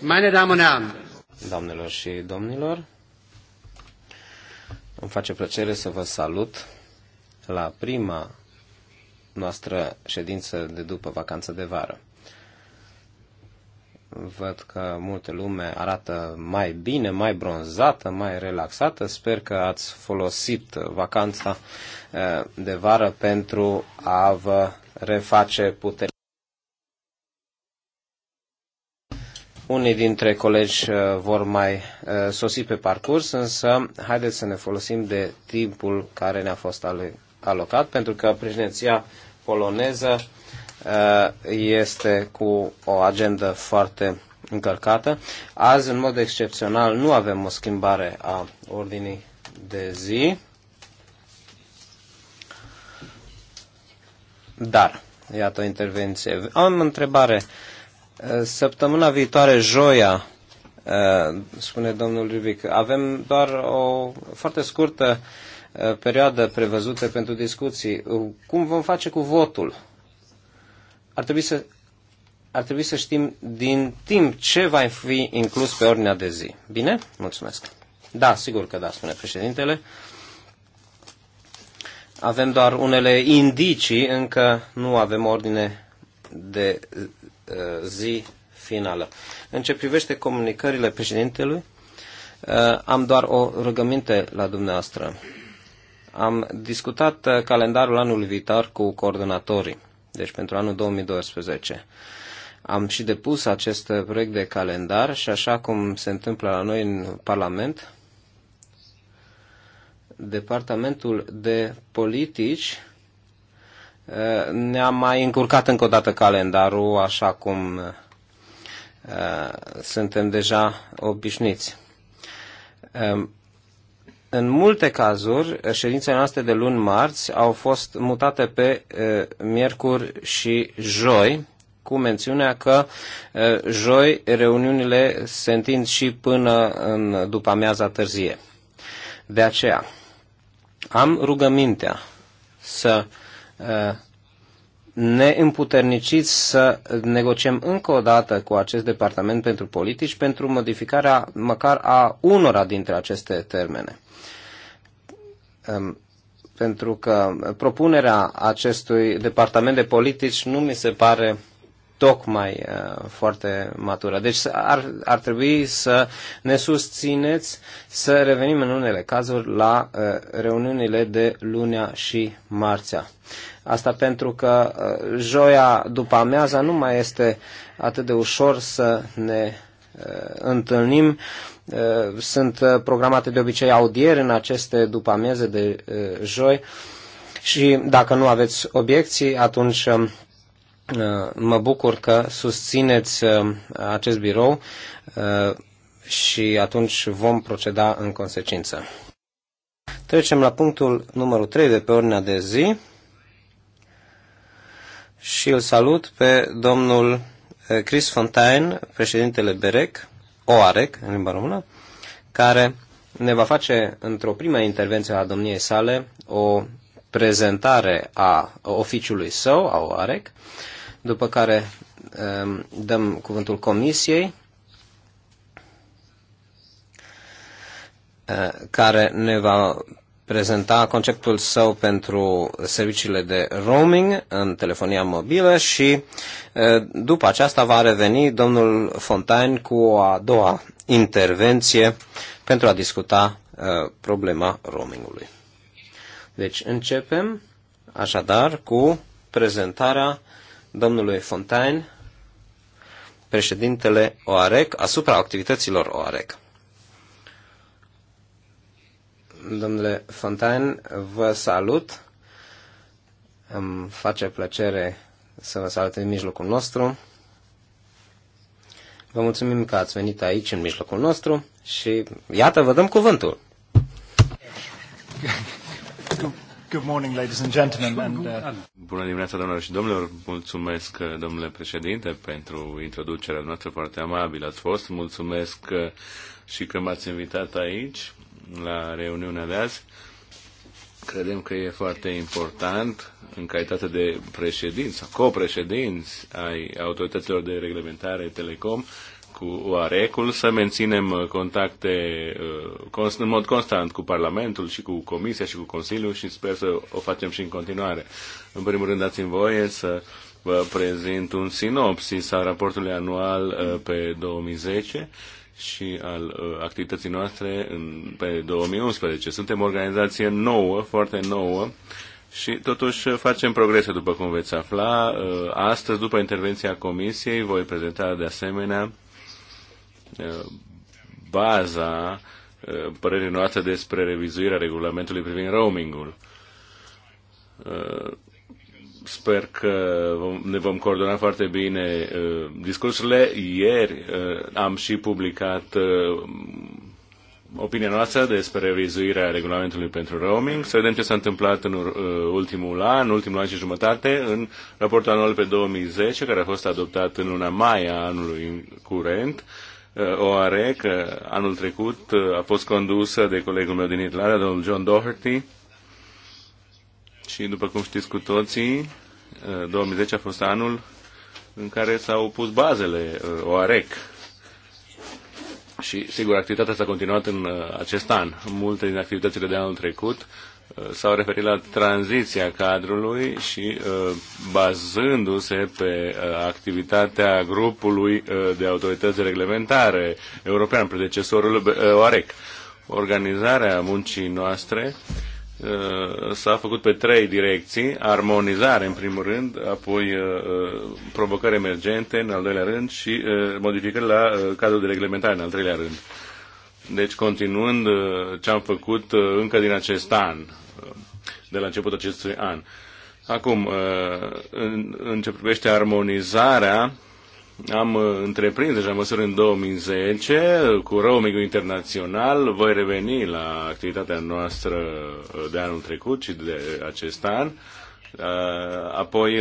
Meine Damen und Herren. Doamnelor și domnilor, îmi face plăcere să vă salut la prima noastră ședință de după vacanță de vară. Văd că multe lume arată mai bine, mai bronzată, mai relaxată. Sper că ați folosit vacanța eh, de vară pentru a vă reface puterea. Unii dintre colegi uh, vor mai uh, sosi pe parcurs, însă haideți să ne folosim de timpul care ne-a fost alocat, pentru că președinția poloneză uh, este cu o agendă foarte încărcată. Azi, în mod excepțional, nu avem o schimbare a ordinii de zi, dar, iată o intervenție. Am întrebare Eh, săptămâna viitoare, joia, eh, spune domnul Rivic, avem doar o foarte scurtă eh, perioadă prevăzută pentru discuții. Cum vom face cu votul? Ar trebui să, ar trebui să știm din timp ce va fi inclus pe ordinea de zi. Bine? Mulțumesc. Da, sigur că da, spune președintele. Avem doar unele indicii, încă nu avem ordine de Uh, zi finală. În ce privește comunicările președintelui, uh, am doar o rugăminte la dumneavoastră. Am discutat uh, calendarul anului viitor cu coordonatorii, deci pentru anul 2012. Am și depus acest proiect de calendar și așa cum se întâmplă la noi în Parlament, Departamentul de Politici ne-a mai încurcat încă o dată calendarul, așa cum uh, suntem deja obișnuiți. Um, în multe cazuri, ședințele noastre de luni marți au fost mutate pe uh, miercuri și joi, cu mențiunea că uh, joi reuniunile se întind și până în după amiaza târzie. De aceea, am rugămintea să uh, neîmputerniciți să negociem încă o dată cu acest departament pentru politici pentru modificarea măcar a unora dintre aceste termene. Ehm, pentru că propunerea acestui departament de politici nu mi se pare tocmai uh, foarte matură. Deci ar, ar trebui să ne susțineți să revenim în unele cazuri la uh, reuniunile de lunea și marțea. Asta pentru că uh, joia după amiaza nu mai este atât de ușor să ne întâlnim. Sunt programate de obicei audieri în aceste după amieze de joi și dacă nu aveți obiecții, atunci um, Uh, mă bucur că susțineți uh, acest birou uh, și atunci vom proceda în consecință. Trecem la punctul numărul 3 de pe ordinea de zi și îl salut pe domnul Chris Fontaine, președintele BEREC, OAREC în limba română, care ne va face într-o primă intervenție a domniei sale o prezentare a oficiului său, a OAREC, după care um, dăm cuvântul comisiei, uh, care ne va prezenta conceptul său pentru serviciile de roaming în telefonia mobilă și uh, după aceasta va reveni domnul Fontaine cu o a doua intervenție pentru a discuta uh, problema roamingului. Deci începem așadar cu prezentarea domnului Fontaine, președintele OAREC, asupra activităților OAREC. Domnule Fontaine, vă salut. Îmi face plăcere să vă salut în mijlocul nostru. Vă mulțumim că ați venit aici în mijlocul nostru și iată, vă dăm cuvântul. Good morning, ladies and gentlemen. And, uh... Bună dimineața, doamnelor și domnilor. Mulțumesc, uh, domnule președinte, pentru introducerea noastră foarte amabilă. Ați fost. Mulțumesc uh, și că m-ați invitat aici, la reuniunea de azi. Credem că e foarte important, în calitate de președinți, copreședinți ai autorităților de reglementare Telecom, cu oarec să menținem contacte uh, în mod constant cu Parlamentul și cu Comisia și cu Consiliul și sper să o facem și în continuare. În primul rând, dați-mi voie să vă prezint un sinopsis al raportului anual uh, pe 2010 și al uh, activității noastre în, pe 2011. Suntem o organizație nouă, foarte nouă, și totuși facem progrese, după cum veți afla. Astăzi, după intervenția Comisiei, voi prezenta de asemenea Uh, baza uh, părerii noastre despre revizuirea regulamentului privind roamingul. Uh, sper că ne vom coordona foarte bine discursurile. Ieri am și publicat opinia noastră despre revizuirea regulamentului pentru roaming, să vedem ce s-a întâmplat în ultimul an, ultimul an și jumătate, în raportul anual pe 2010, care a fost adoptat în luna mai a anului curent. Eh, OARE, că anul trecut eh, a fost condusă de colegul meu din Irlanda, domnul John Doherty. Și după cum știți cu toții, 2010 eh, a fost anul în care s-au pus bazele OAREC. Și, sigur, activitatea s-a continuat în acest an. Multe din activitățile de anul trecut s-au referit la tranziția cadrului și uh, bazându-se pe uh, activitatea grupului uh, de autorități reglementare european, predecesorul OAREC. Organizarea muncii noastre s-a făcut pe trei direcții, armonizare în primul rând, apoi provocări emergente în al doilea rând și modificări la cadrul de reglementare în al treilea rând. Deci continuând ce am făcut încă din acest an, de la începutul acestui an. Acum, uh, în, ce privește armonizarea, am uh, întreprins deja măsuri în 2010 cu roaming internațional. Voi reveni la activitatea noastră uh, de anul trecut și de acest an. Apoi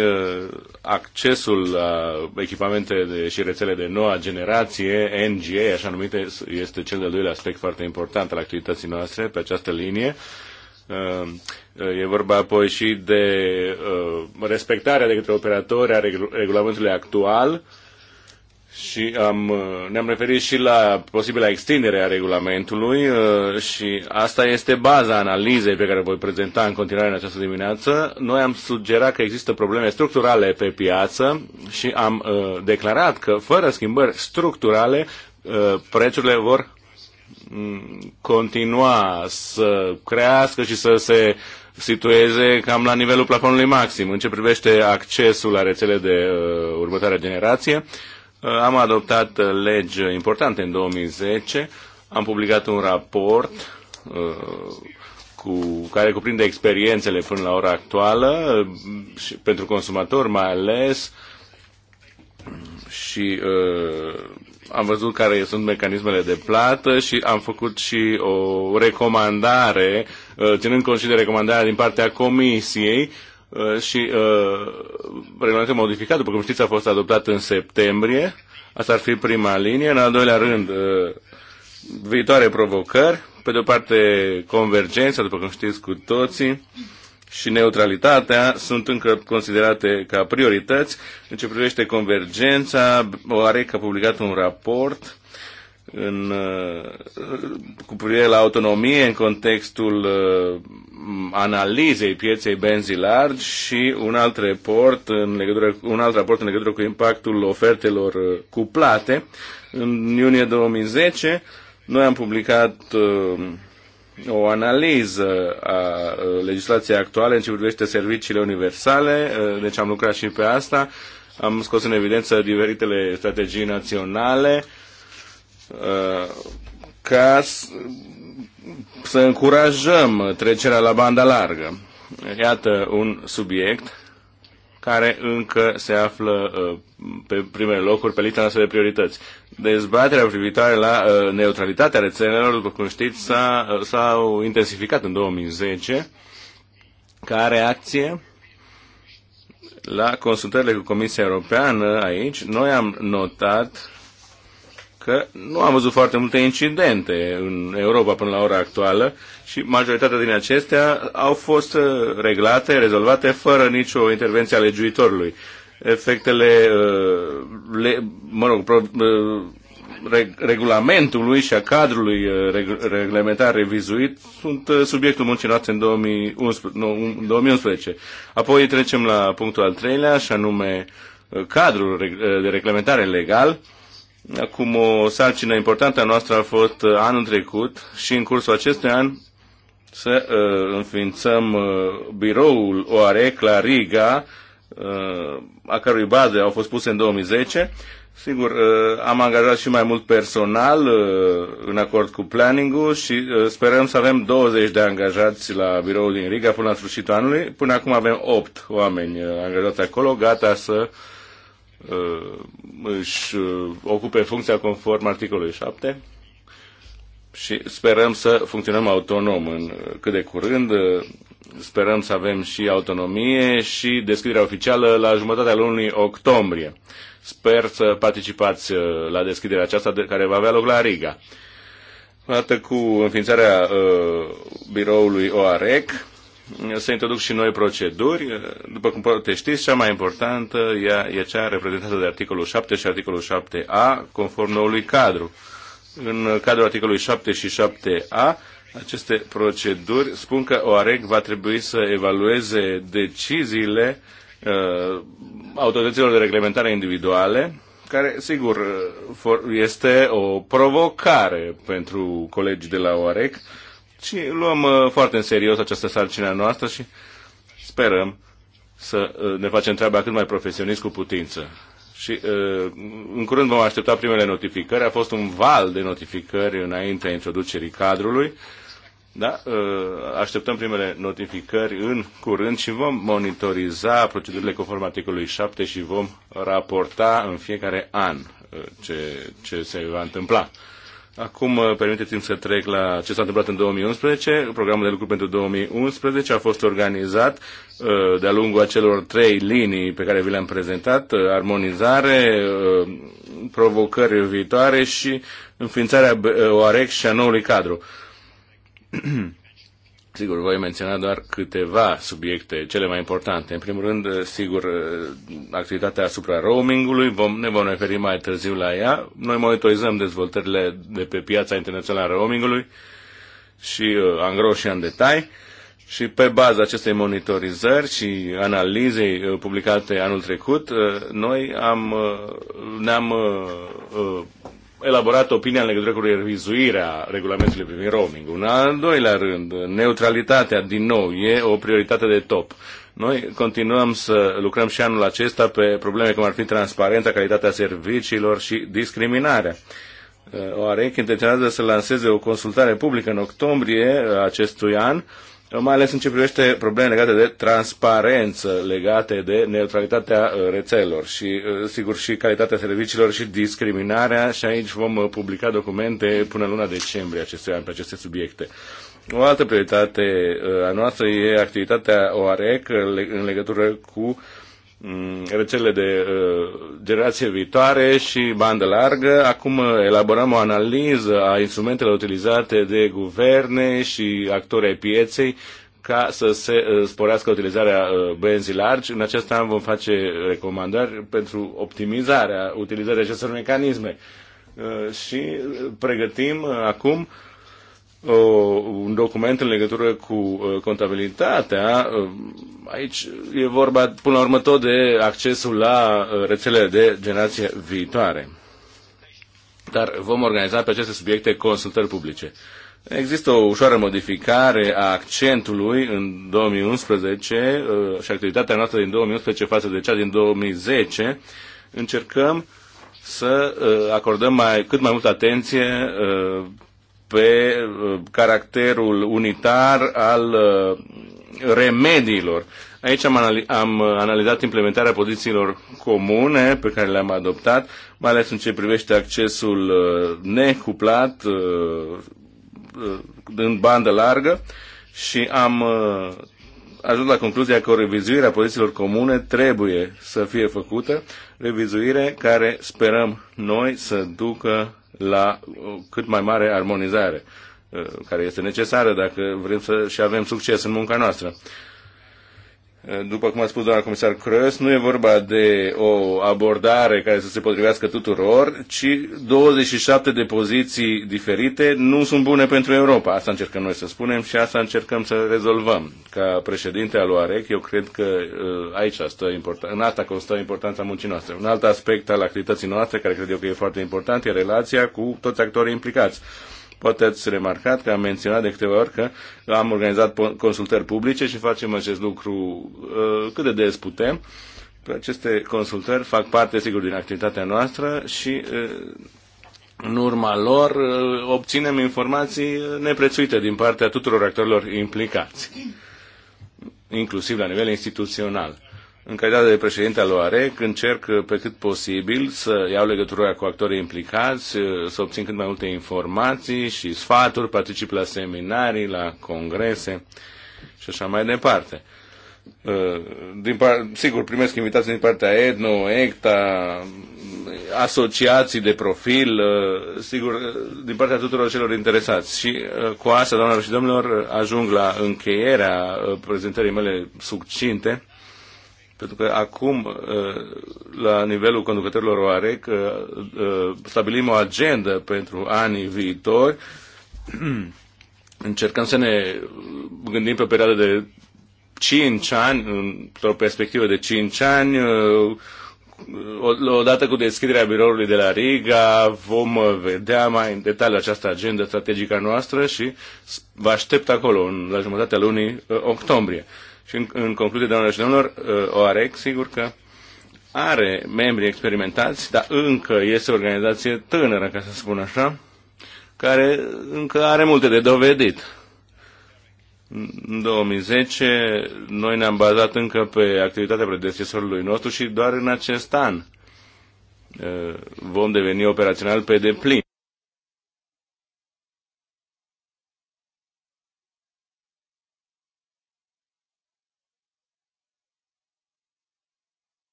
accesul la echipamente de, și rețele de noua generație, NGA, așa numite, este cel de-al doilea aspect foarte important al activității noastre pe această linie E vorba apoi și de uh, respectarea de către operatori a regulamentului actual și am, uh, ne-am referit și la posibila extindere a regulamentului uh, și asta este baza analizei pe care o voi prezenta în continuare în această dimineață. Noi am sugerat că există probleme structurale pe piață și am uh, declarat că fără schimbări structurale uh, prețurile vor mm, continua să crească și să se situeze cam la nivelul plafonului maxim. În ce privește accesul la rețele de uh, următoare generație, uh, am adoptat uh, legi importante în 2010, am publicat un raport uh, cu, care cuprinde experiențele până la ora actuală, uh, și pentru consumator mai ales, și uh, am văzut care sunt mecanismele de plată și am făcut și o recomandare Uh, ținând cont și de recomandarea din partea Comisiei uh, și uh, regulamentul modificat, după cum știți, a fost adoptat în septembrie. Asta ar fi prima linie. În al doilea rând, viitoare provocări. Pe de o parte, convergența, după cum știți cu toții, și neutralitatea sunt încă considerate ca priorități. În ce privește convergența, că a publicat un raport în, uh, cu privire la autonomie în contextul uh, analizei pieței benzii largi și un alt raport în legătură, un alt raport în legătură cu impactul ofertelor uh, cuplate. În iunie 2010 noi am publicat o analiză a legislației actuale în ce privește serviciile universale, deci am lucrat și pe asta, am scos în evidență diferitele strategii naționale, Uh, ca să încurajăm trecerea la banda largă. Iată un subiect care încă se află uh, pe primele locuri pe lista noastră de priorități. Dezbaterea privitoare la uh, neutralitatea rețelelor, după cum știți, s-a, s-au intensificat în 2010 ca reacție la consultările cu Comisia Europeană aici, noi am notat că nu am văzut foarte multe incidente în Europa până la ora actuală și majoritatea din acestea au fost uh, reglate, rezolvate fără nicio intervenție a legiuitorului. Efectele, uh, le, mă rog, pro, uh, regulamentului și a cadrului reglementar revizuit sunt subiectul muncii noastre în 2011. Apoi trecem la punctul al treilea, și anume cadrul de reglementare legal Acum o sarcină importantă a noastră a fost uh, anul trecut și în cursul acestui an să uh, înființăm uh, biroul OAREC la Riga, uh, a cărui baze au fost puse în 2010. Sigur, uh, am angajat și mai mult personal uh, în acord cu planning-ul și uh, sperăm să avem 20 de angajați la biroul din Riga până la sfârșitul anului. Până acum avem 8 oameni uh, angajați acolo, gata să uh, Uh, își uh, ocupe funcția conform articolului 7 și sperăm să funcționăm autonom în uh, cât de curând. Sperăm să avem și autonomie și deschiderea oficială la jumătatea lunii octombrie. Sper să participați la deschiderea aceasta care va avea loc la Riga. Odată cu înființarea uh, biroului OAREC, să introduc și noi proceduri. După cum poate știți, cea mai importantă e, e cea reprezentată de articolul 7 și articolul 7a, conform noului cadru. În cadrul articolului 7 și 7a, aceste proceduri spun că OAREC va trebui să evalueze deciziile uh, autorităților de reglementare individuale, care, sigur, uh, este o provocare pentru colegii de la OAREC, uh, și luăm uh, foarte în serios această sarcină noastră și sperăm să uh, ne facem treaba cât mai profesionist cu putință. Și uh, în curând vom aștepta primele notificări. A fost un val de notificări înaintea introducerii cadrului. Da? Așteptăm primele notificări în curând și vom monitoriza procedurile conform articolului 7 și vom raporta în fiecare an ce, ce se va întâmpla. Acum uh, permiteți-mi să trec la ce s-a întâmplat în 2011. Programul de lucru pentru 2011 a fost organizat uh, de-a lungul acelor trei linii pe care vi le-am prezentat, uh, armonizare, provocări viitoare și înființarea OAREC și a noului cadru. Sigur, voi menționa doar câteva subiecte, cele mai importante. În primul rând, sigur, activitatea asupra roamingului, vom, ne vom referi mai târziu la ea. Noi monitorizăm dezvoltările de pe piața internațională a roamingului și uh, angro și în detai. Și pe baza acestei monitorizări și analizei uh, publicate anul trecut, uh, noi am, ne-am elaborat opinia în legătură cu revizuirea regulamentului privind roaming. În al doilea rând, neutralitatea, din nou, e o prioritate de top. Noi continuăm să lucrăm și anul acesta pe probleme cum ar fi transparența, calitatea serviciilor și discriminarea. OAREC intenționează să lanseze o consultare publică în octombrie acestui an mai ales în ce privește probleme legate de transparență, legate de neutralitatea uh, rețelelor și, uh, sigur, și calitatea serviciilor și discriminarea și aici vom uh, publica documente până luna decembrie acestui an pe aceste subiecte. O altă prioritate a noastră e activitatea OAREC în legătură cu Mm, rețelele de uh, generație viitoare și bandă largă. Acum uh, elaborăm o analiză a instrumentelor utilizate de guverne și actori ai pieței ca să se uh, sporească utilizarea benzii largi. În acest an vom face recomandări pentru optimizarea utilizării acestor mecanisme. Și pregătim acum uh, o, un document în legătură cu uh, contabilitatea. Uh, aici e vorba, până la urmă, tot de accesul la uh, rețelele de generație viitoare. Dar vom organiza pe aceste subiecte consultări publice. Există o ușoară modificare a accentului în 2011 uh, și activitatea noastră din 2011 față de cea din 2010. Încercăm să uh, acordăm mai, cât mai multă atenție uh, pe uh, caracterul unitar al uh, remediilor. Aici am, anali- am uh, analizat implementarea pozițiilor comune pe care le-am adoptat, mai ales în ce privește accesul necuplat în bandă largă și am ajuns la concluzia că o revizuire a pozițiilor comune trebuie să fie făcută, revizuire care sperăm noi să ducă la uh, cât mai mare armonizare uh, care este necesară dacă vrem să și avem succes în munca noastră după cum a spus doamna comisar Crăs, nu e vorba de o abordare care să se potrivească tuturor, ci 27 de poziții diferite nu sunt bune pentru Europa. Asta încercăm noi să spunem și asta încercăm să rezolvăm. Ca președinte al OAREC, eu cred că uh, aici stă important, în asta constă importanța muncii noastre. Un alt aspect al activității noastre, care cred eu că e foarte important, e relația cu toți actorii implicați Poate ați remarcat că am menționat de câteva ori că am organizat consultări publice și facem acest lucru uh, cât de des putem. Aceste consultări fac parte, sigur, din activitatea noastră și uh, în urma lor uh, obținem informații neprețuite din partea tuturor actorilor implicați, inclusiv la nivel instituțional în calitate de președinte al OARE, încerc uh, pe cât posibil să iau legătura cu actorii implicați, uh, să obțin cât mai multe informații și sfaturi, particip la seminarii, la congrese și așa mai departe. Uh, din par- sigur, primesc invitații din partea EDNO, ECTA, asociații de profil, sigur, din partea tuturor celor interesați. Și cu asta, doamnelor și domnilor, ajung la încheierea prezentării mele succinte pentru că acum, uh, la nivelul conducătorilor OAREC, uh, stabilim o agendă pentru anii viitori. Încercăm să ne gândim pe o perioadă de 5 ani, într-o perspectivă de 5 ani, uh, odată cu deschiderea biroului de la Riga, vom vedea mai în detaliu această agendă strategică a noastră și vă aștept acolo, la jumătatea lunii octombrie. Și în, în concluzie, doamnelor și domnilor, uh, OAREC, sigur că are membri experimentați, dar încă este o organizație tânără, ca să spun așa, care încă are multe de dovedit. În 2010 noi ne-am bazat încă pe activitatea predecesorului nostru și doar în acest an uh, vom deveni operațional pe deplin.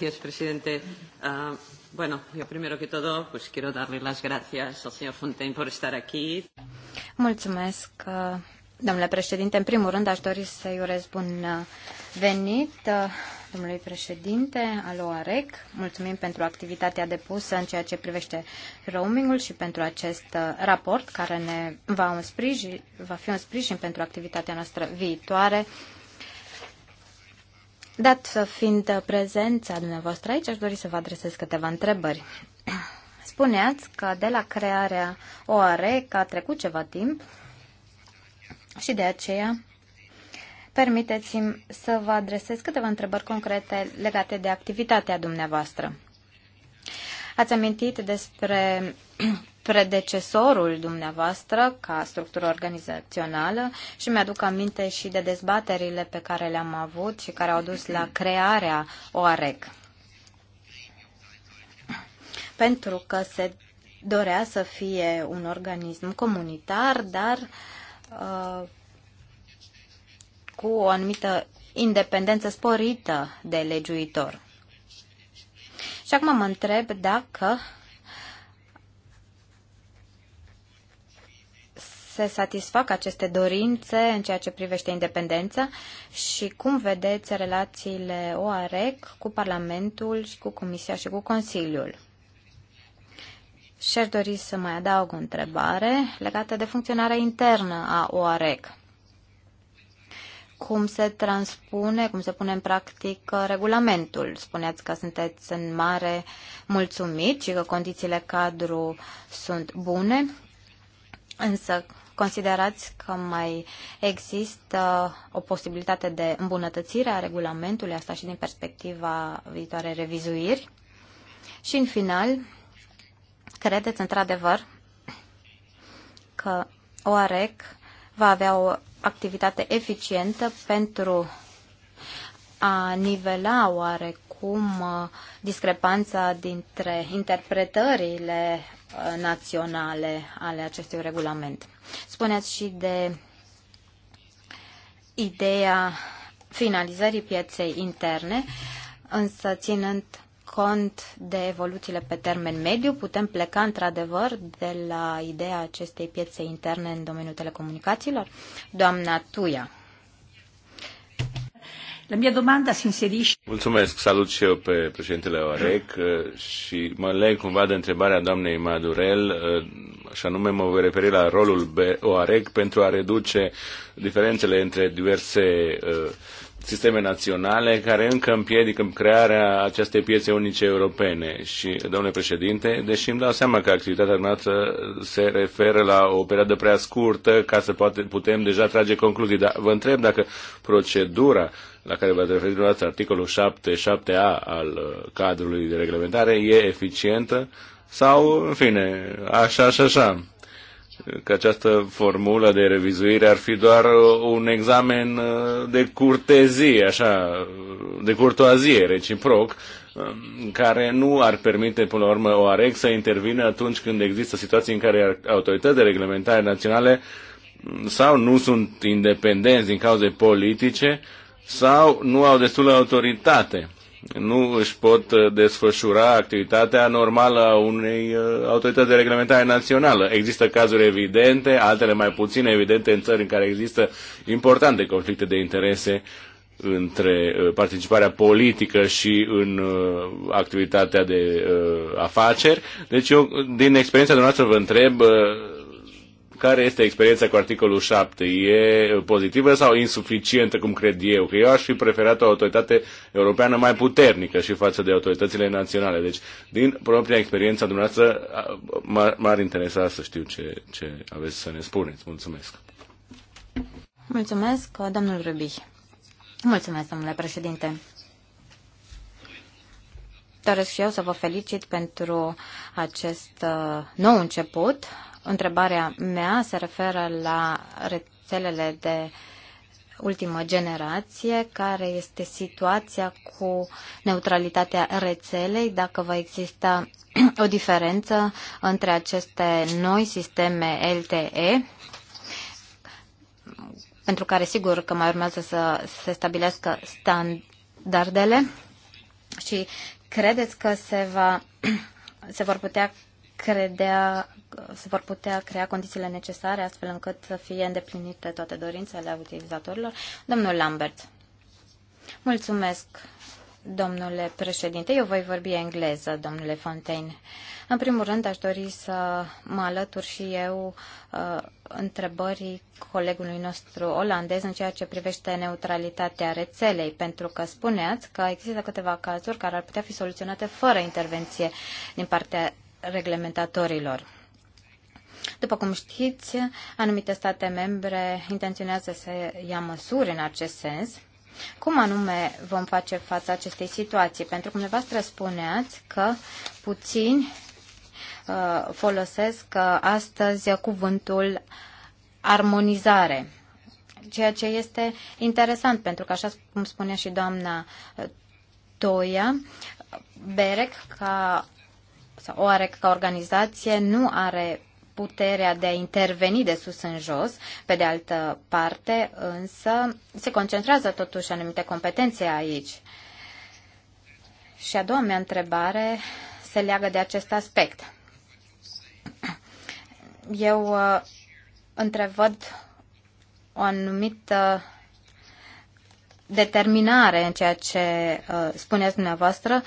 Gracias, presidente. Uh, bueno, yo primero que todo, pues quiero darle las gracias al señor Fontaine por estar aquí. Mulțumesc, ah, domnule președinte. În primul rând, aș dori să-i urez bun ah, venit domnului președinte al OAREC. Mulțumim pentru activitatea depusă în ceea ce privește roamingul și pentru acest raport care ne va, un sprijin, va fi un sprijin pentru activitatea noastră viitoare. Uh, Dat fiind prezența dumneavoastră aici, aș dori să vă adresez câteva întrebări. Spuneați că de la crearea că a trecut ceva timp și de aceea permiteți-mi să vă adresez câteva întrebări concrete legate de activitatea dumneavoastră. Ați amintit despre predecesorul dumneavoastră ca structură organizațională și mi-aduc aminte și de dezbaterile pe care le-am avut și care au dus la crearea OAREC. Pentru că se dorea să fie un organism comunitar, dar uh, cu o anumită independență sporită de legiuitor. Și acum mă întreb dacă se satisfac aceste dorințe în ceea ce privește independența și cum vedeți relațiile OAREC cu Parlamentul și cu Comisia și cu Consiliul. Și-aș dori să mai adaug o întrebare legată de funcționarea internă a OAREC. Cum se transpune, cum se pune în practică regulamentul? Spuneați că sunteți în mare mulțumit și că condițiile cadru sunt bune, însă Considerați că mai există o posibilitate de îmbunătățire a regulamentului, asta și din perspectiva viitoare revizuiri? Și în final, credeți într-adevăr că OAREC va avea o activitate eficientă pentru a nivela oarecum uh, discrepanța dintre interpretările naționale ale acestui regulament. Spuneți și de ideea finalizării pieței interne, însă ținând cont de evoluțiile pe termen mediu, putem pleca într-adevăr de la ideea acestei piețe interne în domeniul telecomunicațiilor? Doamna Tuia. La mia domanda si inserisce... Mulțumesc, salut și eu pe președintele OREC uh, și mă leg cumva de întrebarea doamnei Madurel, uh, și anume mă voi referi la rolul Oarec pentru a reduce diferențele între diverse uh, sisteme naționale care încă împiedică crearea acestei piețe unice europene. Și, domnule președinte, deși îmi dau seama că activitatea noastră se referă la o perioadă prea scurtă ca să poate, putem deja trage concluzii, dar vă întreb dacă procedura la care v-ați referit dumneavoastră, articolul 7, 7a al uh, cadrului de reglementare, e eficientă sau, în fine, așa și așa. așa că această formulă de revizuire ar fi doar uh, un examen uh, de curtezie, așa, uh, de curtoazie reciproc, um, care nu ar permite, până la urmă, AREC să intervină atunci când există situații în care autoritățile reglementare naționale um, sau nu sunt independenți din cauze politice sau nu au destulă autoritate nu își pot uh, desfășura activitatea normală a unei uh, autorități de reglementare națională. Există cazuri evidente, altele mai puțin evidente în țări în care există importante conflicte de interese între uh, participarea politică și în activitatea de afaceri. Deci eu, din experiența dumneavoastră, vă întreb care este experiența cu articolul 7? E pozitivă sau insuficientă, cum cred eu? Că eu aș fi preferat o autoritate europeană mai puternică și față de autoritățile naționale. Deci, din propria experiență dumneavoastră, m-ar interesa să știu ce, ce aveți să ne spuneți. Mulțumesc! Mulțumesc, domnul Rubi. Mulțumesc, domnule președinte. Doresc și eu să vă felicit pentru acest uh, nou început Întrebarea mea se referă la rețelele de ultimă generație, care este situația cu neutralitatea rețelei, dacă va exista o diferență între aceste noi sisteme LTE, pentru care sigur că mai urmează să se stabilească standardele și credeți că se, va, se vor putea credea, se vor putea crea condițiile necesare astfel încât să fie îndeplinite toate dorințele utilizatorilor. Domnul Lambert. Mulțumesc, domnule președinte. Eu voi vorbi engleză, domnule Fontaine. În primul rând, aș dori să mă alătur și eu uh, întrebării colegului nostru olandez în ceea ce privește neutralitatea rețelei, pentru că spuneați că există câteva cazuri care ar putea fi soluționate fără intervenție din partea reglementatorilor. După cum știți, anumite state membre intenționează să ia măsuri în acest sens. Cum anume vom face față acestei situații? Pentru că dumneavoastră spuneați că puțini uh, folosesc uh, astăzi cuvântul armonizare, ceea ce este interesant, pentru că, așa cum spunea și doamna uh, Toia, Berec, ca sau OAREC ca organizație nu are puterea de a interveni de sus în jos. Pe de altă parte, însă, se concentrează totuși anumite competențe aici. Și a doua mea întrebare se leagă de acest aspect. Eu uh, întrevăd o anumită determinare în ceea ce uh, spuneți dumneavoastră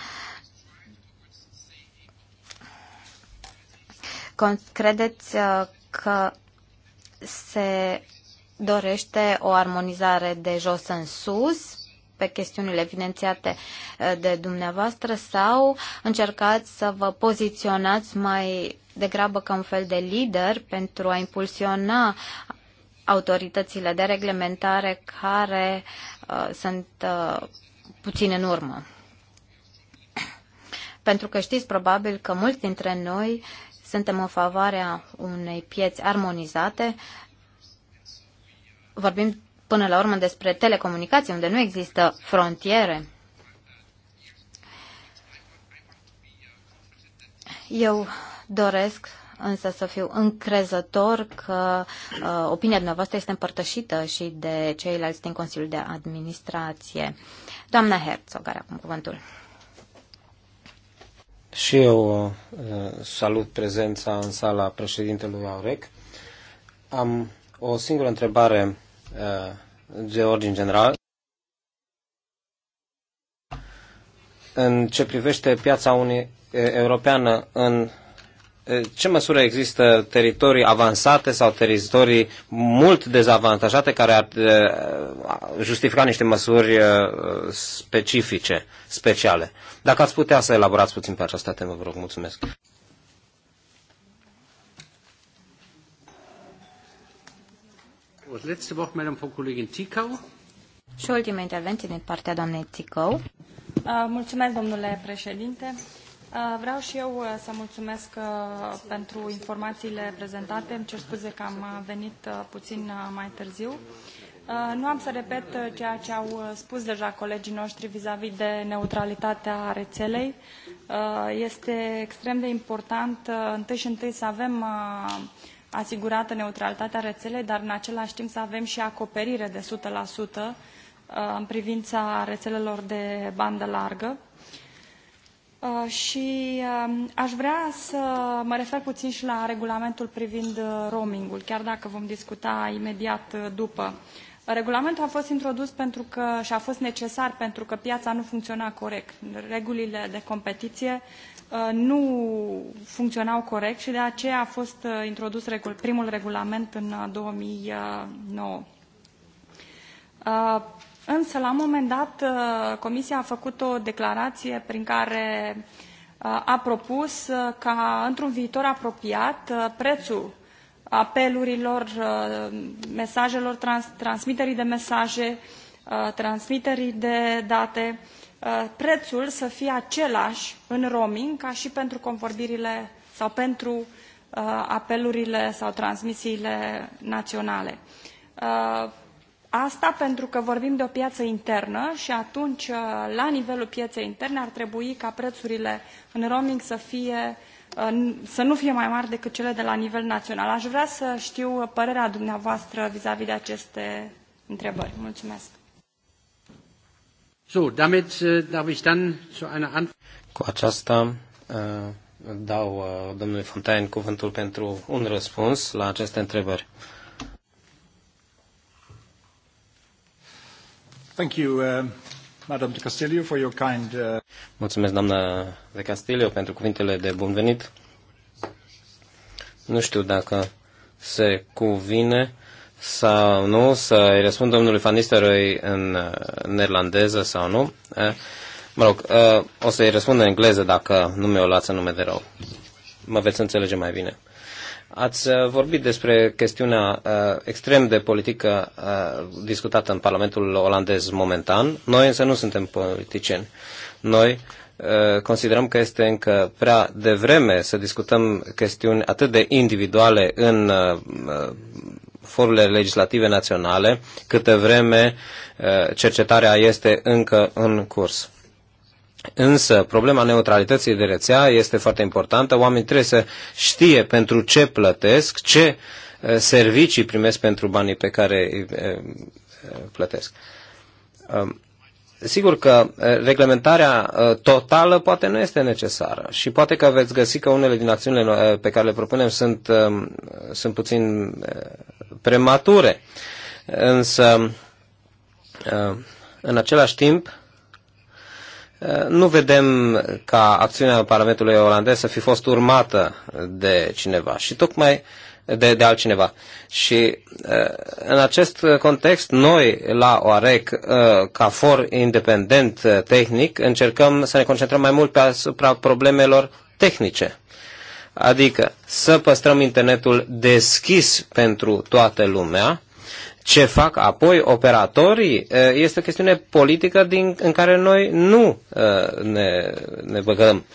credeți uh, că se dorește o armonizare de jos în sus pe chestiunile evidențiate uh, de dumneavoastră sau încercați să vă poziționați mai degrabă ca un fel de lider pentru a impulsiona autoritățile de reglementare care uh, sunt uh, puțin în urmă. Pentru că știți probabil că mulți dintre noi suntem în favoarea unei pieți armonizate. Vorbim până la urmă despre telecomunicații, unde nu există frontiere. Eu doresc însă să fiu încrezător că uh, opinia dumneavoastră este împărtășită și de ceilalți din Consiliul de Administrație. Doamna Herzog are acum cuvântul. Și eu uh, salut prezența în sala președintelui AUREC. Am o singură întrebare uh, de ordin general. În ce privește piața unii europeană în ce măsură există teritorii avansate sau teritorii mult dezavantajate care ar justifica niște măsuri specifice, speciale. Dacă ați putea să elaborați puțin pe această temă, vă rog, mulțumesc. Și ultima intervenție din partea doamnei Ticău. Mulțumesc, domnule președinte. Uh, vreau și eu uh, să mulțumesc uh, pentru informațiile prezentate. Îmi cer scuze că am venit puțin mai târziu. Nu am să repet ceea ce au spus deja colegii noștri vis-a-vis -vis de neutralitatea rețelei. Este extrem de important întâi și întâi să avem asigurată neutralitatea rețelei, dar în același timp să avem și acoperire de 100% în privința rețelelor de bandă largă. Uh, și uh, aș vrea să mă refer puțin și la regulamentul privind uh, roamingul, chiar dacă vom discuta imediat după. Regulamentul a fost introdus pentru că și a fost necesar pentru că piața nu funcționa corect. Regulile de competiție nu funcționau corect și de aceea a fost introdus primul regulament în 2009. Însă, la un moment dat, uh, Comisia a făcut o declarație prin care uh, a propus uh, ca, într-un viitor apropiat, prețul apelurilor, mesajelor, trans transmiterii de mesaje, transmiterii de date, prețul să fie același în roaming ca și pentru convorbirile sau pentru apelurile sau transmisiile naționale. Asta pentru că vorbim de o piață internă și atunci, uh, la nivelul pieței interne, ar trebui ca prețurile în roaming să, fie, uh, să nu fie mai mari decât cele de la nivel național. Aș vrea să știu părerea dumneavoastră vis-a-vis -vis de aceste întrebări. Mulțumesc. So, damit uh, darf ich dann zu einer Cu aceasta dau domnului Fontaine cuvântul pentru un răspuns la aceste întrebări. Mulțumesc, doamna de Castillo, pentru cuvintele de bun venit. Nu știu dacă se cuvine sau nu să-i răspund domnului Van Nistelrooy în uh, neerlandeză sau nu. Uh, mă rog, uh, o să-i răspund în engleză dacă nu mi-o luați în nume de rău. Mă veți înțelege mai bine. Ați uh, vorbit despre chestiunea uh, extrem de politică uh, discutată în Parlamentul olandez momentan. Noi însă nu suntem politicieni. Noi uh, considerăm că este încă prea devreme să discutăm chestiuni atât de individuale în uh, uh forurile legislative naționale, câte vreme uh, cercetarea este încă în curs. Însă, problema neutralității de rețea este foarte importantă. Oamenii trebuie să știe pentru ce plătesc, ce eh, servicii primesc pentru banii pe care îi eh, eh, plătesc. Um, sigur că reglementarea totală poate nu este necesară și poate că veți găsi că unele din acțiunile pe care le propunem sunt, um, sunt puțin premature. Însă, în același timp, nu vedem ca acțiunea Parlamentului olandez să fi fost urmată de cineva și tocmai de, de altcineva. Și uh, în acest context, noi la OAREC, uh, ca for independent uh, tehnic, încercăm să ne concentrăm mai mult pe asupra problemelor tehnice. Adică să păstrăm internetul deschis pentru toată lumea, ce fac apoi operatorii este o chestiune politică din, în care noi nu ne, ne băgăm.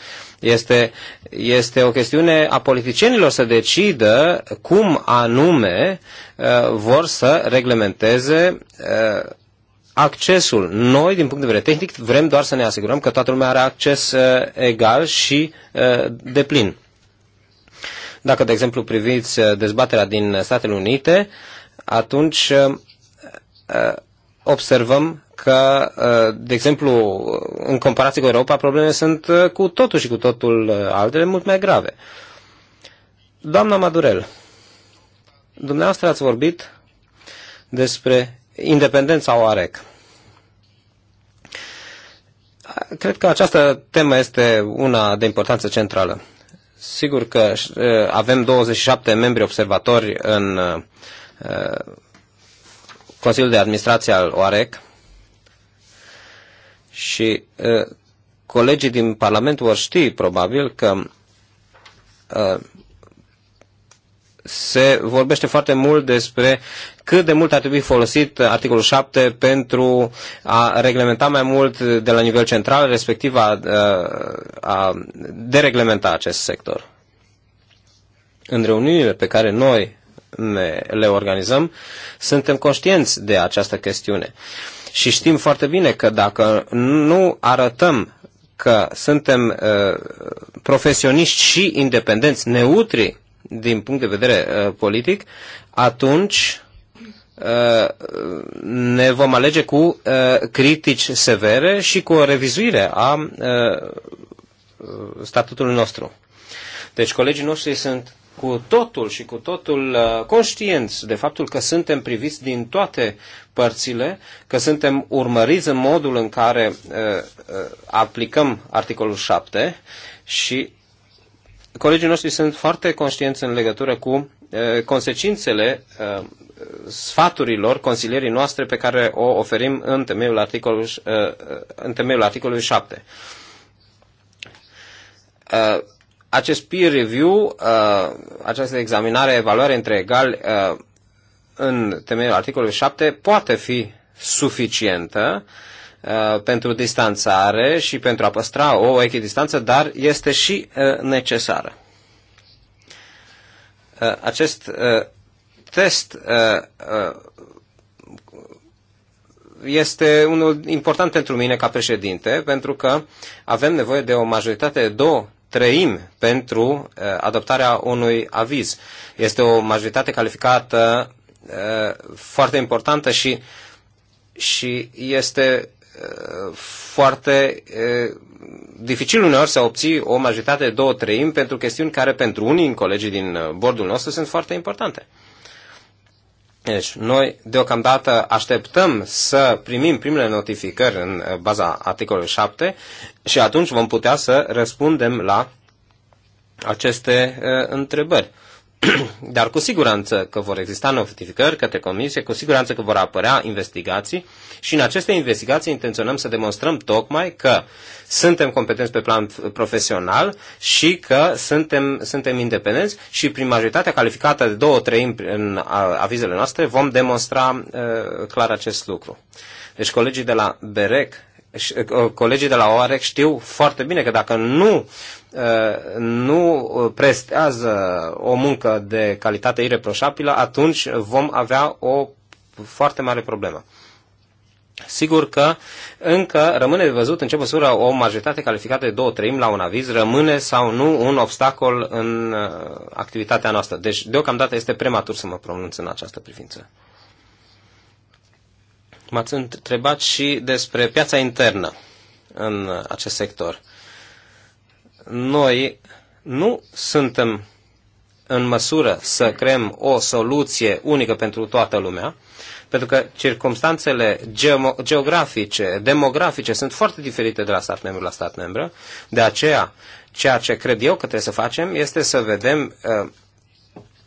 Este, este o chestiune a politicienilor să decidă cum anume vor să reglementeze accesul. Noi, din punct de vedere tehnic, vrem doar să ne asigurăm că toată lumea are acces egal și de plin. Dacă, de exemplu, priviți dezbaterea din Statele Unite, uh, atunci uh, uh, observăm că, uh, de exemplu, în comparație cu Europa, problemele sunt cu totul și cu totul altele mult mai grave. Doamna Madurel, dumneavoastră ați vorbit despre independența OAREC. Cred că această temă este una de importanță centrală. Sigur că avem 27 membri observatori în Uh, Consiliul de Administrație al OAREC și uh, colegii din Parlament vor ști probabil că uh, se vorbește foarte mult despre cât de mult ar trebui folosit articolul 7 pentru a reglementa mai mult de la nivel central, respectiv a, a dereglementa acest sector. În reuniunile pe care noi ne, le organizăm, suntem conștienți de această chestiune. Și știm foarte bine că dacă nu arătăm că suntem uh, profesioniști și independenți, neutri din punct de vedere uh, politic, atunci uh, ne vom alege cu uh, critici severe și cu o revizuire a uh, statutului nostru. Deci colegii noștri sunt cu totul și cu totul uh, conștienți de faptul că suntem priviți din toate părțile, că suntem urmăriți în modul în care uh, uh, aplicăm articolul 7 și colegii noștri sunt foarte conștienți în legătură cu consecințele sfaturilor consilierii noastre pe care o oferim în temeiul articolului, în temeiul articolului 7 acest peer review, uh, această examinare, evaluare între egali uh, în temeiul articolului 7 poate fi suficientă uh, pentru distanțare și pentru a păstra o echidistanță, dar este și necesară. Acest test este unul important pentru mine ca președinte, pentru că avem nevoie de o majoritate de două trăim pentru uh, adoptarea unui aviz. Este o majoritate calificată uh, foarte importantă și, și este uh, foarte dificil uneori să obții o majoritate de două treimi pentru chestiuni care pentru unii în colegii din bordul nostru sunt foarte importante. Deci, noi deocamdată așteptăm să primim primele notificări în uh, baza articolului 7 și atunci vom putea să răspundem la aceste uh, întrebări. Dar cu siguranță că vor exista notificări către comisie, cu siguranță că vor apărea investigații și în aceste investigații intenționăm să demonstrăm tocmai că suntem competenți pe plan profesional și că suntem, suntem independenți și prin majoritatea calificată de două treimi în avizele noastre vom demonstra uh, clar acest lucru. Deci colegii de la BEREC uh, colegii de la OAREC știu foarte bine că dacă nu Uh, nu prestează o muncă de calitate ireproșabilă, atunci vom avea o foarte mare problemă. Sigur că încă rămâne de văzut în ce măsură o majoritate calificată de două treimi la un aviz rămâne sau nu un obstacol în uh, activitatea noastră. Deci, deocamdată este prematur să mă pronunț în această privință. M-ați întrebat și despre piața internă în acest sector. Uh, noi nu suntem în măsură să creăm o soluție unică pentru toată lumea, pentru că circumstanțele geografice, demografice sunt foarte diferite de la stat membru la stat membru. De aceea, ceea ce cred eu că trebuie să facem este să vedem uh,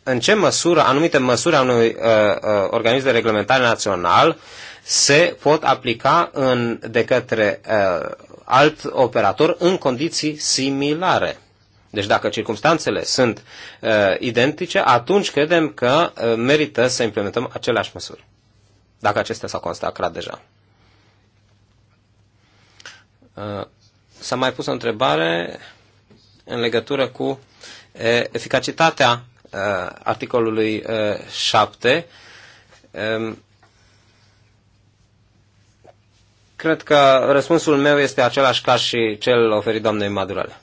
în ce măsură anumite măsuri a unui uh, uh, organism de reglementare național se pot aplica în, de către alt operator în condiții similare. Deci dacă circumstanțele sunt uh, identice, atunci credem că uh, merită să implementăm aceleași măsuri. Dacă acestea s-au constatat deja. Uh, s-a mai pus o întrebare în legătură cu uh, eficacitatea uh, articolului uh, 7. Uh, um, Cred că răspunsul meu este același ca și cel oferit doamnei Madurele.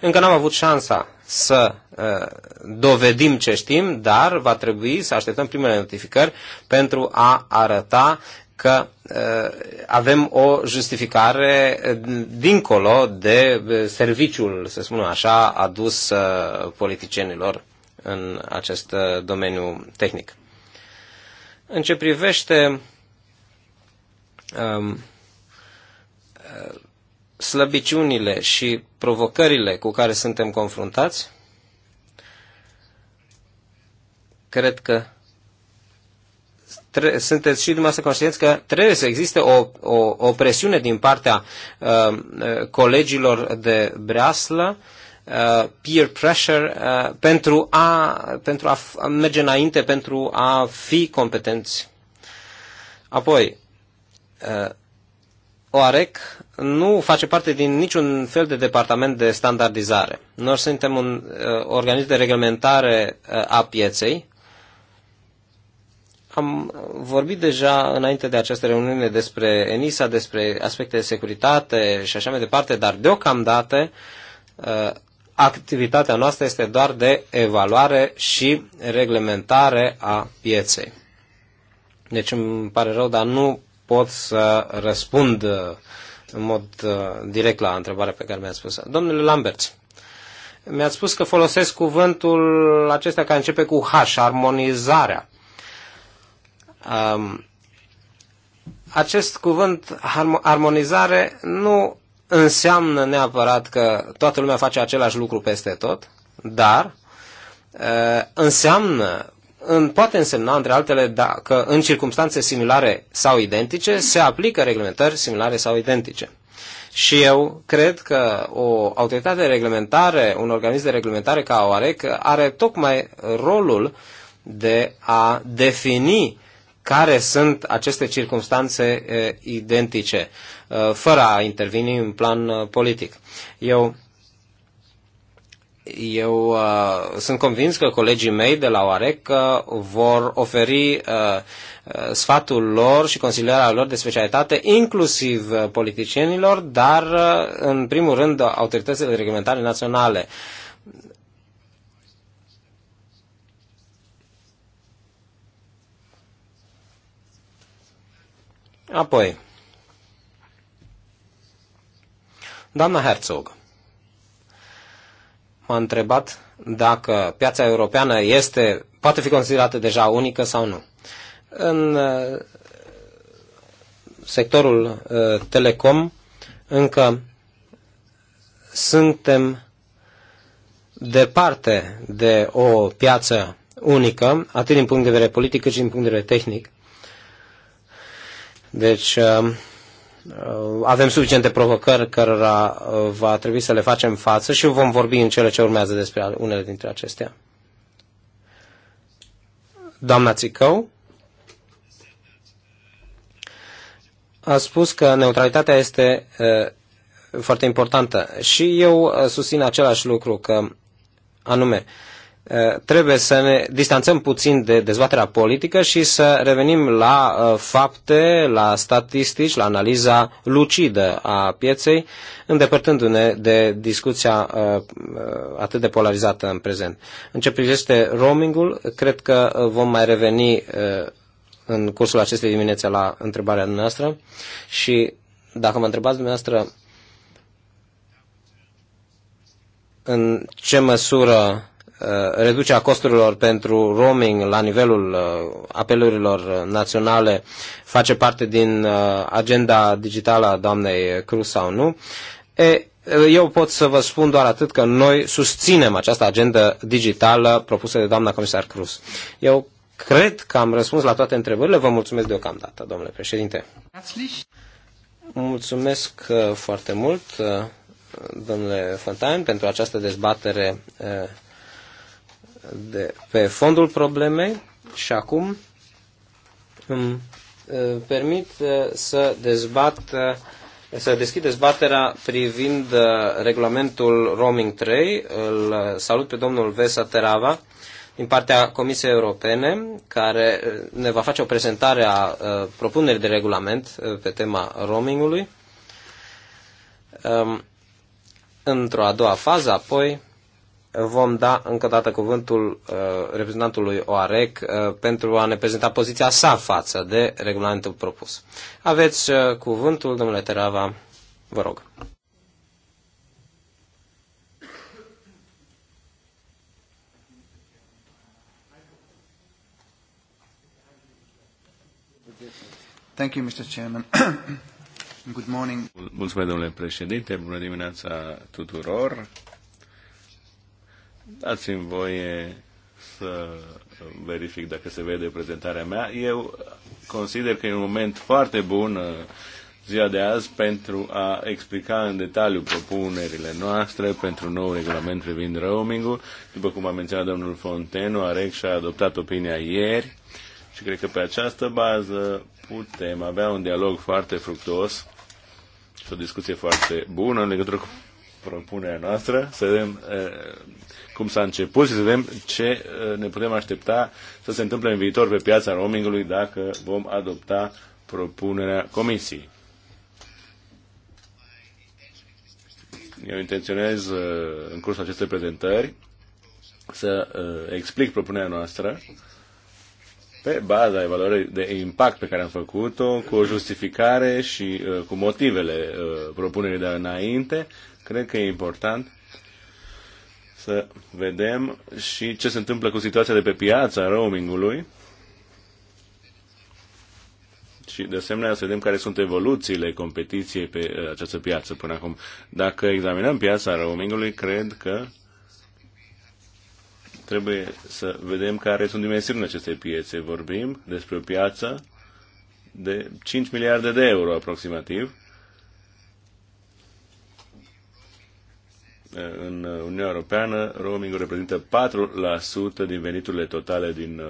Încă n-am avut șansa să uh, dovedim ce știm, dar va trebui să așteptăm primele notificări pentru a arăta că uh, avem o justificare uh, dincolo de uh, serviciul, să spunem așa, adus uh, politicienilor în acest uh, domeniu tehnic. În ce privește uh, slăbiciunile și provocările cu care suntem confruntați, cred că sunteți și dumneavoastră conștienți că trebuie să existe o, o, o presiune din partea uh, colegilor de breaslă, uh, peer pressure, uh, pentru, a, pentru a merge înainte, pentru a fi competenți. Apoi, uh, OAREC nu face parte din niciun fel de departament de standardizare. Noi suntem un uh, organism de reglementare uh, a pieței. Am vorbit deja înainte de această reuniune despre ENISA, despre aspecte de securitate și așa mai departe, dar deocamdată uh, activitatea noastră este doar de evaluare și reglementare a pieței. Deci îmi pare rău, dar nu pot să răspund uh, în mod uh, direct la întrebarea pe care mi-a spus. Domnule Lambert, mi-ați spus că folosesc cuvântul acesta care începe cu H, armonizarea. Um, acest cuvânt, armonizare, nu înseamnă neapărat că toată lumea face același lucru peste tot, dar uh, înseamnă poate însemna, între altele, că în circunstanțe similare sau identice se aplică reglementări similare sau identice. Și eu cred că o autoritate de reglementare, un organism de reglementare ca OAREC are tocmai rolul de a defini care sunt aceste circunstanțe eh, identice, eh, fără a interveni în plan eh, politic. Eu eu uh, sunt convins că colegii mei de la OAREC uh, vor oferi uh, uh sfatul lor și consilierea lor de specialitate, inclusiv uh, politicienilor, dar uh, în primul rând autoritățile reglementare naționale. Apoi, doamna Herzog, m-a întrebat dacă piața europeană este, poate fi considerată deja unică sau nu. În uh, sectorul uh, telecom încă suntem departe de o piață unică, atât din punct de vedere politic cât și din punct de vedere tehnic. Deci uh, Uh, avem suficiente provocări cărora uh, va trebui să le facem față și vom vorbi în cele ce urmează despre unele dintre acestea. Doamna Țicău a spus că neutralitatea este uh, foarte importantă și eu susțin același lucru că anume uh, Eh, trebuie să ne distanțăm puțin de dezbaterea politică și să revenim la eh, fapte, la statistici, la analiza lucidă a pieței, îndepărtându-ne de discuția eh, atât de polarizată în prezent. În ce privește roamingul, cred că vom mai reveni în cursul acestei dimineți la întrebarea noastră și dacă mă întrebați dumneavoastră în ce măsură Uh, reducerea costurilor pentru roaming la nivelul uh, apelurilor uh, naționale face parte din agenda digitală a doamnei Cruz sau nu. E, eu pot să vă spun doar atât că noi susținem această agendă digitală propusă de doamna comisar Cruz. Eu cred că am răspuns la toate întrebările. Vă mulțumesc deocamdată, domnule președinte. Mulțumesc foarte mult, domnule Fontaine, pentru această dezbatere de, pe fondul problemei și acum îmi permit să dezbat, să deschid dezbaterea privind regulamentul Roaming 3. Îl salut pe domnul Vesa Terava din partea Comisiei Europene, care ne va face o prezentare a propunerii de regulament pe tema roamingului. Într-o a doua fază, apoi vom da încă o dată cuvântul uh, reprezentantului OAREC uh, pentru a ne prezenta poziția sa față de regulamentul propus. Aveți uh, cuvântul, domnule Terava, vă rog. Thank you, Mr. Chairman. Good morning. Mulțumesc, domnule președinte. Bună dimineața tuturor. Dați-mi voie să verific dacă se vede prezentarea mea. Eu consider că e un moment foarte bun uh, ziua de azi pentru a explica în detaliu propunerile noastre pentru nou regulament privind roamingul. După cum a menționat domnul Fontenu, AREC și-a adoptat opinia ieri și cred că pe această bază putem avea un dialog foarte fructuos și o discuție foarte bună în legătură cu propunerea noastră, să vedem cum s-a început și să vedem ce ne putem aștepta să se întâmple în viitor pe piața roamingului dacă vom adopta propunerea Comisiei. Eu intenționez în cursul acestei prezentări să explic propunerea noastră pe baza evaluării de impact pe care am făcut-o, cu o justificare și uh, cu motivele uh, propunerii de înainte, Cred că e important să vedem și ce se întâmplă cu situația de pe piața roamingului și de asemenea să vedem care sunt evoluțiile competiției pe uh, această piață până acum. Dacă examinăm piața roamingului, cred că trebuie să vedem care sunt dimensiunile acestei piețe. Vorbim despre o piață de 5 miliarde de euro aproximativ Eh, în eh, Uniunea Europeană, roamingul reprezintă 4% din veniturile totale din,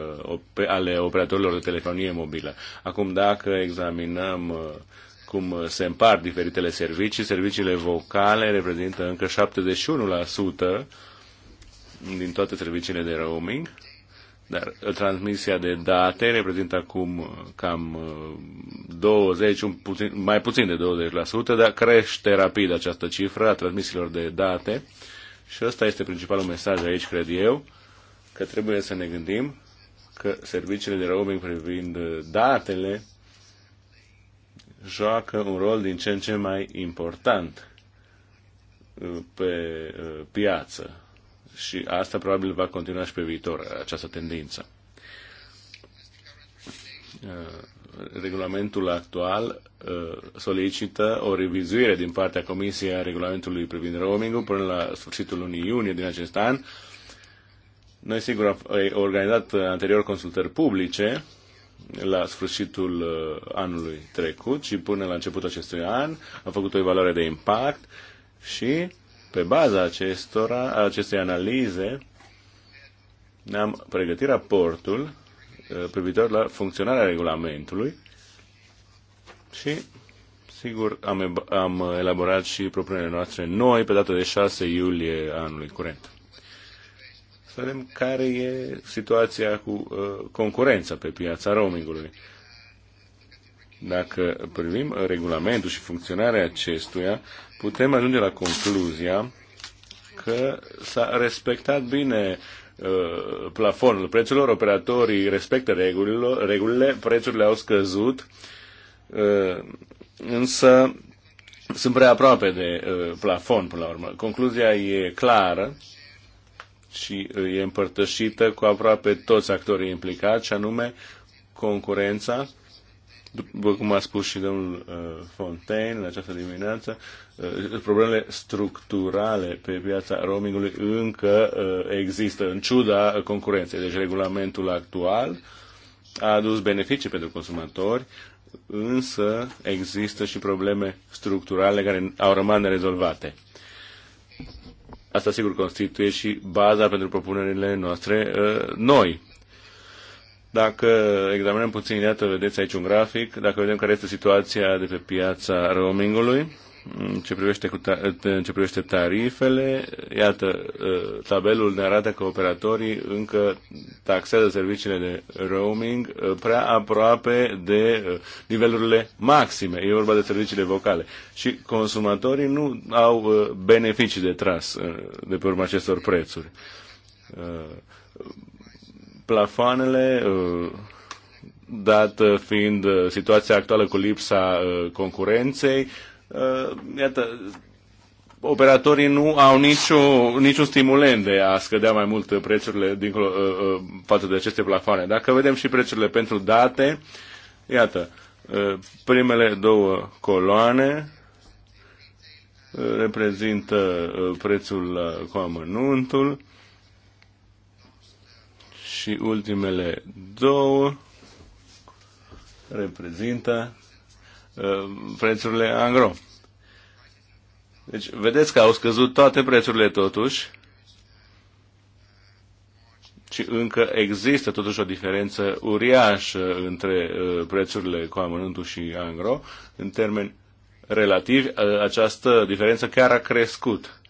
eh, ale operatorilor de telefonie mobilă. Acum, dacă examinăm cum se împart diferitele servicii, serviciile vocale reprezintă încă 71% din toate serviciile de roaming dar transmisia de date reprezintă acum uh, cam 20, uh, un puțin, mai puțin de 20%, dar crește rapid această cifră a transmisiilor de date. Și ăsta este principalul mesaj aici, cred eu, că trebuie să ne gândim că serviciile de roaming privind uh, datele joacă un rol din ce în ce mai important pe piață și asta probabil va continua și pe viitor, această tendință. Uh, regulamentul actual uh, solicită o revizuire din partea Comisiei a regulamentului privind roamingul până la sfârșitul lunii iunie din acest an. Noi, sigur, am organizat anterior consultări publice la sfârșitul uh, anului trecut și până la începutul acestui an. Am făcut o evaluare de impact și pe baza acestora, acestei analize, ne-am pregătit raportul uh, privitor la funcționarea regulamentului și, sigur, am, am elaborat și propunerile noastre noi pe data de 6 iulie anului curent. Să vedem care e situația cu uh, concurența pe piața roamingului. Dacă privim regulamentul și funcționarea acestuia, putem ajunge la concluzia că s-a respectat bine uh, plafonul prețurilor, operatorii respectă regulile, prețurile au scăzut, uh, însă sunt prea aproape de uh, plafon până la urmă. Concluzia e clară și e împărtășită cu aproape toți actorii implicați, și anume concurența după cum a spus și domnul uh, Fontaine în această dimineață, uh, problemele structurale pe piața roamingului încă uh, există, în ciuda concurenței. Deci regulamentul actual a adus beneficii pentru consumatori, însă există și probleme structurale care au rămas nerezolvate. Asta sigur constituie și baza pentru propunerile noastre noi. Dacă examinăm puțin, iată, vedeți aici un grafic, dacă vedem care este situația de pe piața roamingului, ce privește, cu ta- ce privește tarifele, iată, ă, tabelul ne arată că operatorii încă taxează serviciile de roaming ă, prea aproape de ă, nivelurile maxime. E vorba de serviciile vocale. Și consumatorii nu au beneficii de tras de pe urma acestor prețuri plafoanele, uh, dat uh, fiind uh, situația actuală cu lipsa concurenței, iată, operatorii nu au nicio, niciun stimulent de a scădea mai mult prețurile dincolo, față de aceste plafoane. Dacă vedem și prețurile pentru date, iată, primele două coloane reprezintă prețul cu amănuntul, și ultimele două reprezintă uh, prețurile angro. Deci, vedeți că au scăzut toate prețurile totuși și încă există totuși o diferență uriașă între uh, prețurile cu amănântul și angro. În termeni relativi, uh, această diferență chiar a crescut.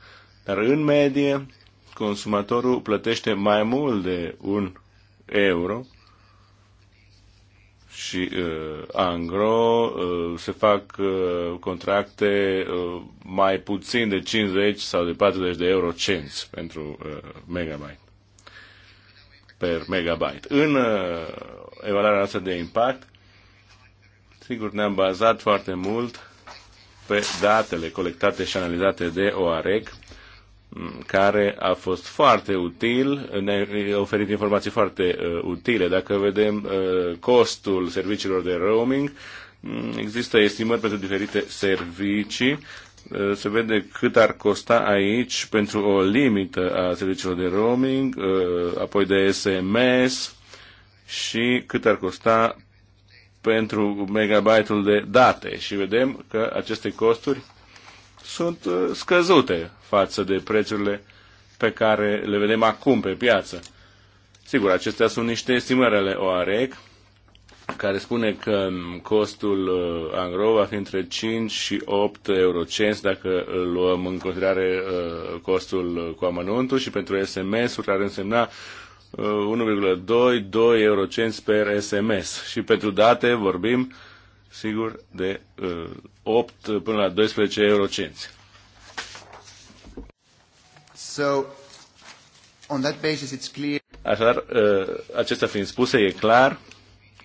Dar în medie, consumatorul plătește mai mult de un euro și uh, angro uh, se fac uh, contracte uh, mai puțin de 50 sau de 40 de euro cenți pentru uh, megabyte per megabyte. În uh, evaluarea noastră de impact, sigur ne-am bazat foarte mult pe datele colectate și analizate de OAREC care a fost foarte util, ne-a oferit informații foarte uh, utile. Dacă vedem uh, costul serviciilor de roaming, există estimări pentru diferite servicii. Uh, se vede cât ar costa aici pentru o limită a serviciilor de roaming, uh, apoi de SMS și cât ar costa pentru megabyte-ul de date. Și vedem că aceste costuri sunt uh, scăzute față de prețurile pe care le vedem acum pe piață. Sigur, acestea sunt niște estimări ale OAREC, care spune că um, costul uh, angro va fi între 5 și 8 eurocenți dacă uh, luăm în considerare costul cu amănuntul și pentru SMS-uri ar însemna 1,2-2 eurocenți per SMS. Și pentru date vorbim sigur, de 8 uh, până la 12 eurocenți. So, on that basis it's clear... Așadar, uh, acestea fiind spuse, e clar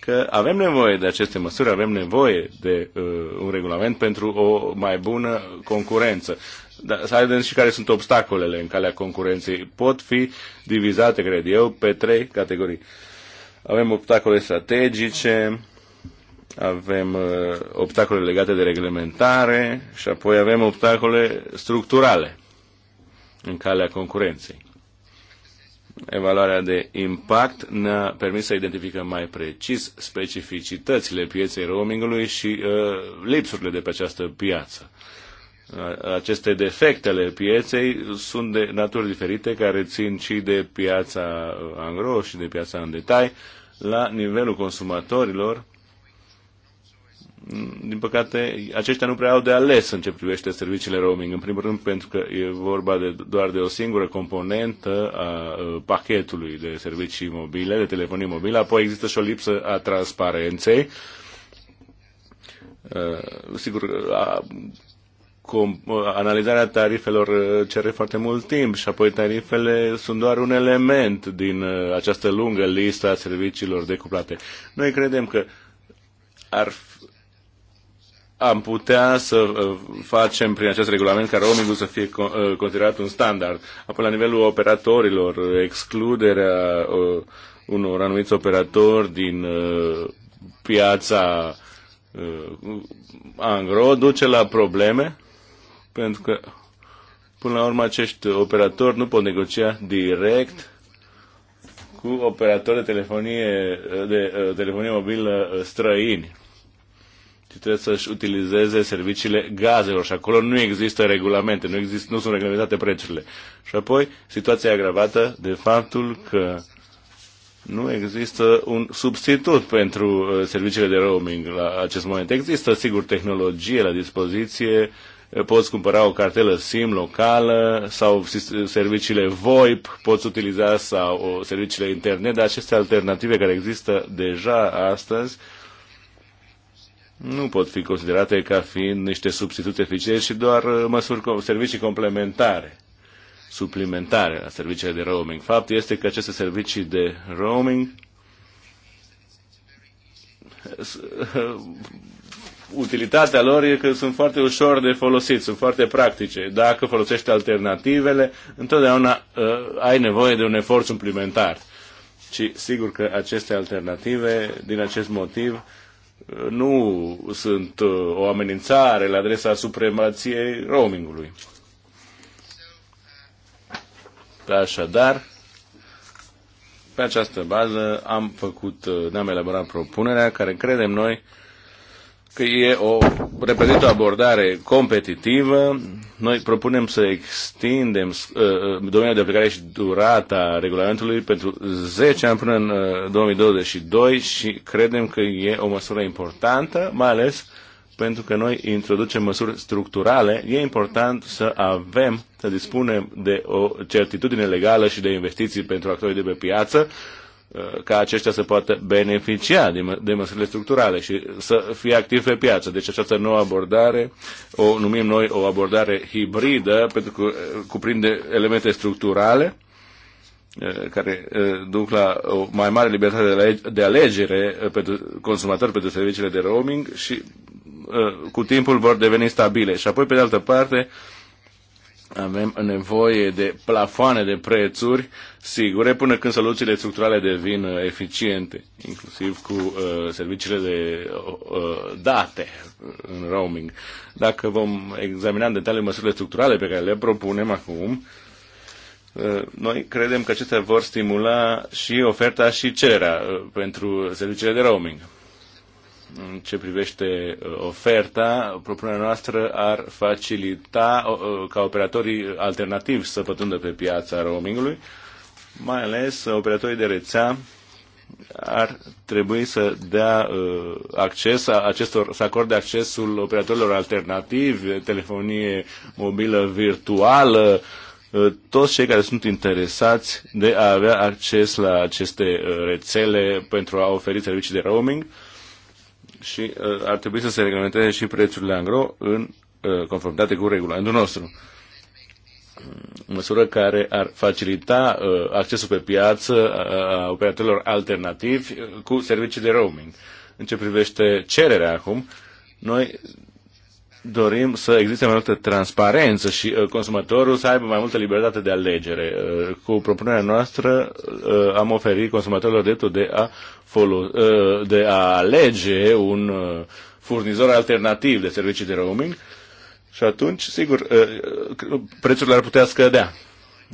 că avem nevoie de aceste măsuri, avem nevoie de uh, un regulament pentru o mai bună concurență. Dar să vedem și care sunt obstacolele în calea concurenței. Pot fi divizate, cred eu, pe trei categorii. Avem obstacole strategice, avem uh, obstacole legate de reglementare și apoi avem obstacole structurale în calea concurenței. Evaluarea de impact ne-a permis să identificăm mai precis specificitățile pieței roamingului și uh, lipsurile de pe această piață. Aceste defecte ale pieței sunt de naturi diferite care țin și de piața uh, angro și de piața în detai la nivelul consumatorilor Mm, din păcate, aceștia nu prea au de ales în ce privește serviciile roaming. În primul rând, pentru că e vorba de, doar de o singură componentă a uh, pachetului de servicii mobile, de telefonie mobilă, apoi există și o lipsă a transparenței. Uh, sigur, a, com, uh, analizarea tarifelor cere foarte mult timp și apoi tarifele sunt doar un element din această lungă listă a serviciilor decuplate. Noi credem că ar am putea să uh, facem prin acest regulament ca roamingul să fie uh, considerat un standard. Apoi, la nivelul operatorilor, excluderea uh, unor anumiți operatori din piața angro duce la probleme, pentru că, până la urmă, acești operatori nu pot negocia direct cu operatori de telefonie, de, de telefonie mobilă străini și trebuie să-și utilizeze serviciile gazelor și acolo nu există regulamente, nu, există, nu sunt reglementate prețurile. Și apoi, situația e agravată de faptul că nu există un substitut pentru uh, serviciile de roaming la acest moment. Există, sigur, tehnologie la dispoziție, uh, poți cumpăra o cartelă SIM locală sau uh, serviciile VoIP poți utiliza sau serviciile internet, dar aceste alternative care există deja astăzi nu pot fi considerate ca fiind niște substitute eficiente, ci doar uh, măsuri, servicii complementare, suplimentare la serviciile de roaming. Fapt este că aceste servicii de roaming uh, utilitatea lor e că sunt foarte ușor de folosit, sunt foarte practice. Dacă folosești alternativele, întotdeauna uh, ai nevoie de un efort suplimentar. Și sigur că aceste alternative, din acest motiv, nu sunt uh, o amenințare la adresa supremației roamingului. Așadar, pe această bază am făcut, uh, ne-am elaborat propunerea care credem noi că e o, repetită abordare competitivă. Noi propunem să extindem uh, uh, domeniul de aplicare și durata regulamentului pentru 10 ani până în uh, 2022 și credem că e o măsură importantă, mai ales pentru că noi introducem măsuri structurale, e important să avem, să dispunem de o certitudine legală și de investiții pentru actorii de pe piață, uh, Uh, ca aceștia să poată beneficia de, mă, de măsurile structurale și să fie activ pe piață. Deci această nouă abordare o numim noi o abordare hibridă pentru că uh, cuprinde elemente structurale uh, care duc la o mai mare libertate de alegere pentru consumatori pentru serviciile de roaming și cu timpul vor deveni stabile. Și apoi, pe de altă parte, avem nevoie de plafoane de prețuri sigure până când soluțiile structurale devin uh, eficiente, inclusiv cu uh, serviciile de uh, uh date uh, în roaming. Dacă vom examina în detaliu măsurile structurale pe care le propunem acum, noi credem că acestea vor stimula și oferta și cererea pentru serviciile de roaming. În ce privește oferta, propunerea noastră ar facilita ca operatorii alternativi să pătrundă pe piața roamingului, mai ales operatorii de rețea ar trebui să dea uh, acces a acestor, să acorde accesul operatorilor alternativi, telefonie mobilă virtuală, uh, toți cei care sunt interesați de a avea acces la aceste uh, rețele pentru a oferi servicii de roaming și uh, ar trebui să se reglementeze și prețurile angro în uh, conformitate cu regulamentul nostru. Uh, măsură care ar facilita uh, accesul pe piață uh, a operatorilor alternativi uh, cu servicii de roaming. În ce privește cererea acum, noi dorim să existe mai multă transparență și consumatorul să aibă mai multă libertate de alegere. Cu propunerea noastră am oferit consumatorilor dreptul de a, de a alege un furnizor alternativ de servicii de roaming și atunci, sigur, ă, prețurile ar putea scădea.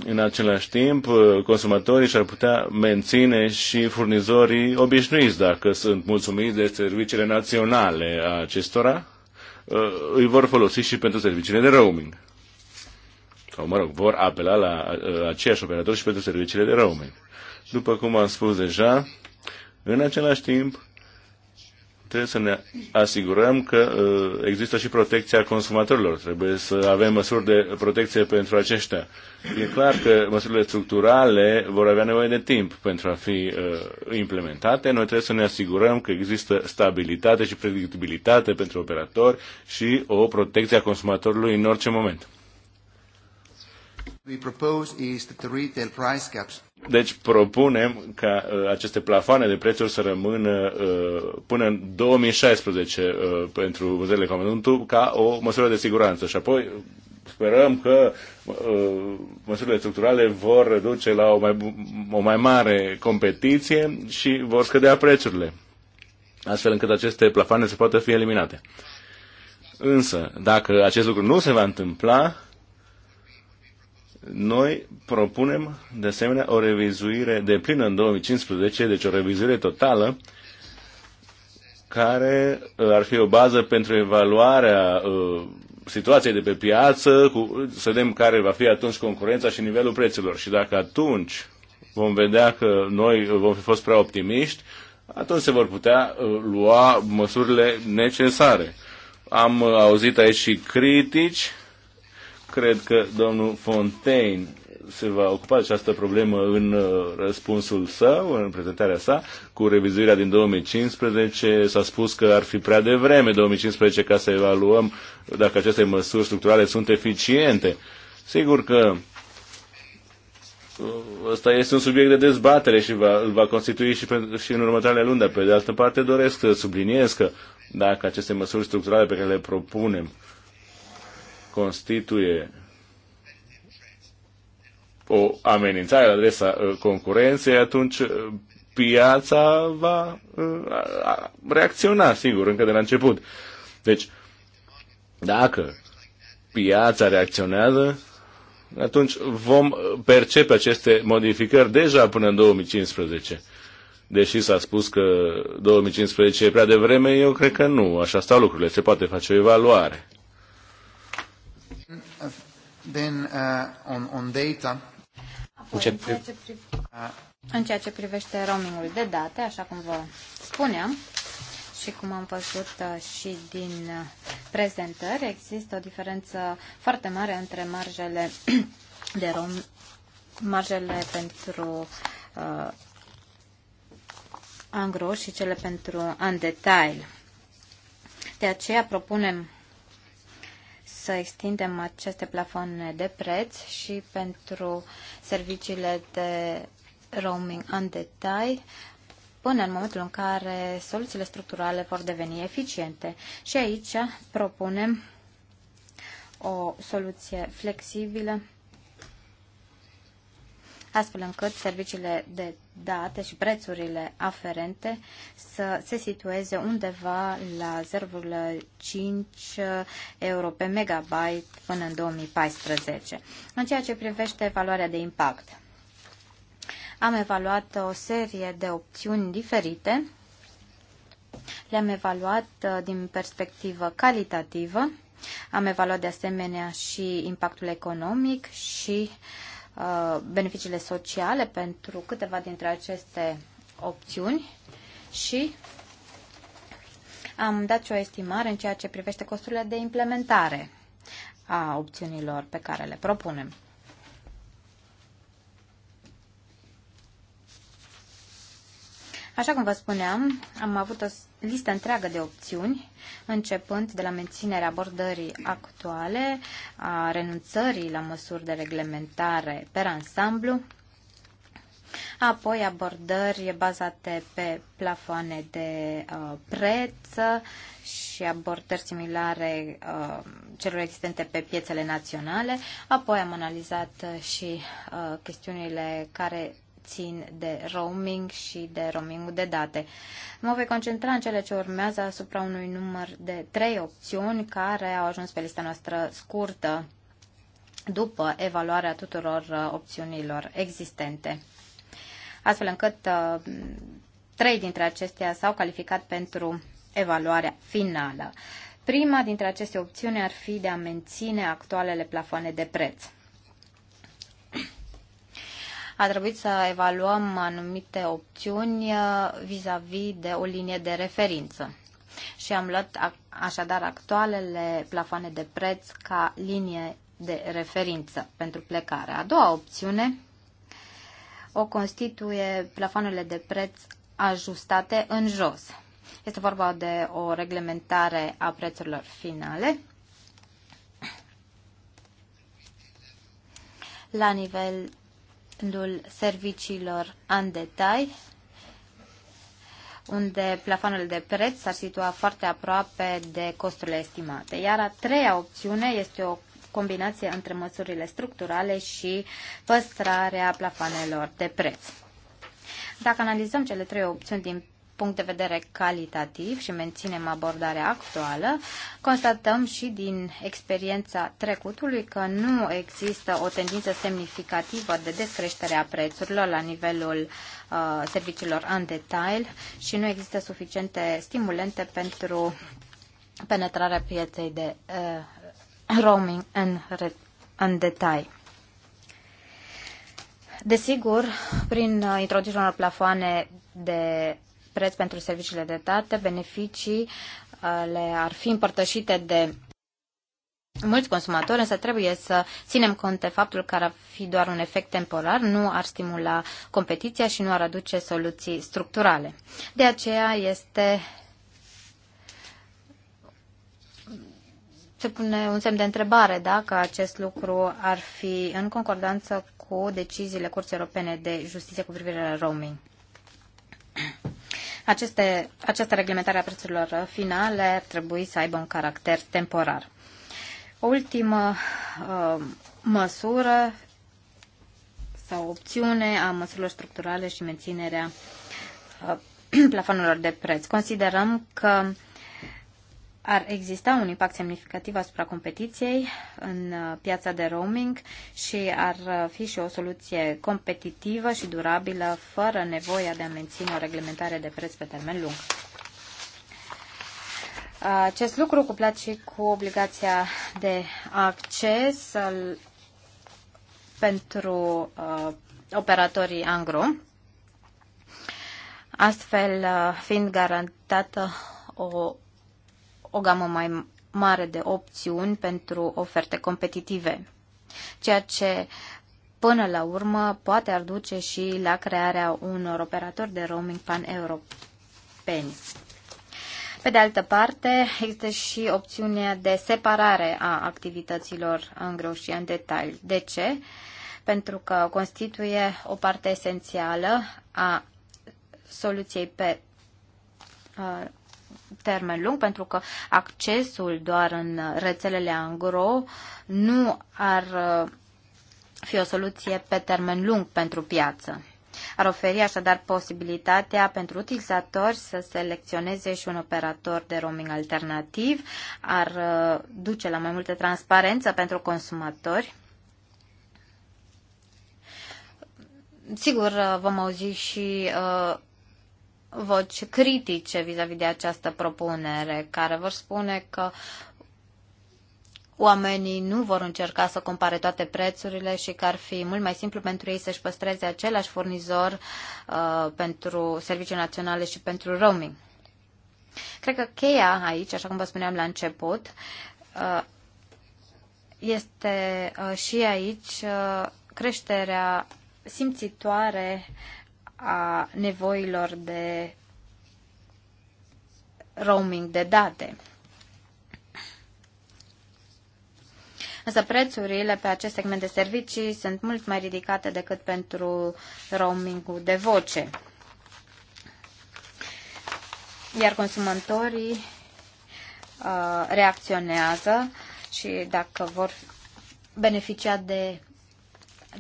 În același timp, ă, consumatorii și-ar putea menține și furnizorii obișnuiți, dacă sunt mulțumiți de serviciile naționale a acestora, ă, îi vor folosi și pentru serviciile de roaming. Sau, mă rog, vor apela la aceiași operatori și pentru serviciile de roaming. După cum am spus deja, în același timp, trebuie să ne asigurăm că uh, există și protecția consumatorilor. Trebuie să avem măsuri de protecție pentru aceștia. E clar că măsurile structurale vor avea nevoie de timp pentru a fi uh, implementate. Noi trebuie să ne asigurăm că există stabilitate și predictibilitate pentru operatori și o protecție a consumatorului în orice moment. We propose is that the retail price caps deci propunem ca uh, aceste plafoane de prețuri să rămână uh, până în 2016 uh, pentru vânzările comandantul ca o măsură de siguranță și apoi sperăm că uh, măsurile structurale vor reduce la o mai, o mai mare competiție și vor scădea prețurile, astfel încât aceste plafoane să poată fi eliminate. Însă, dacă acest lucru nu se va întâmpla, noi propunem, de asemenea, o revizuire de plină în 2015, deci o revizuire totală, care uh, ar fi o bază pentru evaluarea uh, situației de pe piață, cu, să vedem care va fi atunci concurența și nivelul prețurilor. Și dacă atunci vom vedea că noi vom fi fost prea optimiști, atunci se vor putea uh, lua măsurile necesare. Am auzit aici și critici Cred că domnul Fontaine se va ocupa de această problemă în uh, răspunsul său, în prezentarea sa, cu revizuirea din 2015. S-a spus că ar fi prea devreme 2015 ca să evaluăm dacă aceste măsuri structurale sunt eficiente. Sigur că uh, ăsta este un subiect de dezbatere și va, îl va constitui și, pe, și în următoarele luni, dar pe de altă parte doresc să subliniez că dacă aceste măsuri structurale pe care le propunem constituie o amenințare la adresa uh, concurenței, atunci uh, piața va uh, reacționa, sigur, încă de la început. Deci, dacă piața reacționează, atunci vom percepe aceste modificări deja până în 2015. Deși s-a spus că 2015 e prea devreme, eu cred că nu. Așa stau lucrurile. Se poate face o evaluare. Then, uh, on, on data, în, ceea ce în ceea ce privește roamingul de date, așa cum vă spuneam și cum am văzut uh, și din uh, prezentări, există o diferență foarte mare între marjele de rom, marjele pentru uh, angro și cele pentru undetail. De aceea propunem să extindem aceste plafoane de preț și pentru serviciile de roaming în detail până în momentul în care soluțiile structurale vor deveni eficiente. Și aici propunem o soluție flexibilă astfel încât serviciile de date și prețurile aferente să se situeze undeva la 0,5 euro pe megabyte până în 2014. În ceea ce privește valoarea de impact, am evaluat o serie de opțiuni diferite. Le-am evaluat uh, din perspectivă calitativă, am evaluat de asemenea și impactul economic și uh, Uh, beneficiile sociale pentru câteva dintre aceste opțiuni și am dat și o estimare în ceea ce privește costurile de implementare a opțiunilor pe care le propunem. Așa cum vă spuneam, am avut o listă întreagă de opțiuni, începând de la menținerea abordării actuale, a renunțării la măsuri de reglementare per ansamblu, apoi abordări bazate pe plafoane de uh, preț și abordări similare uh, celor existente pe piețele naționale. Apoi am analizat și uh, chestiunile care puțin de roaming și de roamingul de date. Mă voi concentra în cele ce urmează asupra unui număr de trei opțiuni care au ajuns pe lista noastră scurtă după evaluarea tuturor uh, opțiunilor existente. Astfel încât uh, trei dintre acestea s-au calificat pentru evaluarea finală. Prima dintre aceste opțiuni ar fi de a menține actualele plafoane de preț a trebuit să evaluăm anumite opțiuni uh, vis-a-vis -vis de o linie de referință. Și am luat așadar actualele plafoane de preț ca linie de referință pentru plecare. A doua opțiune o constituie plafoanele de preț ajustate în jos. Este vorba de o reglementare a prețurilor finale la nivel nivelul serviciilor în detai, unde plafonul de preț s-ar situa foarte aproape de costurile estimate. Iar a treia opțiune este o combinație între măsurile structurale și păstrarea plafanelor de preț. Dacă analizăm cele trei opțiuni din punct de vedere calitativ și menținem abordarea actuală, constatăm și din experiența trecutului că nu există o tendință semnificativă de descreștere a prețurilor la nivelul uh, serviciilor în detail și nu există suficiente stimulente pentru penetrarea pieței de uh, roaming în, în detail. Desigur, prin uh, introducerea unor plafoane de preț pentru serviciile de date, beneficiile uh, ar fi împărtășite de mulți consumatori, însă trebuie să ținem cont de faptul că ar fi doar un efect temporar, nu ar stimula competiția și nu ar aduce soluții structurale. De aceea este se pune un semn de întrebare dacă acest lucru ar fi în concordanță cu deciziile Curții Europene de Justiție cu privire la roaming. Aceste, această reglementare a prețurilor finale ar trebui să aibă un caracter temporar. O ultimă uh, măsură sau opțiune a măsurilor structurale și menținerea uh, plafonurilor de preț. Considerăm că uh, ar exista un impact semnificativ asupra competiției în uh, piața de roaming și ar uh, fi și o soluție competitivă și durabilă fără nevoia de a menține o reglementare de preț pe termen lung. Uh, acest lucru cuplat și cu obligația de acces pentru uh, operatorii angro, astfel uh, fiind garantată o o gamă mai mare de opțiuni pentru oferte competitive, ceea ce până la urmă poate ar duce și la crearea unor operatori de roaming pan-europeni. Pe de altă parte, există și opțiunea de separare a activităților în greu și în detaliu. De ce? Pentru că constituie o parte esențială a soluției pe termen lung, pentru că accesul doar în rețelele angro nu ar uh, fi o soluție pe termen lung pentru piață. Ar oferi așadar posibilitatea pentru utilizatori să selecționeze și un operator de roaming alternativ, ar uh, duce la mai multă transparență pentru consumatori. Sigur, uh, vom auzi și uh, voci critice vis-a-vis -vis de această propunere, care vor spune că oamenii nu vor încerca să compare toate prețurile și că ar fi mult mai simplu pentru ei să-și păstreze același furnizor uh, pentru servicii naționale și pentru roaming. Cred că cheia aici, așa cum vă spuneam la început, uh, este uh, și aici uh, creșterea simțitoare a nevoilor de roaming de date. Însă prețurile pe acest segment de servicii sunt mult mai ridicate decât pentru roamingul de voce. Iar consumatorii uh, reacționează și dacă vor beneficia de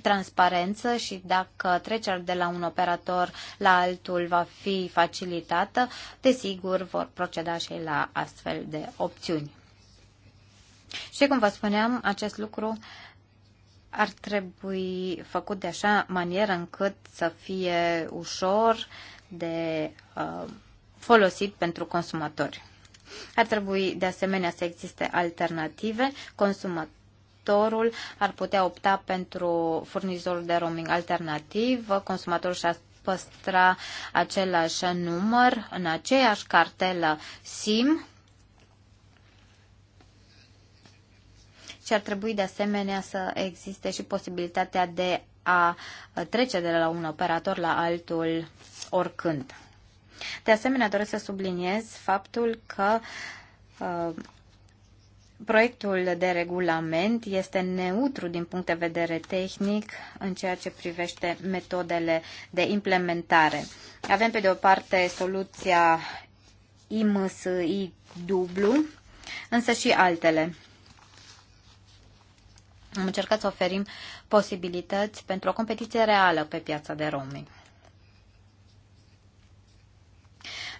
transparență și dacă trecerea de la un operator la altul va fi facilitată, desigur vor proceda și la astfel de opțiuni. Și cum vă spuneam, acest lucru ar trebui făcut de așa manieră încât să fie ușor de uh, folosit pentru consumatori. Ar trebui de asemenea să existe alternative. Consumatori Consumatorul ar putea opta pentru furnizorul de roaming alternativ, consumatorul și a păstra același număr în aceeași cartelă SIM și ar trebui de asemenea să existe și posibilitatea de a trece de la un operator la altul oricând. De asemenea, doresc să subliniez faptul că uh, Proiectul de regulament este neutru din punct de vedere tehnic în ceea ce privește metodele de implementare. Avem pe de o parte soluția IMSI dublu, însă și altele. Am încercat să oferim posibilități pentru o competiție reală pe piața de roaming.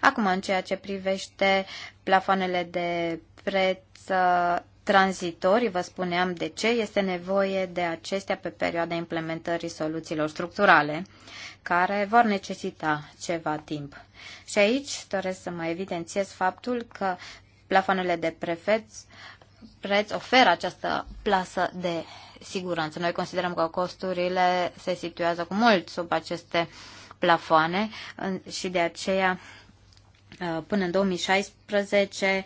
Acum, în ceea ce privește plafoanele de preț uh, tranzitorii, vă spuneam de ce, este nevoie de acestea pe perioada implementării soluțiilor structurale, care vor necesita ceva timp. Și aici doresc să mai evidențiez faptul că plafonele de prefeț, preț oferă această plasă de siguranță. Noi considerăm că costurile se situează cu mult sub aceste plafoane și de aceea uh, până în 2016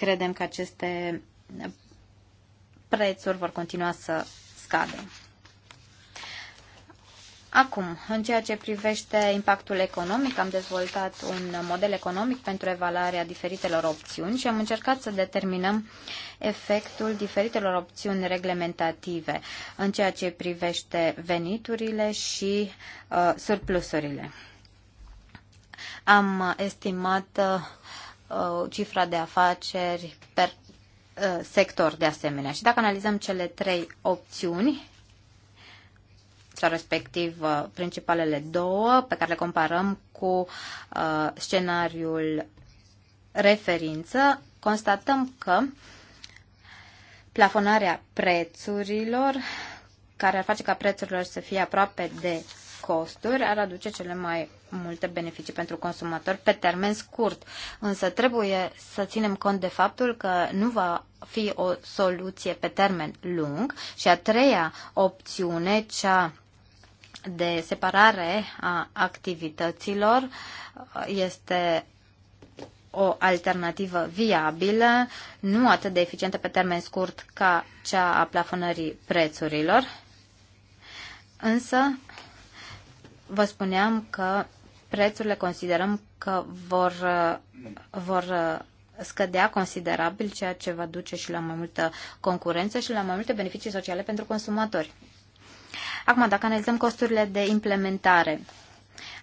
credem că aceste prețuri vor continua să scadă. Acum, în ceea ce privește impactul economic, am dezvoltat un model economic pentru evaluarea diferitelor opțiuni și am încercat să determinăm efectul diferitelor opțiuni reglementative în ceea ce privește veniturile și uh, surplusurile. Am estimat uh, Uh, cifra de afaceri per uh, sector de asemenea. Și dacă analizăm cele trei opțiuni, sau respectiv uh, principalele două, pe care le comparăm cu scenariul referință, constatăm că plafonarea prețurilor, care ar face ca prețurilor să fie aproape de costuri, ar aduce cele mai multe beneficii pentru consumator pe termen scurt. Însă trebuie să ținem cont de faptul că nu va fi o soluție pe termen lung și a treia opțiune, cea de separare a activităților, este o alternativă viabilă, nu atât de eficientă pe termen scurt ca cea a plafonării prețurilor, însă vă spuneam că prețurile considerăm că vor, vor scădea considerabil, ceea ce va duce și la mai multă concurență și la mai multe beneficii sociale pentru consumatori. Acum, dacă analizăm costurile de implementare,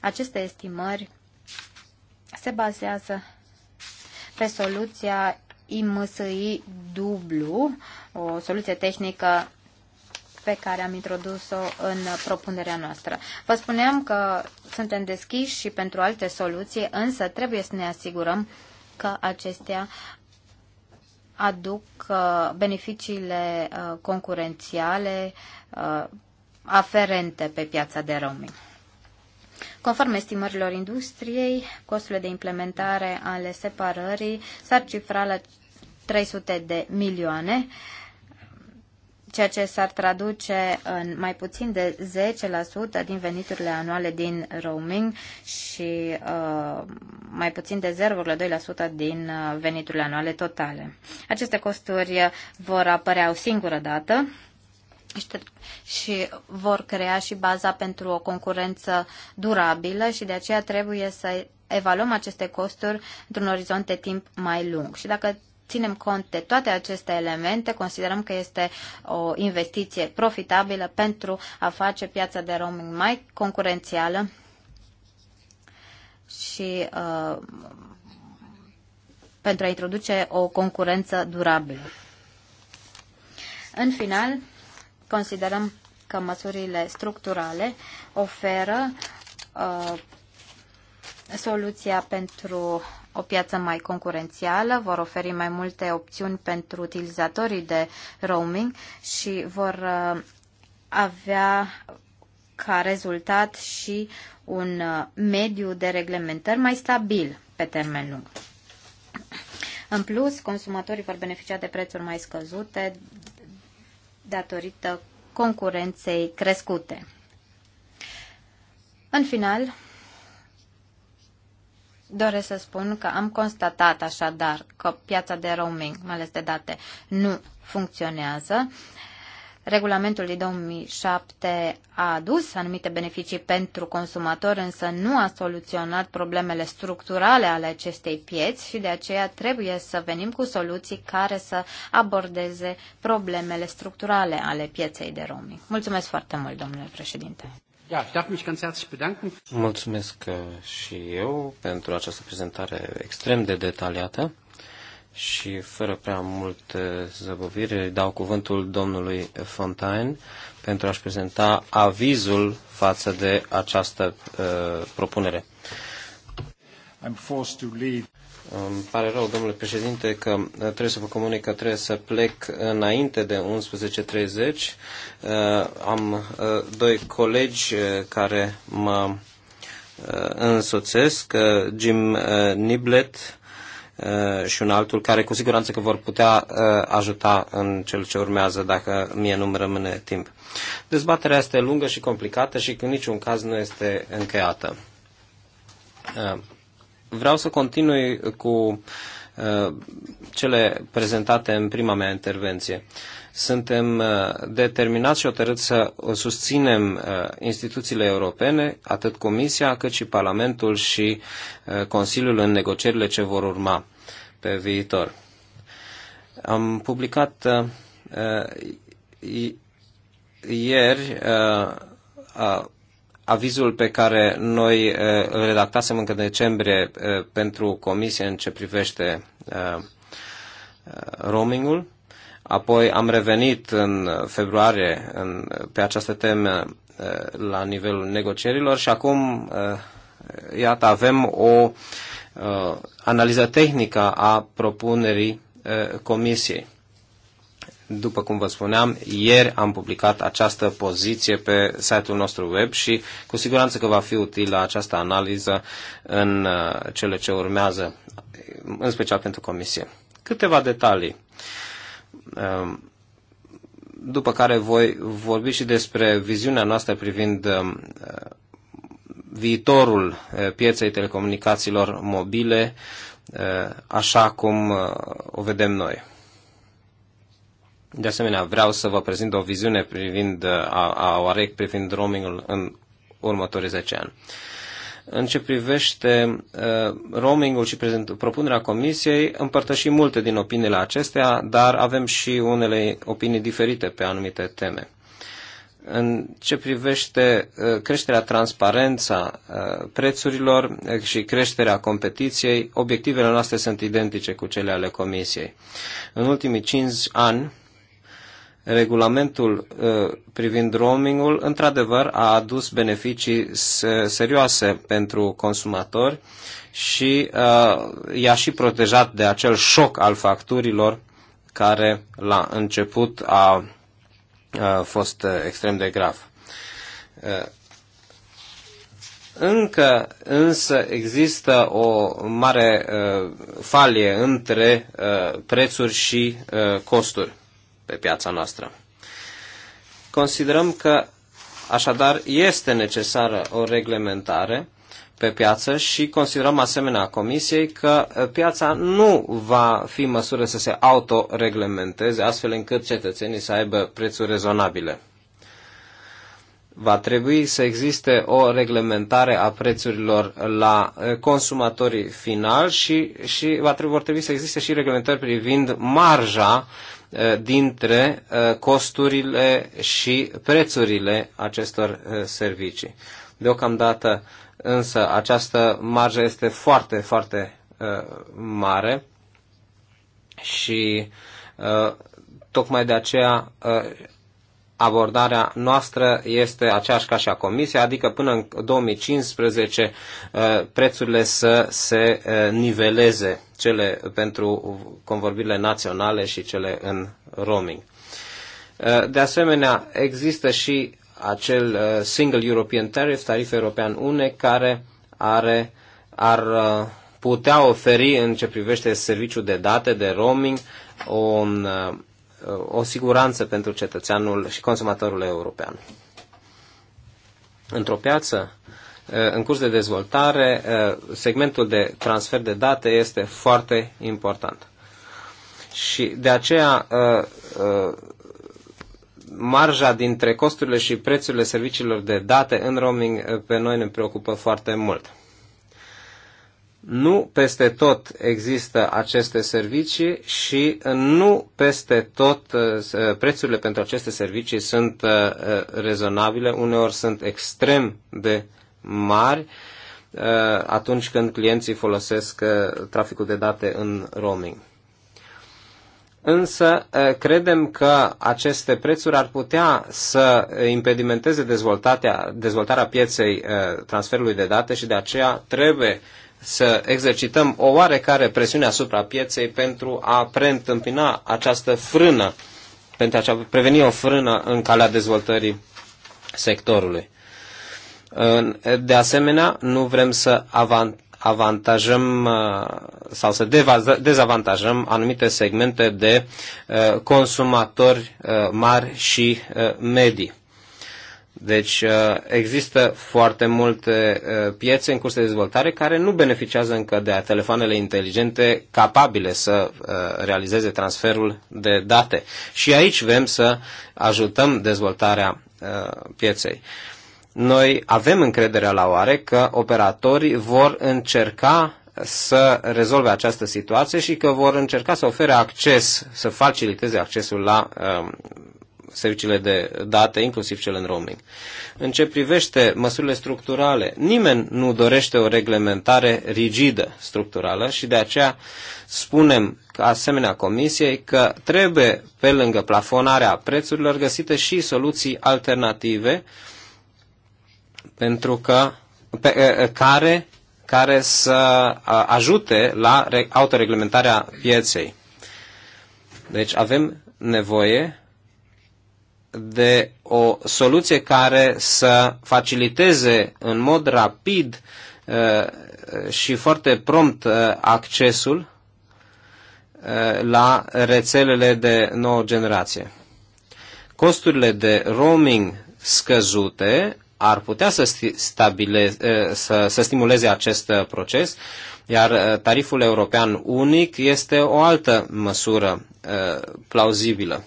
aceste estimări se bazează pe soluția IMSI dublu, o soluție tehnică pe care am introdus-o în propunerea noastră. Vă spuneam că suntem deschiși și pentru alte soluții, însă trebuie să ne asigurăm că acestea aduc uh, beneficiile uh, concurențiale uh, aferente pe piața de roaming. Conform estimărilor industriei, costurile de implementare ale separării s-ar cifra la 300 de milioane, uh, ceea ce s-ar traduce în mai puțin de 10% din veniturile anuale din roaming și uh, mai puțin de 0,2% din uh, veniturile anuale totale. Aceste costuri vor apărea o singură dată și vor crea și baza pentru o concurență durabilă și de aceea trebuie să evaluăm aceste costuri într-un orizont de timp mai lung. Și dacă ținem cont de toate aceste elemente, considerăm că este o investiție profitabilă pentru a face piața de roaming mai concurențială și uh, pentru a introduce o concurență durabilă. În final, considerăm că măsurile structurale oferă uh, soluția pentru o piață mai concurențială, vor oferi mai multe opțiuni pentru utilizatorii de roaming și vor uh, avea ca rezultat și un uh, mediu de reglementări mai stabil pe termen lung. În plus, consumatorii vor beneficia de prețuri mai scăzute datorită concurenței crescute. În final, doresc să spun că am constatat așadar că piața de roaming, mai ales de date, nu funcționează. Regulamentul din 2007 a adus anumite beneficii pentru consumator, însă nu a soluționat problemele structurale ale acestei pieți și de aceea trebuie să venim cu soluții care să abordeze problemele structurale ale pieței de roaming. Mulțumesc foarte mult, domnule președinte. Mulțumesc uh, și eu pentru această prezentare extrem de detaliată și fără prea mult zăbovire dau cuvântul domnului Fontaine pentru a-și prezenta avizul față de această uh, propunere. I'm forced to leave. Îmi pare rău, domnule președinte, că trebuie să vă comunic că trebuie să plec înainte de 11.30. Uh, am uh, doi colegi uh, care mă însoțesc, Jim Niblet și un altul care cu siguranță că vor putea ajuta în cel ce urmează dacă mie nu-mi rămâne timp. Dezbaterea este lungă și complicată și în niciun caz nu este încheiată Vreau să continui cu uh, cele prezentate în prima mea intervenție. Suntem uh, determinați și hotărâți să uh, susținem instituțiile europene, atât Comisia, cât și Parlamentul și Consiliul în negocierile ce vor urma pe viitor. Am publicat ieri avizul pe care noi eh, îl redactasem încă în decembrie eh, pentru comisie în ce privește eh, roamingul. Apoi am revenit în februarie în, pe această temă la nivelul negocierilor și acum, iată, avem o analiză tehnică a propunerii comisiei. După cum vă spuneam, ieri am publicat această poziție pe site-ul nostru web și cu siguranță că va fi utilă această analiză în uh, cele ce urmează, în special pentru comisie. Câteva detalii um, după care voi vorbi și despre viziunea noastră privind um, uh, viitorul uh, pieței telecomunicațiilor mobile, așa cum o vedem noi. De asemenea, vreau să vă prezint o viziune privind uh, a, a OAREC privind roamingul în următorii 10 ani. În ce privește uh, roamingul și prezent, propunerea comisiei, împărtășim multe din opiniile acestea, dar avem și unele opinii diferite pe anumite teme. În ce privește uh, creșterea transparența uh, prețurilor uh, și creșterea competiției, obiectivele noastre sunt identice cu cele ale comisiei. În ultimii 5 ani, regulamentul uh, privind roamingul, într-adevăr, a adus beneficii serioase pentru consumatori și uh, i-a și protejat de acel șoc al facturilor care la început a fost extrem de grav. Uh, încă însă există o mare uh, falie între uh, prețuri și uh, costuri pe piața noastră. Considerăm că așadar este necesară o reglementare pe piață și considerăm asemenea Comisiei că uh, piața nu va fi în măsură să se autoreglementeze astfel încât cetățenii să aibă prețuri rezonabile. Va trebui să existe o reglementare a prețurilor la uh, consumatorii finali și, și va trebui, vor trebui să existe și reglementări privind marja Eh, dintre eh, costurile și prețurile acestor eh, servicii. Deocamdată însă această marjă este foarte, foarte mare și tocmai de aceea abordarea noastră este aceeași ca și a Comisiei, adică până în 2015 uh, prețurile să se uh, niveleze cele pentru convorbirile naționale și cele în roaming. Uh, de asemenea, există și acel Single European Tariff, tarif european une, care are, ar putea oferi în ce privește serviciul de date, de roaming, un o siguranță pentru cetățeanul și consumatorul european. Într-o piață în curs de dezvoltare, segmentul de transfer de date este foarte important. Și de aceea marja dintre costurile și prețurile serviciilor de date în roaming pe noi ne preocupă foarte mult nu peste tot există aceste servicii și nu peste tot uh, uh, prețurile pentru aceste servicii sunt uh, rezonabile, uneori sunt extrem de mari atunci când clienții folosesc traficul de date în roaming. Însă credem că aceste prețuri ar putea să impedimenteze dezvoltarea, dezvoltarea pieței transferului de date și de aceea trebuie să exercităm o oarecare presiune asupra pieței pentru a preîntâmpina această frână, pentru a preveni o frână în calea dezvoltării sectorului. De asemenea, nu vrem să avantajăm uh, sau să dezavantajăm anumite segmente de uh, consumatori uh, mari și medii. Deci uh, există foarte multe uh, piețe în curs de dezvoltare care nu beneficiază încă de telefoanele inteligente capabile să uh, realizeze transferul de date. Și aici vrem să ajutăm dezvoltarea pieței. Noi avem încrederea la oare că operatorii vor încerca să rezolve această situație și că vor încerca să ofere acces, să faciliteze accesul la serviciile de date, inclusiv cele în roaming. În ce privește măsurile structurale, nimeni nu dorește o reglementare rigidă structurală și de aceea spunem asemenea comisiei că trebuie, pe lângă plafonarea prețurilor, găsite și soluții alternative pentru că pe, care, care să ajute la autoreglementarea pieței. Deci avem nevoie de o soluție care să faciliteze în mod rapid uh, și foarte prompt uh, accesul uh, la rețelele de nouă generație. Costurile de roaming scăzute ar putea să, stabile, să, să stimuleze acest proces, iar tariful european unic este o altă măsură plauzibilă.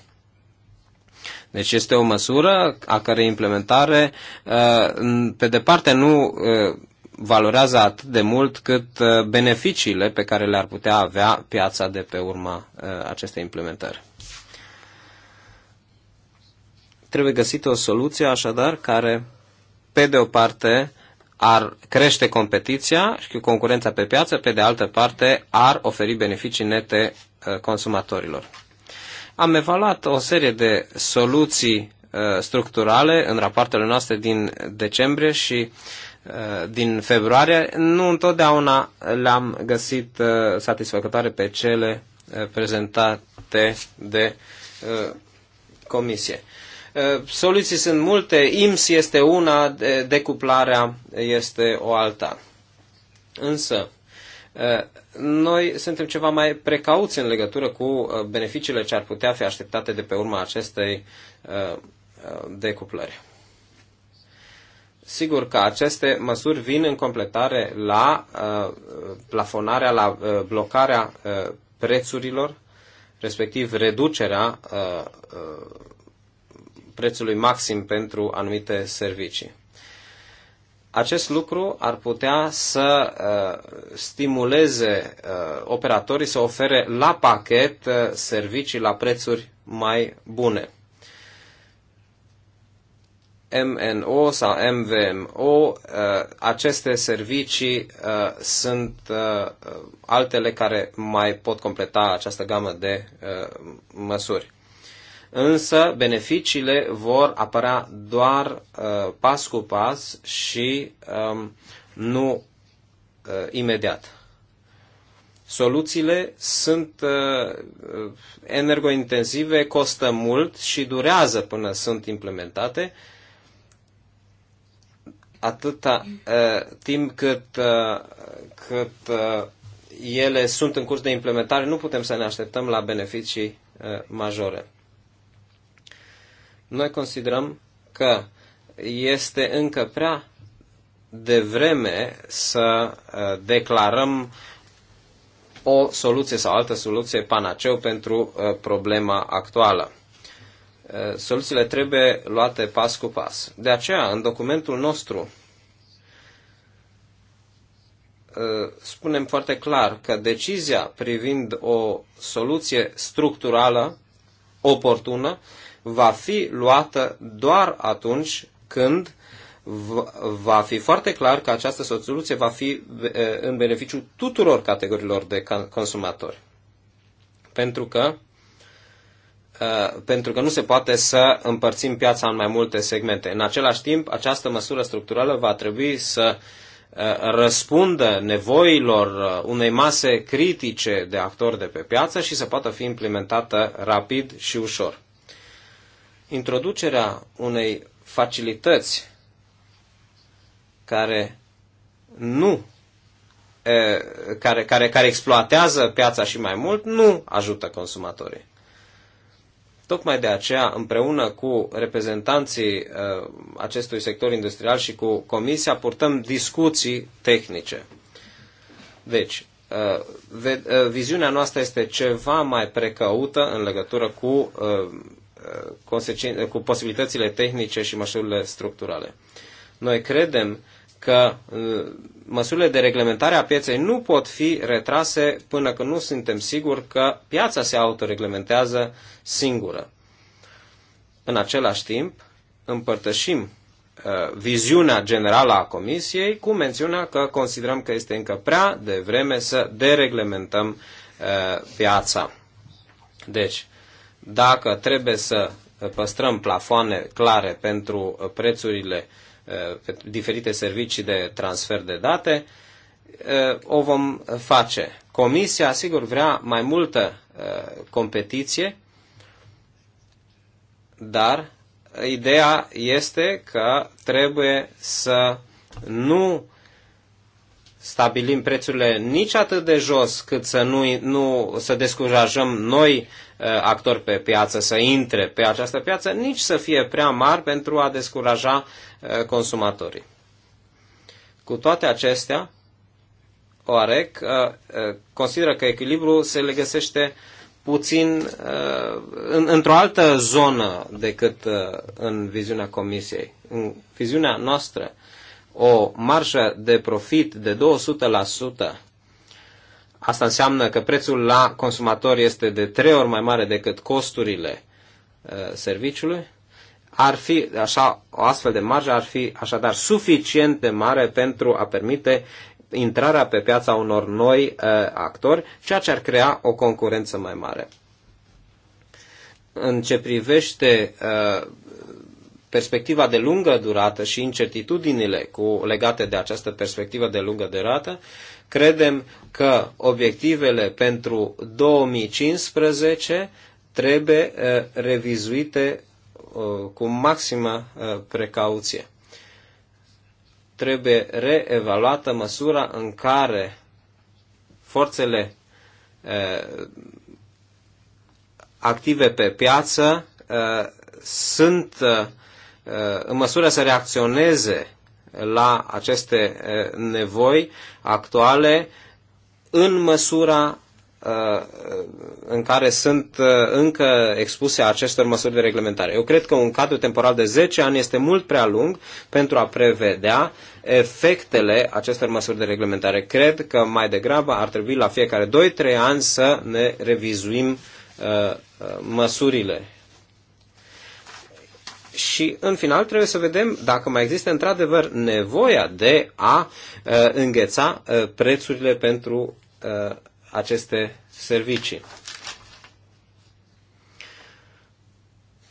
Deci este o măsură a cărei implementare uh, pe departe nu uh, valorează atât de mult cât uh, beneficiile pe care le-ar putea avea piața de pe urma acestei implementări. Trebuie găsită o soluție așadar care, pe de o parte, ar crește competiția și concurența pe piață, pe de altă parte ar oferi beneficii nete consumatorilor. Am evaluat o serie de soluții uh, structurale în rapoartele noastre din decembrie și uh, din februarie. Nu întotdeauna le-am găsit uh, satisfăcătoare pe cele prezentate de comisie. Soluții sunt multe, IMS este una, decuplarea este o alta. Însă, noi suntem ceva mai precauți în legătură cu uh, beneficiile ce ar putea fi așteptate de pe urma acestei uh, uh, decuplări. Sigur că aceste măsuri vin în completare la plafonarea, la blocarea prețurilor, respectiv reducerea prețului maxim pentru anumite servicii acest lucru ar putea să uh, stimuleze uh, operatorii să ofere la pachet uh, servicii la prețuri mai bune. MNO sau MVMO, aceste servicii sunt altele care mai pot completa această gamă de măsuri însă beneficiile vor apărea doar uh, pas cu pas și um, nu uh, imediat. Soluțiile sunt uh, uh, energointensive, costă mult și durează până sunt implementate, atâta uh, timp cât, uh, cât uh, ele sunt în curs de implementare, nu putem să ne așteptăm la beneficii uh, majore. Noi considerăm că este încă prea devreme să uh, declarăm o soluție sau altă soluție panaceu pentru uh, problema actuală. Uh, soluțiile trebuie luate pas cu pas. De aceea, în documentul nostru, spunem foarte clar că decizia privind o soluție structurală, oportună, va fi luată doar atunci când va fi foarte clar că această soluție va fi în beneficiul tuturor categoriilor de consumatori. Pentru că pentru că nu se poate să împărțim piața în mai multe segmente. În același timp, această măsură structurală va trebui să răspundă nevoilor unei mase critice de actori de pe piață și să poată fi implementată rapid și ușor introducerea unei facilități care nu care, care, care exploatează piața și mai mult, nu ajută consumatorii. Tocmai de aceea, împreună cu reprezentanții acestui sector industrial și cu Comisia, purtăm discuții tehnice. Deci, viziunea noastră este ceva mai precăută în legătură cu cu posibilitățile tehnice și măsurile structurale. Noi credem că uh, măsurile de reglementare a pieței nu pot fi retrase până când nu suntem siguri că piața se autoreglementează singură. În același timp, împărtășim uh, viziunea generală a Comisiei cu mențiunea că considerăm că este încă prea devreme să dereglementăm uh, piața. Deci, dacă trebuie să uh, păstrăm plafoane clare pentru uh, prețurile uh, pentru diferite servicii de transfer de date, o vom face. Comisia, sigur, vrea mai multă competiție, dar ideea este că trebuie să nu stabilim prețurile nici atât de jos cât să nu, nu să descurajăm noi Uh, actori pe piață să intre pe această piață, nici să fie prea mari pentru a descuraja uh, consumatorii. Cu toate acestea, OAREC uh, consideră că echilibrul se le găsește puțin în, într-o altă zonă decât în viziunea Comisiei. În viziunea noastră, o marșă de profit de 200% Asta înseamnă că prețul la consumator este de trei ori mai mare decât costurile uh, serviciului. Ar fi, așa, o astfel de marjă ar fi așadar suficient de mare pentru a permite intrarea pe piața unor noi uh, actori, ceea ce ar crea o concurență mai mare. În ce privește uh, perspectiva de lungă durată și incertitudinile cu, legate de această perspectivă de lungă durată, uh, Credem că obiectivele pentru 2015 trebuie uh, revizuite uh, cu maximă uh, precauție. Trebuie reevaluată măsura în care forțele active pe piață sunt în măsură să reacționeze la aceste nevoi actuale în măsura în care sunt încă expuse acestor măsuri de reglementare. Eu cred că un cadru temporal de 10 ani este mult prea lung pentru a prevedea efectele acestor măsuri de reglementare. Cred că mai degrabă ar trebui la fiecare 2-3 ani să ne revizuim măsurile și în final trebuie să vedem dacă mai există într-adevăr nevoia de a uh, îngheța uh, prețurile pentru uh, aceste servicii.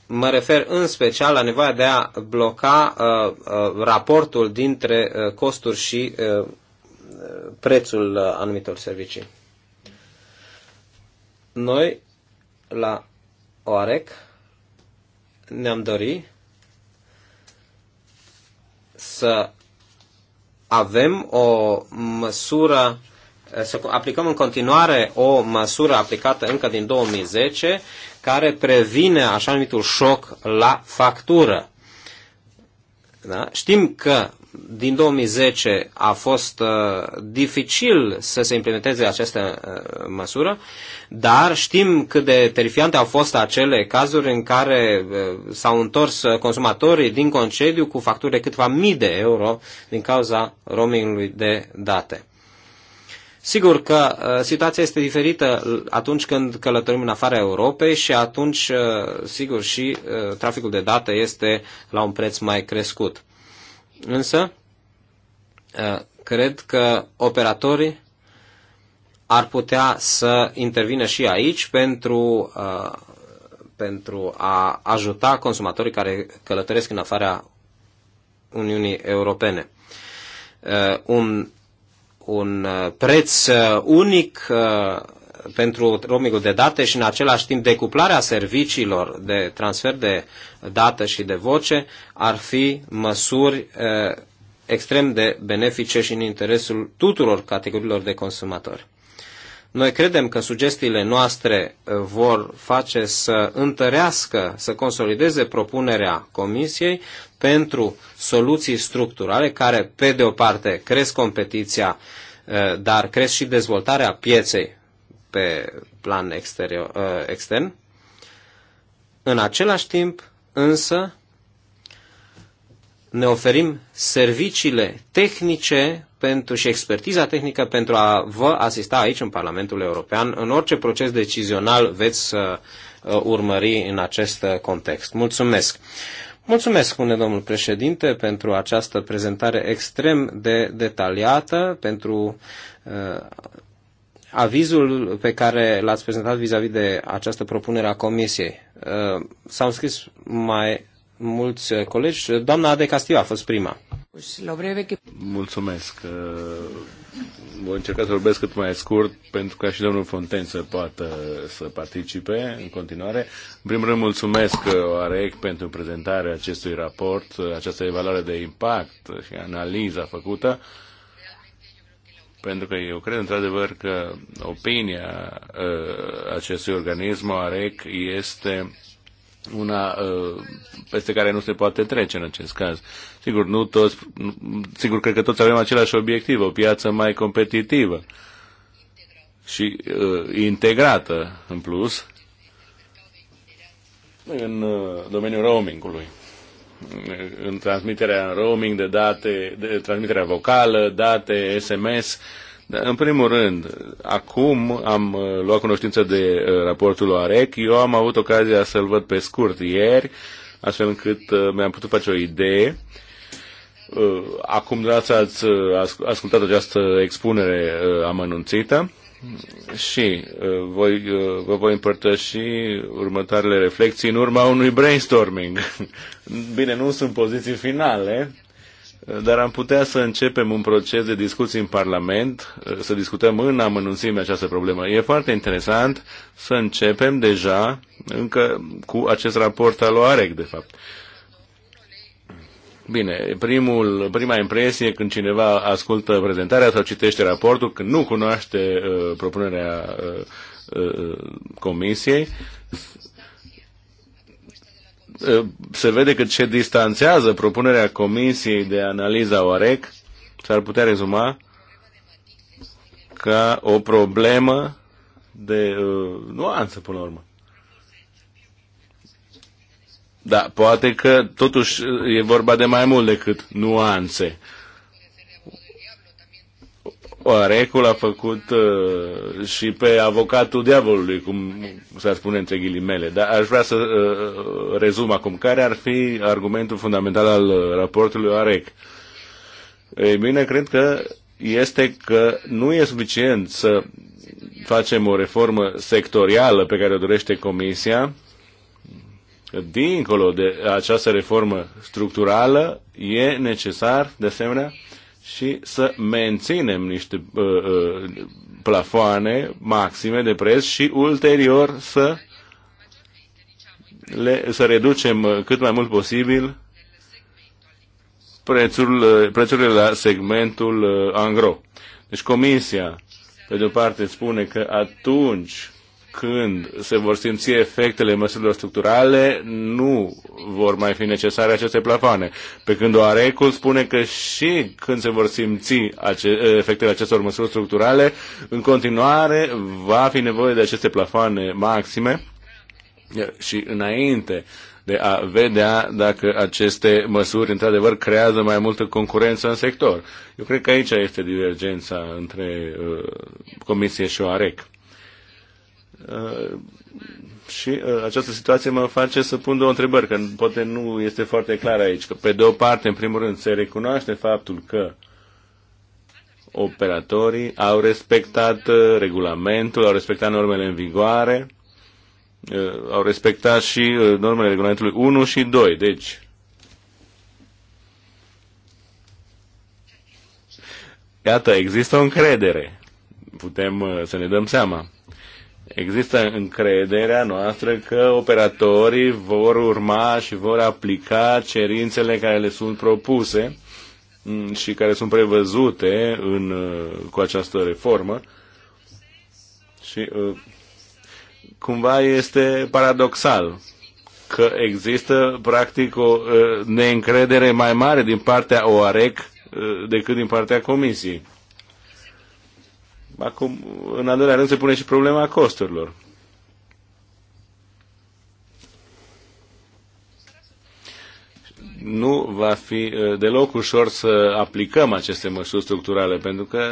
Mă refer în special la nevoia de a bloca uh, uh, raportul dintre uh, costuri și uh, prețul uh, anumitor servicii. Noi, la OAREC, ne-am dorit să avem o măsură, să aplicăm în continuare o măsură aplicată încă din 2010 care previne așa numitul șoc la factură. Da? Știm că din 2010 a fost uh, dificil să se implementeze această uh, măsură, dar știm cât de terifiante au fost acele cazuri în care uh, s-au întors uh, consumatorii din concediu cu facturi de câteva mii de euro din cauza roamingului de date. Sigur că uh, situația este diferită atunci când călătorim în afara Europei și atunci, uh, sigur, și uh, traficul de date este la un preț mai crescut. Însă, cred că operatorii ar putea să intervină și aici pentru, pentru a ajuta consumatorii care călătoresc în afara Uniunii Europene. Un un uh, preț uh, unic uh, pentru roamingul de date și în același timp decuplarea serviciilor de transfer de dată și de voce ar fi măsuri extrem de benefice și în interesul tuturor categoriilor de consumatori. Noi credem că sugestiile noastre uh, vor face să întărească, să consolideze propunerea Comisiei pentru soluții structurale care, pe de o parte, cresc competiția, uh, dar cresc și dezvoltarea pieței pe plan exterior, uh, extern. În același timp, însă, ne oferim serviciile tehnice pentru și expertiza tehnică pentru a vă asista aici în Parlamentul European în orice proces decizional veți uh, uh, urmări în acest uh, context. Mulțumesc! Mulțumesc, spune domnul președinte, pentru această prezentare extrem de detaliată, pentru uh, avizul pe care l-ați prezentat vis-a-vis -vis de această propunere a Comisiei. Uh, s-au scris mai mulți eh, colegi. Doamna Ade Castiu a fost prima. Mulțumesc. Eh, voi încerca să vorbesc cât mai scurt pentru ca și domnul Fonten să poată să participe în continuare. În primul rând mulțumesc eh, OAREC pentru prezentarea acestui raport, această evaluare de impact și analiza făcută pentru că eu cred într-adevăr că opinia uh, acestui organism OAREC este una uh, peste care nu se poate trece în acest caz. Sigur, nu toți, sigur, cred că toți avem același obiectiv, o piață mai competitivă și uh, integrată în plus în uh, domeniul roamingului în transmiterea roaming de date, de transmiterea vocală, date, SMS, uh, în primul rând, acum am uh, luat cunoștință de uh, raportul OAREC. Eu am avut ocazia să-l văd pe scurt ieri, astfel încât uh, mi-am putut face o idee. Acum dați ați ascultat această expunere amănunțită și voi, vă voi împărtăși următoarele reflexii în urma unui brainstorming. Bine, nu sunt poziții finale, dar am putea să începem un proces de discuții în Parlament, să discutăm în amănunțime această problemă. E foarte interesant să începem deja încă cu acest raport al OAREC, de fapt. Bine, primul, prima impresie când cineva ascultă prezentarea sau citește raportul, când nu cunoaște uh, propunerea uh, uh, comisiei, Ă, se vede că ce distanțează propunerea Comisiei de analiza OREC, s-ar putea rezuma ca o problemă de uh, nuanță, până la urmă. Da, poate că totuși e vorba de mai mult decât nuanțe. Uh, oarecul a făcut uh, și pe avocatul diavolului, cum s-ar spune între ghilimele. Dar aș vrea să uh, rezum acum. Care ar fi argumentul fundamental al uh, raportului OAREC? Ei bine, cred că este că nu e suficient să facem o reformă sectorială pe care o dorește Comisia, dincolo de această reformă structurală, e necesar, de asemenea, și să menținem niște uh, uh, plafoane maxime de preț și ulterior să le, să reducem cât mai mult posibil prețul, uh, prețurile la segmentul uh, angro. Deci comisia, pe de o parte, spune că atunci când se vor simți efectele măsurilor structurale, nu vor mai fi necesare aceste plafoane. Pe când OARECUL spune că și când se vor simți ace- efectele acestor măsuri structurale, în continuare va fi nevoie de aceste plafoane maxime și înainte de a vedea dacă aceste măsuri într-adevăr creează mai multă concurență în sector. Eu cred că aici este divergența între uh, Comisie și OAREC. Uh, și uh, această situație mă face să pun două întrebări, că poate nu este foarte clar aici. Că pe de o parte, în primul rând, se recunoaște faptul că operatorii au respectat uh, regulamentul, au respectat normele în vigoare, au respectat și normele regulamentului 1 și 2. Deci, iată, există o încredere. Putem să ne dăm seama există încrederea noastră că operatorii vor urma și vor aplica cerințele care le sunt propuse mm, și care sunt prevăzute în, uh, cu această reformă. Și uh, cumva este paradoxal că există practic o uh, neîncredere mai mare din partea OAREC decât din partea Comisiei. Acum, în al doilea rând, se pune și problema costurilor. nu va fi deloc ușor să aplicăm aceste măsuri structurale, pentru că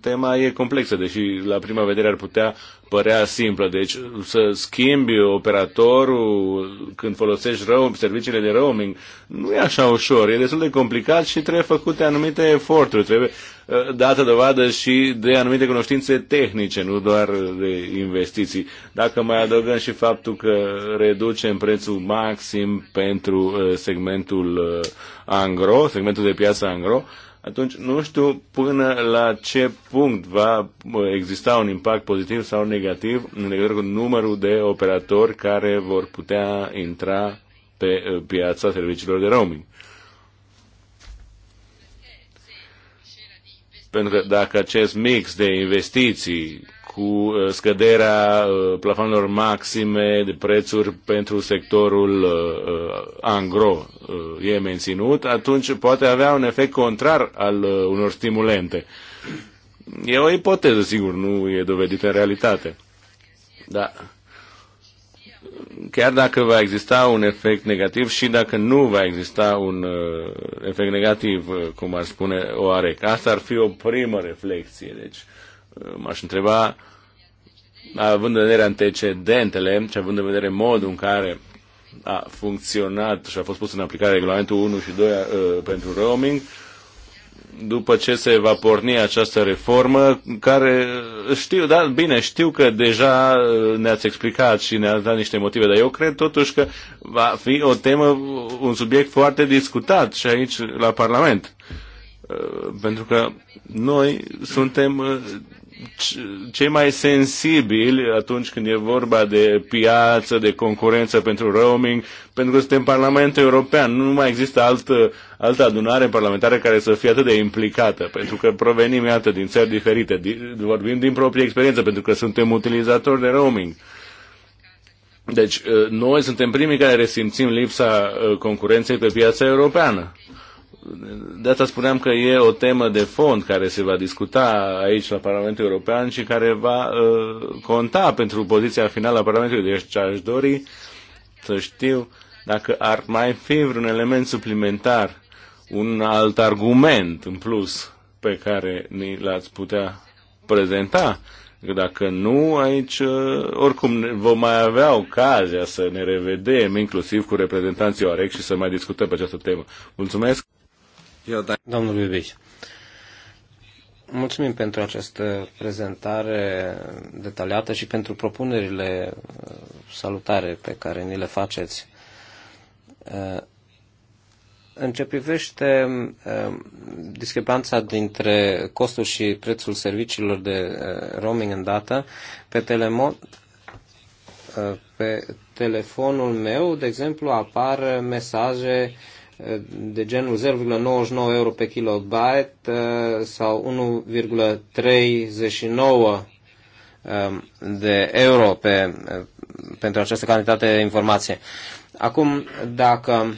tema e complexă, deși la prima vedere ar putea părea simplă. Deci să schimbi operatorul când folosești rău, serviciile de roaming, nu e așa ușor, e destul de complicat și trebuie făcute anumite eforturi, trebuie uh, dată dovadă și de anumite cunoștințe tehnice, nu doar de investiții. Dacă mai adăugăm și faptul că reducem prețul maxim pentru uh, segmentul uh, angro, segmentul de piață angro, atunci nu știu până la ce punct va exista un impact pozitiv sau negativ în legătură cu numărul de operatori care vor putea intra pe ă, piața serviciilor de roaming. Pentru că dacă acest mix de investiții cu uh, scăderea uh, plafonelor maxime de prețuri pentru sectorul uh, angro e menținut, atunci poate avea un efect contrar al unor stimulente. E o ipoteză, sigur, nu e dovedită în realitate. Da. Chiar dacă va exista un efect negativ și dacă nu va exista un efect negativ, cum ar spune OAREC. Asta ar fi o primă reflexie. Deci, uh, m-aș întreba, având în vedere antecedentele și având în vedere modul în care a funcționat și a fost pus în aplicare regulamentul 1 și 2 uh, pentru roaming, după ce se va porni această reformă, care știu, da, bine, știu că deja uh, ne-ați explicat și ne-ați dat niște motive, dar eu cred totuși că va fi o temă, un subiect foarte discutat și aici la Parlament. Uh, pentru că noi suntem cei mai sensibili atunci când e vorba de piață, de concurență pentru roaming, pentru că suntem Parlamentul European. Nu mai există altă, altă adunare parlamentară care să fie atât de implicată, pentru că provenim, iată, din țări diferite. vorbim din proprie experiență, pentru că suntem utilizatori de roaming. Deci, uh, noi suntem primii care resimțim lipsa uh, concurenței pe piața europeană de asta spuneam că e o temă de fond care se va discuta aici la Parlamentul European și care va uh, conta pentru poziția finală a Parlamentului. Deci aș dori să știu dacă ar mai fi vreun element suplimentar, un alt argument în plus pe care ni l-ați putea prezenta. Dacă nu, aici uh, oricum vom mai avea ocazia să ne revedem, inclusiv cu reprezentanții OREC și să mai discutăm pe această temă. Mulțumesc! Da. Domnul mulțumim pentru această prezentare detaliată și pentru propunerile uh, salutare pe care ni le faceți. Uh, în ce privește uh, discrepanța dintre costul și prețul serviciilor de roaming în data, pe telemo- pe telefonul meu, de exemplu, apar mesaje de genul 0,99 euro pe kilobyte uh, sau 1,39 um, de euro pe, uh, pentru această cantitate de informație. Acum, dacă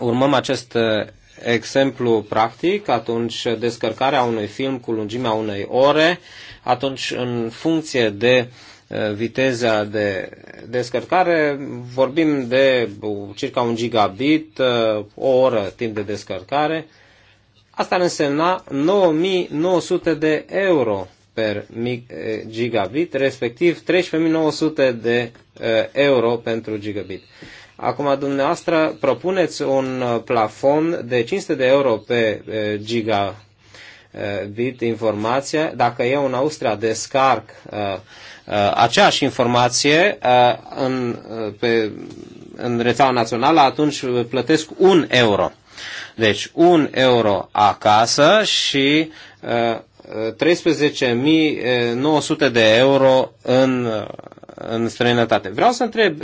urmăm acest uh, exemplu practic, atunci descărcarea unui film cu lungimea unei ore, atunci în funcție de uh, Uh, viteza de descărcare, vorbim de uh, circa un gigabit, uh, o oră timp de descărcare. Asta ar însemna 9900 de euro per gigabit, respectiv 13900 de euro pentru gigabit. Acum, dumneavoastră, propuneți un plafon de 500 de euro pe gigabit informația. Dacă eu în Austria descarc Uh, aceeași informație uh, în, uh, pe, în rețeaua națională, atunci plătesc un euro. Deci un euro acasă și 13.900 de euro în, în străinătate. Vreau să întreb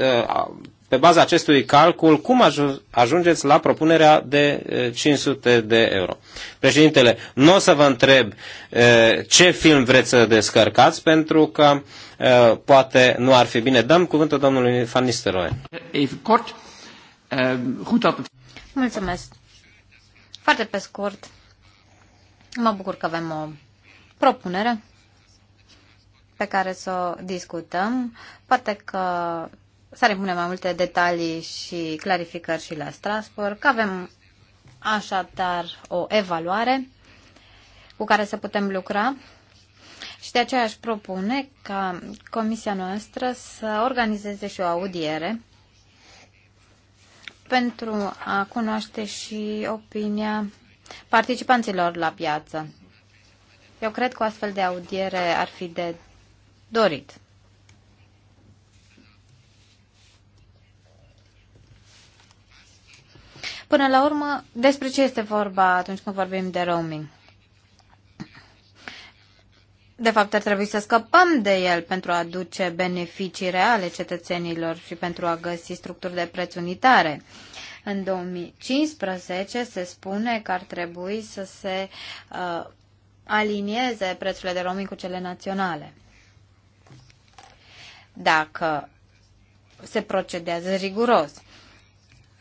pe baza acestui calcul, cum ajungeți la propunerea de 500 eh, de euro. Președintele, nu o să vă întreb eh, ce film vreți să descărcați, pentru că eh, poate nu ar fi bine. Dăm cuvântul domnului Van Nistelrooy. Mulțumesc. Foarte pe scurt. Mă bucur că avem o propunere pe care să o discutăm. Poate că să punem mai multe detalii și clarificări și la Strasbourg, că avem așadar o evaluare cu care să putem lucra și de aceea aș propune ca comisia noastră să organizeze și o audiere pentru a cunoaște și opinia participanților la piață. Eu cred că o astfel de audiere ar fi de dorit. Până la urmă, despre ce este vorba atunci când vorbim de roaming? De fapt, ar trebui să scăpăm de el pentru a aduce beneficii reale cetățenilor și pentru a găsi structuri de preț unitare. În 2015 se spune că ar trebui să se uh, alinieze prețurile de roaming cu cele naționale. Dacă se procedează riguros.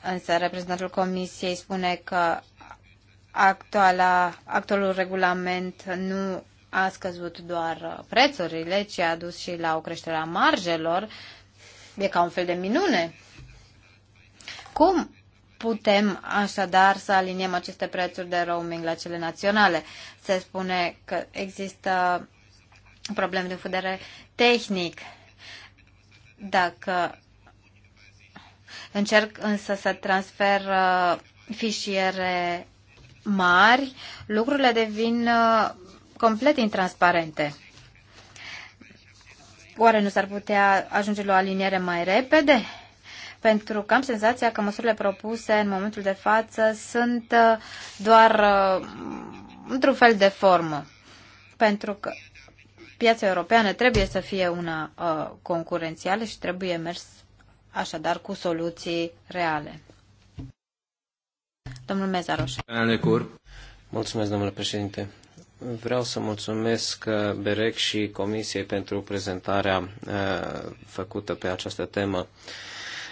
Însă reprezentantul Comisiei spune că actuala, actualul regulament nu a scăzut doar prețurile, ci a dus și la o creștere a marjelor. E ca un fel de minune. Cum putem așadar să aliniem aceste prețuri de roaming la cele naționale? Se spune că există probleme de vedere tehnic. Dacă Încerc însă să transfer uh, fișiere mari, lucrurile devin uh, complet intransparente. Oare nu s-ar putea ajunge la o aliniere mai repede? Pentru că am senzația că măsurile propuse în momentul de față sunt uh, doar într-un fel de formă. Pentru că piața europeană trebuie să fie una uh, concurențială și trebuie mers așadar cu soluții reale. Domnul Mezaroș. Mulțumesc, domnule președinte. Vreau să mulțumesc uh, Berec și Comisiei pentru prezentarea uh, făcută pe această temă.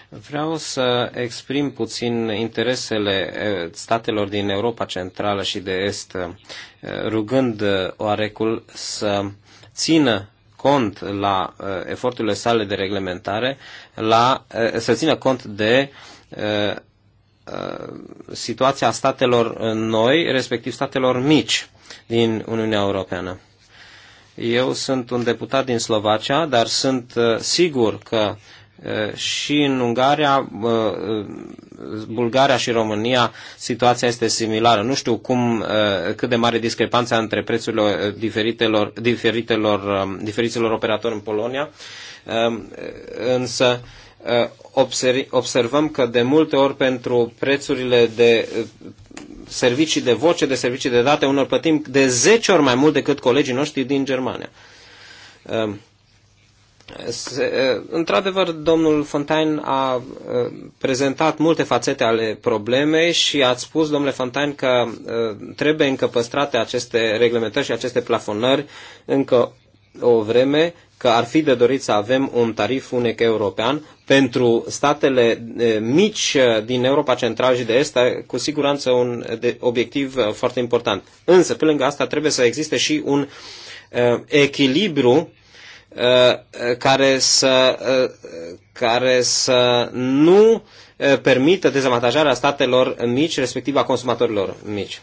Vreau să exprim puțin interesele uh, statelor din Europa Centrală și de Est, rugând oarecul să țină cont la uh, eforturile sale de reglementare, la, uh, să țină cont de uh, uh, situația statelor noi, respectiv statelor mici din Uniunea Europeană. Eu sunt un deputat din Slovacia, dar sunt uh, sigur că uh, Eh, și în Ungaria, eh, Bulgaria și România situația este similară. Nu știu cum, eh, cât de mare discrepanța între prețurile diferitelor, diferitelor, diferitelor operatori în Polonia, însă observăm că de multe ori pentru prețurile de servicii de voce, de servicii de date, unor plătim de 10 ori mai mult decât colegii noștri din Germania. Într-adevăr, domnul Fontaine a prezentat multe fațete ale problemei și ați spus, domnule Fontaine, că trebuie încă păstrate aceste reglementări și aceste plafonări încă o vreme, că ar fi de dorit să avem un tarif unic european pentru statele mici din Europa Centrală și de Est, cu siguranță un obiectiv foarte important. Însă, pe lângă asta, trebuie să existe și un echilibru Uh, care să, uh, care să nu uh, permită dezavantajarea statelor mici, respectiv a consumatorilor mici.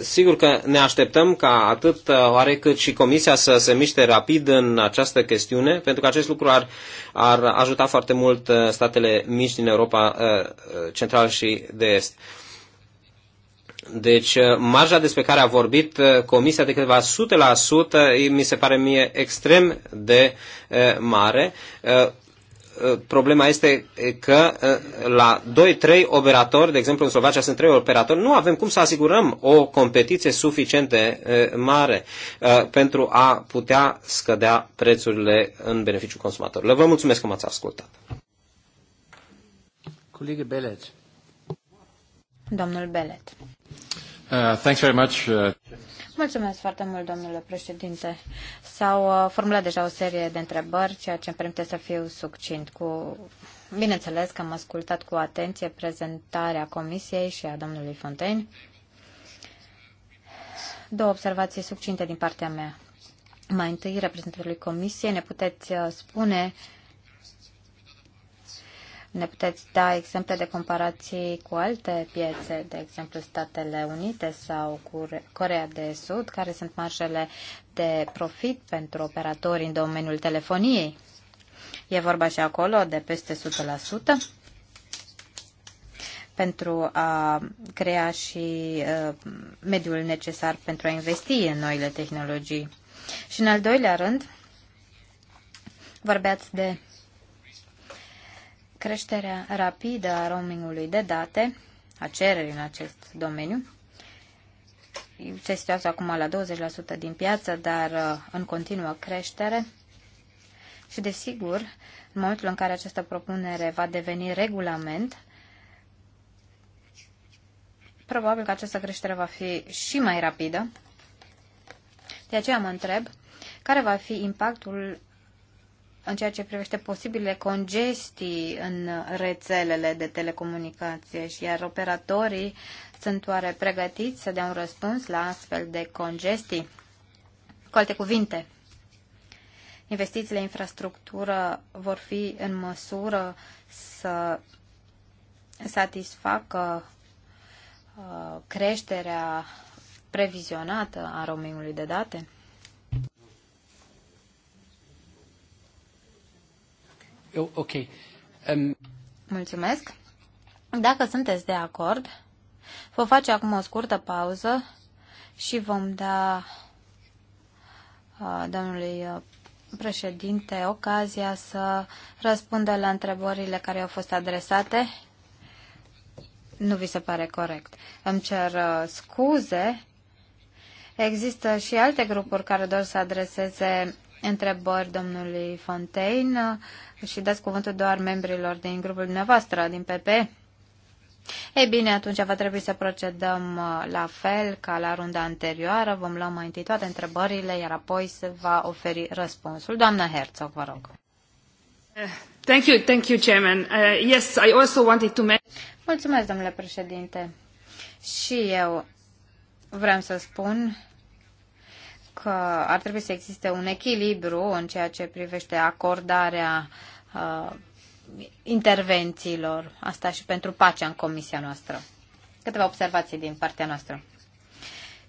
Sigur că ne așteptăm ca atât oarecât cât și Comisia să se miște rapid în această chestiune, pentru că acest lucru ar, ar ajuta foarte mult statele mici din Europa Centrală și de Est. Uh, deci uh, marja despre care a vorbit uh, comisia de câteva sute la sută mi se pare mie extrem de uh, mare. Problema este că la 2-3 operatori, de exemplu în Slovacia sunt 3 operatori, nu avem cum să asigurăm o competiție suficient de mare pentru a putea scădea prețurile în beneficiul consumatorilor. Vă mulțumesc că m-ați ascultat. Colegă Beleț. Domnul Belet. Uh, thanks very much. Uh... Mulțumesc foarte mult, domnule președinte. S-au uh, formulat deja o serie de întrebări, ceea ce îmi permite să fiu succint. Cu... Bineînțeles că am ascultat cu atenție prezentarea comisiei și a domnului Fontaine. Două observații succinte din partea mea. Mai întâi, reprezentantului comisiei, ne puteți uh, spune uh, ne puteți da exemple de comparații cu alte piețe, de exemplu Statele Unite sau Corea de Sud, care sunt marjele de profit pentru operatori în domeniul telefoniei? E vorba și acolo de peste 100% pentru a crea și uh, mediul necesar pentru a investi în noile tehnologii. Și în al doilea rând, vorbeați de creșterea rapidă a roamingului de date, a cererii în acest domeniu, se situează acum la 20% din piață, dar uh, în continuă creștere. Și desigur, în momentul în care această propunere va deveni regulament, probabil că această creștere va fi și mai rapidă. De aceea mă întreb care va fi impactul în ceea ce privește posibile congestii în rețelele de telecomunicație, iar operatorii sunt oare pregătiți să dea un răspuns la astfel de congestii? Cu alte cuvinte, investițiile în infrastructură vor fi în măsură să satisfacă uh, creșterea previzionată a roamingului de date? ok. Um... Mulțumesc. Dacă sunteți de acord, vă face acum o scurtă pauză și vom da uh, domnului uh, președinte ocazia să răspundă la întrebările care au fost adresate. Nu vi se pare corect. Îmi cer uh, scuze. Există și alte grupuri care dor să adreseze întrebări domnului Fontaine și dați cuvântul doar membrilor din grupul dumneavoastră, din PP. Ei bine, atunci va trebui să procedăm uh, la fel ca la runda anterioară. Vom lua mai întâi toate întrebările, iar apoi se va oferi răspunsul. Doamna Herzog, vă rog. Uh, thank you, thank you, Chairman. Uh, yes, I also wanted to make... Mulțumesc, domnule președinte. Și eu vreau să spun că ar trebui să existe un echilibru în ceea ce privește acordarea uh, intervențiilor. Asta și pentru pacea în comisia noastră. Câteva observații din partea noastră.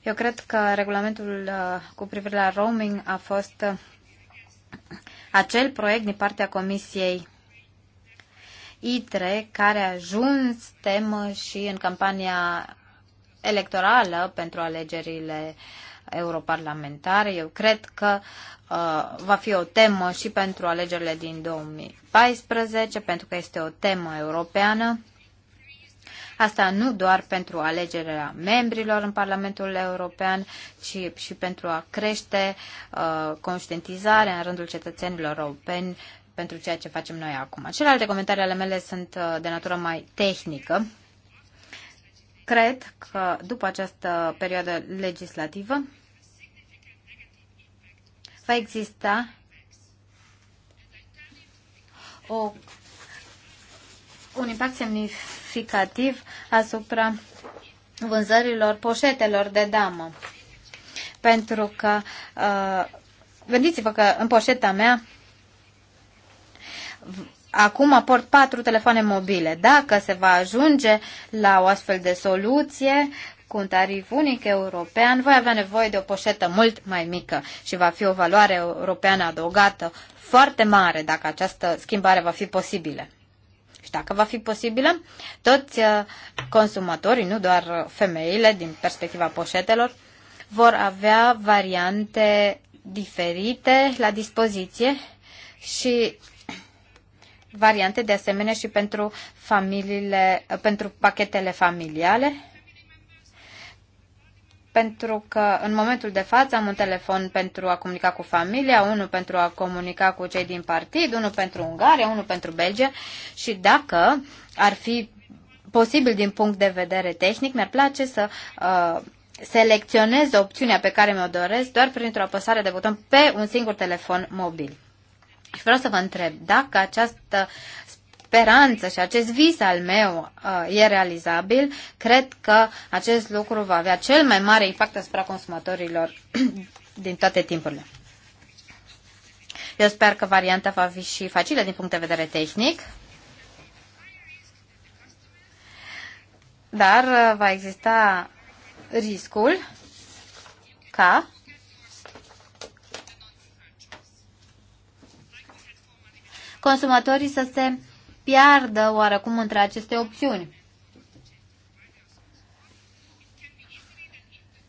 Eu cred că regulamentul uh, cu privire la roaming a fost uh, acel proiect din partea comisiei ITRE care a ajuns temă și în campania electorală pentru alegerile uh, europarlamentare. Eu cred că uh, va fi o temă și pentru alegerile din 2014, pentru că este o temă europeană. Asta nu doar pentru alegerea membrilor în Parlamentul European, ci și pentru a crește uh, conștientizarea în rândul cetățenilor europeni pentru ceea ce facem noi acum. Celelalte comentarii ale mele sunt uh, de natură mai tehnică. Cred că după această perioadă legislativă va exista o, un impact semnificativ asupra vânzărilor poșetelor de damă. Pentru că, uh, gândiți-vă că în poșeta mea acum aport patru telefoane mobile. Dacă se va ajunge la o astfel de soluție, cu un tarif unic european, voi avea nevoie de o poșetă mult mai mică și va fi o valoare europeană adăugată foarte mare dacă această schimbare va fi posibilă. Și dacă va fi posibilă, toți uh, consumatorii, nu doar femeile din perspectiva poșetelor, vor avea variante diferite la dispoziție și variante de asemenea și pentru familiile, pentru pachetele familiale pentru că în momentul de față am un telefon pentru a comunica cu familia, unul pentru a comunica cu cei din partid, unul pentru Ungaria, unul pentru Belgia și dacă ar fi posibil din punct de vedere tehnic, mi-ar place să uh, selecționez opțiunea pe care mi-o doresc doar printr-o apăsare de buton pe un singur telefon mobil. Și vreau să vă întreb dacă această speranță și acest vis al meu uh, e realizabil, cred că acest lucru va avea cel mai mare impact asupra consumatorilor din toate timpurile. Eu sper că varianta va fi și facilă din punct de vedere tehnic, dar uh, va exista riscul ca consumatorii să se piardă oarecum între aceste opțiuni.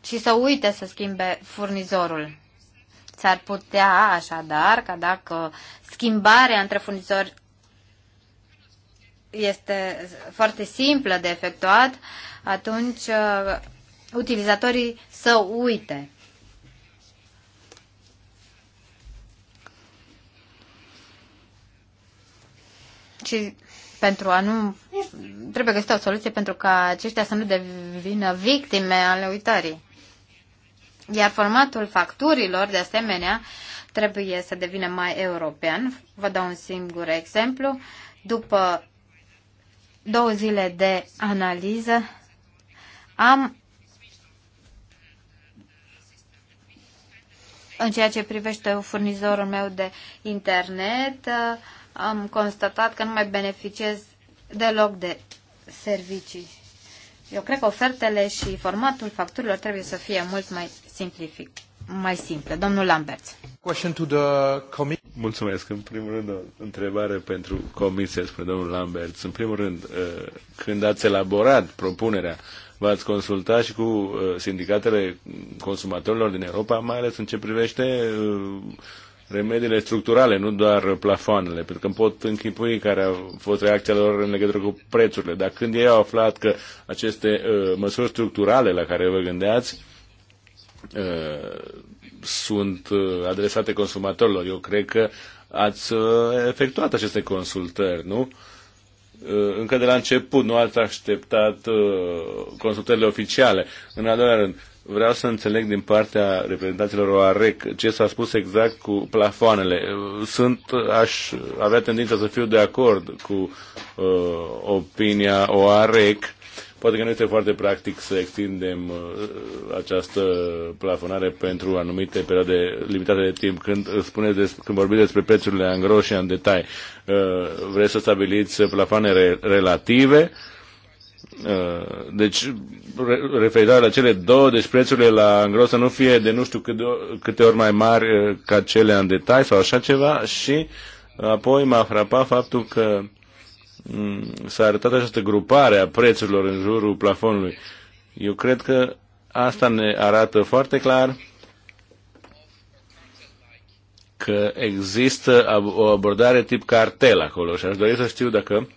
Și să uite să schimbe furnizorul. S-ar putea, așadar, ca dacă schimbarea între furnizori este foarte simplă de efectuat, atunci uh, utilizatorii să uite ci pentru a nu... Trebuie găsită o soluție pentru ca aceștia să nu devină victime ale uitării. Iar formatul facturilor, de asemenea, trebuie să devină mai european. Vă dau un singur exemplu. După două zile de analiză, am în ceea ce privește furnizorul meu de internet, uh, am constatat că nu mai beneficiez deloc de servicii. Eu cred că ofertele și formatul facturilor trebuie să fie mult mai simplific, mai simple. Domnul Lambert. Mulțumesc. În primul rând, o întrebare pentru comisie, spre domnul Lambert. În primul rând, uh, când ați elaborat propunerea, v-ați consultat și cu uh, sindicatele consumatorilor din Europa, mai ales în ce privește uh, remediile structurale, nu doar plafoanele, pentru că îmi pot închipui care a fost reacția lor în legătură cu prețurile. Dar când ei au aflat că aceste uh, măsuri structurale la care vă gândeați uh, sunt uh, adresate consumatorilor, eu cred că ați uh, efectuat aceste consultări, nu? Uh, încă de la început nu ați așteptat consultările oficiale. În al doilea rând, vreau să înțeleg din partea reprezentanților OAREC ce s-a spus exact cu plafoanele. Sunt, aș avea tendința să fiu de acord cu uh, opinia OAREC. Poate că nu este foarte practic să extindem uh, această plafonare pentru anumite perioade limitate de timp. Când, spuneți des, când vorbiți despre prețurile în gros și în detai, uh, vreți să stabiliți plafoane re, relative uh, Uh, deci referitoare la cele două, deci prețurile la îngros să nu fie de nu știu câte, câte ori mai mari uh, ca cele în detai sau așa ceva și uh, apoi m-a frapat faptul că mm, s-a arătat această grupare a prețurilor în jurul plafonului. Eu cred că asta ne arată foarte clar că există o abordare tip cartel acolo și aș dori să știu dacă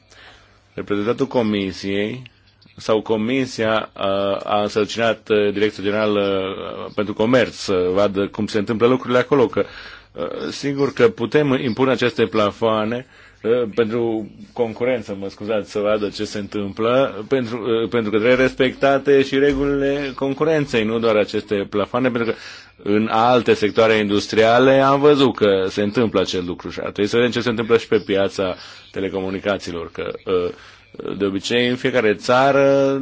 reprezentantul comisiei sau Comisia a, a însărcinat uh, Direcția Generală uh, pentru Comerț să vadă cum se întâmplă lucrurile acolo, că uh, sigur că putem impune aceste plafoane pentru concurență, mă scuzați, să vadă ce se întâmplă, pentru, pentru că trebuie respectate și regulile concurenței, nu doar aceste plafoane, pentru că în alte sectoare industriale am văzut că se întâmplă acest lucru și ar trebui să vedem ce se întâmplă și pe piața telecomunicațiilor, că uh, de obicei în fiecare țară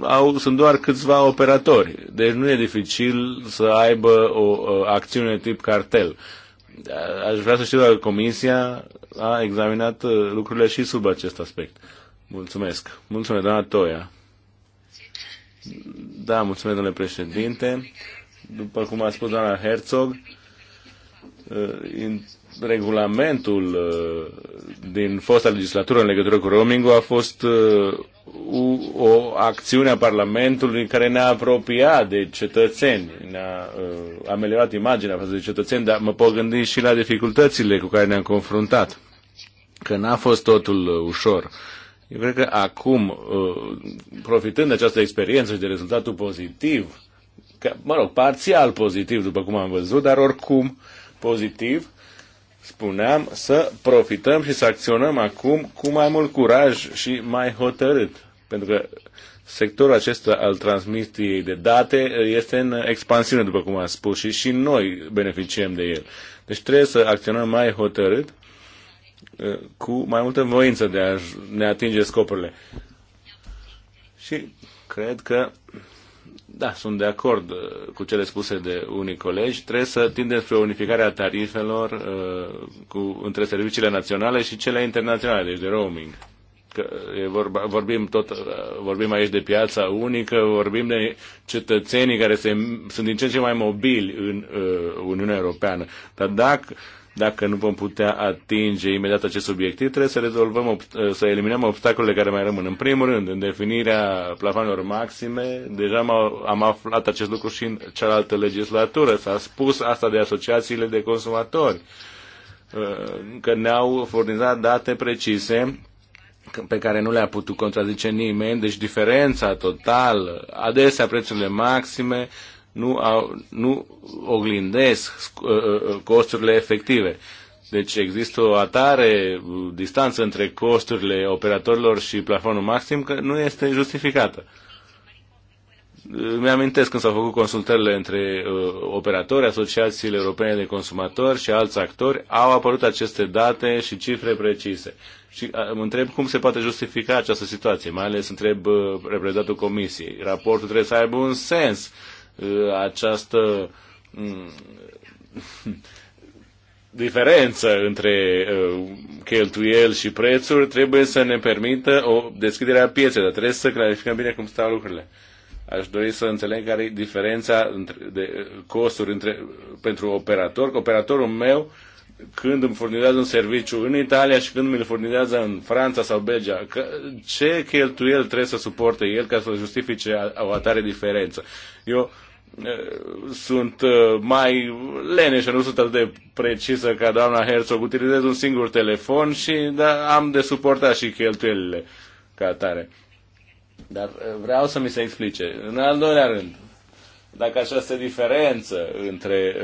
au, sunt doar câțiva operatori, deci nu e dificil să aibă o, o acțiune tip cartel. Aș vrea să știu dacă Comisia a examinat uh, lucrurile și sub acest aspect. Mulțumesc. Mulțumesc, doamna Toia. Da, mulțumesc, domnule președinte. După cum a spus doamna Herzog, uh, regulamentul uh, din fosta legislatură în legătură cu roaming a fost uh, o acțiune a Parlamentului care ne-a apropiat de cetățeni, ne-a uh, ameliorat imaginea față de cetățeni, dar mă pot gândi și la dificultățile cu care ne-am confruntat, că n-a fost totul ușor. Eu cred că acum, profitând de această experiență și de rezultatul pozitiv, că, mă rog, parțial pozitiv, după cum am văzut, dar oricum pozitiv, spuneam, să profităm și să acționăm acum cu mai mult curaj și mai hotărât. Pentru că sectorul acesta al transmisiei de date este în expansiune, după cum am spus, și, și noi beneficiem de el. Deci trebuie să acționăm mai hotărât, ă, cu mai multă voință de a ne atinge scopurile. Și cred că da, sunt de acord uh, cu cele spuse de unii colegi. Trebuie să tindem spre unificarea tarifelor uh, cu, între serviciile naționale și cele internaționale, deci de roaming. Că uh, e vorba, vorbim, tot, uh, vorbim aici de piața unică, vorbim de cetățenii care se, sunt din ce în ce mai mobili în uh, Uniunea Europeană. Dar dacă uh, dacă nu vom putea atinge imediat acest obiectiv, trebuie să rezolvăm, să eliminăm obstacolele care mai rămân. În primul rând, în definirea plafanelor maxime, deja am aflat acest lucru și în cealaltă legislatură. S-a spus asta de asociațiile de consumatori uh, că ne-au furnizat date precise pe care nu le-a putut contrazice nimeni, deci diferența totală, adesea prețurile maxime nu, au, nu oglindesc uh, uh, uh, costurile efective. Deci există o atare distanță între costurile operatorilor și plafonul maxim că nu este justificată. Mi-amintesc când s-au făcut consultările între uh, operatori, asociațiile europene de consumatori și alți actori, au apărut aceste date și cifre precise. Și uh, mă întreb cum se poate justifica această situație, mai ales întreb uh, reprezentantul Comisiei. Raportul trebuie să aibă un sens. Uh, Uh, această mm, diferență între uh, cheltuieli și prețuri trebuie să ne permită o deschidere a pieței, dar trebuie să clarificăm bine cum stau lucrurile. Aș dori să înțeleg care e diferența de costuri între, pentru operator. Operatorul meu uh, când îmi furnizează un serviciu în Italia și când mi-l furnizează în Franța sau Belgia. Că, ce cheltuiel trebuie să suporte el ca să justifice o atare diferență? Eu eh, sunt eh, mai lene și nu sunt atât de precisă ca doamna Herzog. Utilizez un singur telefon și da, am de suportat și cheltuielile ca atare. Dar eh, vreau să mi se explice. În al doilea rând, dacă această diferență între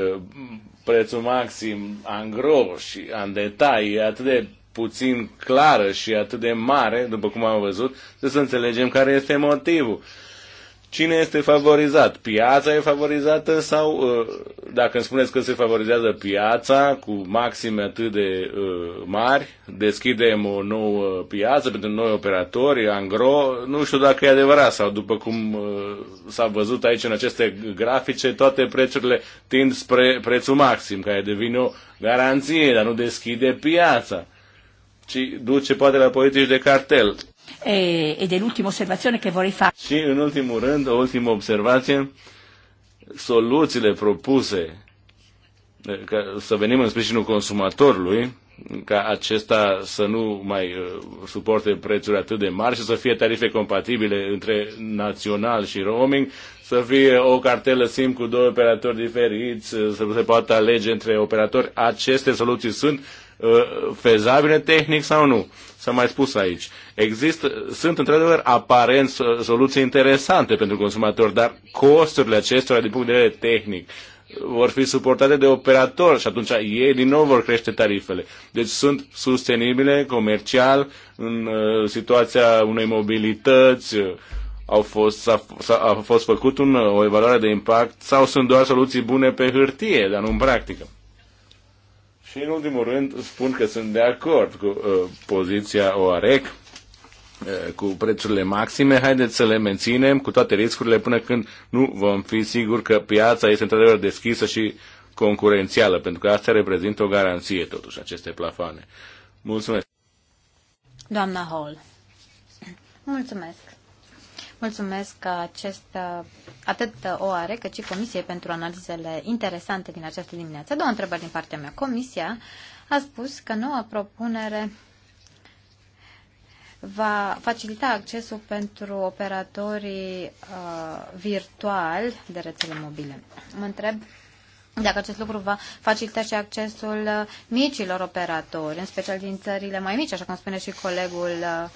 prețul maxim angro și în detalii atât de puțin clară și atât de mare, după cum am văzut, să înțelegem care este motivul. Cine este favorizat? Piața e favorizată sau, uh, dacă îmi spuneți că se favorizează piața cu maxime atât de uh, mari, deschidem o nouă piață pentru noi operatori, angro, nu știu dacă e adevărat sau după cum uh, s-a văzut aici în aceste grafice, toate prețurile tind spre prețul maxim, care devine o garanție, dar nu deschide piața, ci duce poate la politici de cartel ed è l'ultima osservazione che vorrei fare. Și în ultimul rând, o ultimă observație, soluțiile propuse ca să venim în sprijinul consumatorului, ca acesta să nu mai suporte prețuri atât de mari și să fie tarife compatibile între național și roaming, să fie o cartelă SIM cu doi operatori diferiți, să se poată alege între operatori. Aceste soluții sunt Uh, fezabile tehnic sau nu. S-a mai spus aici. Există, sunt într-adevăr aparent soluții interesante pentru consumatori, dar costurile acestora din punct de vedere tehnic vor fi suportate de operator și atunci ei din nou vor crește tarifele. Deci sunt sustenibile comercial în uh, situația unei mobilități, au fost, a, a fost făcut un, uh, o evaluare de impact sau sunt doar soluții bune pe hârtie, dar nu în practică. Și în ultimul rând spun că sunt de acord cu uh, poziția OAREC uh, cu prețurile maxime, haideți să le menținem cu toate riscurile până când nu vom fi siguri că piața este într-adevăr deschisă și concurențială, pentru că asta reprezintă o garanție totuși, aceste plafane. Mulțumesc! Doamna Hall, mulțumesc! Mulțumesc că acest, atât OARE cât și Comisiei pentru analizele interesante din această dimineață. Două întrebări din partea mea. Comisia a spus că noua propunere va facilita accesul pentru operatorii uh, virtuali de rețele mobile. Mă întreb dacă acest lucru va facilita și accesul uh, micilor operatori, în special din țările mai mici, așa cum spune și colegul uh,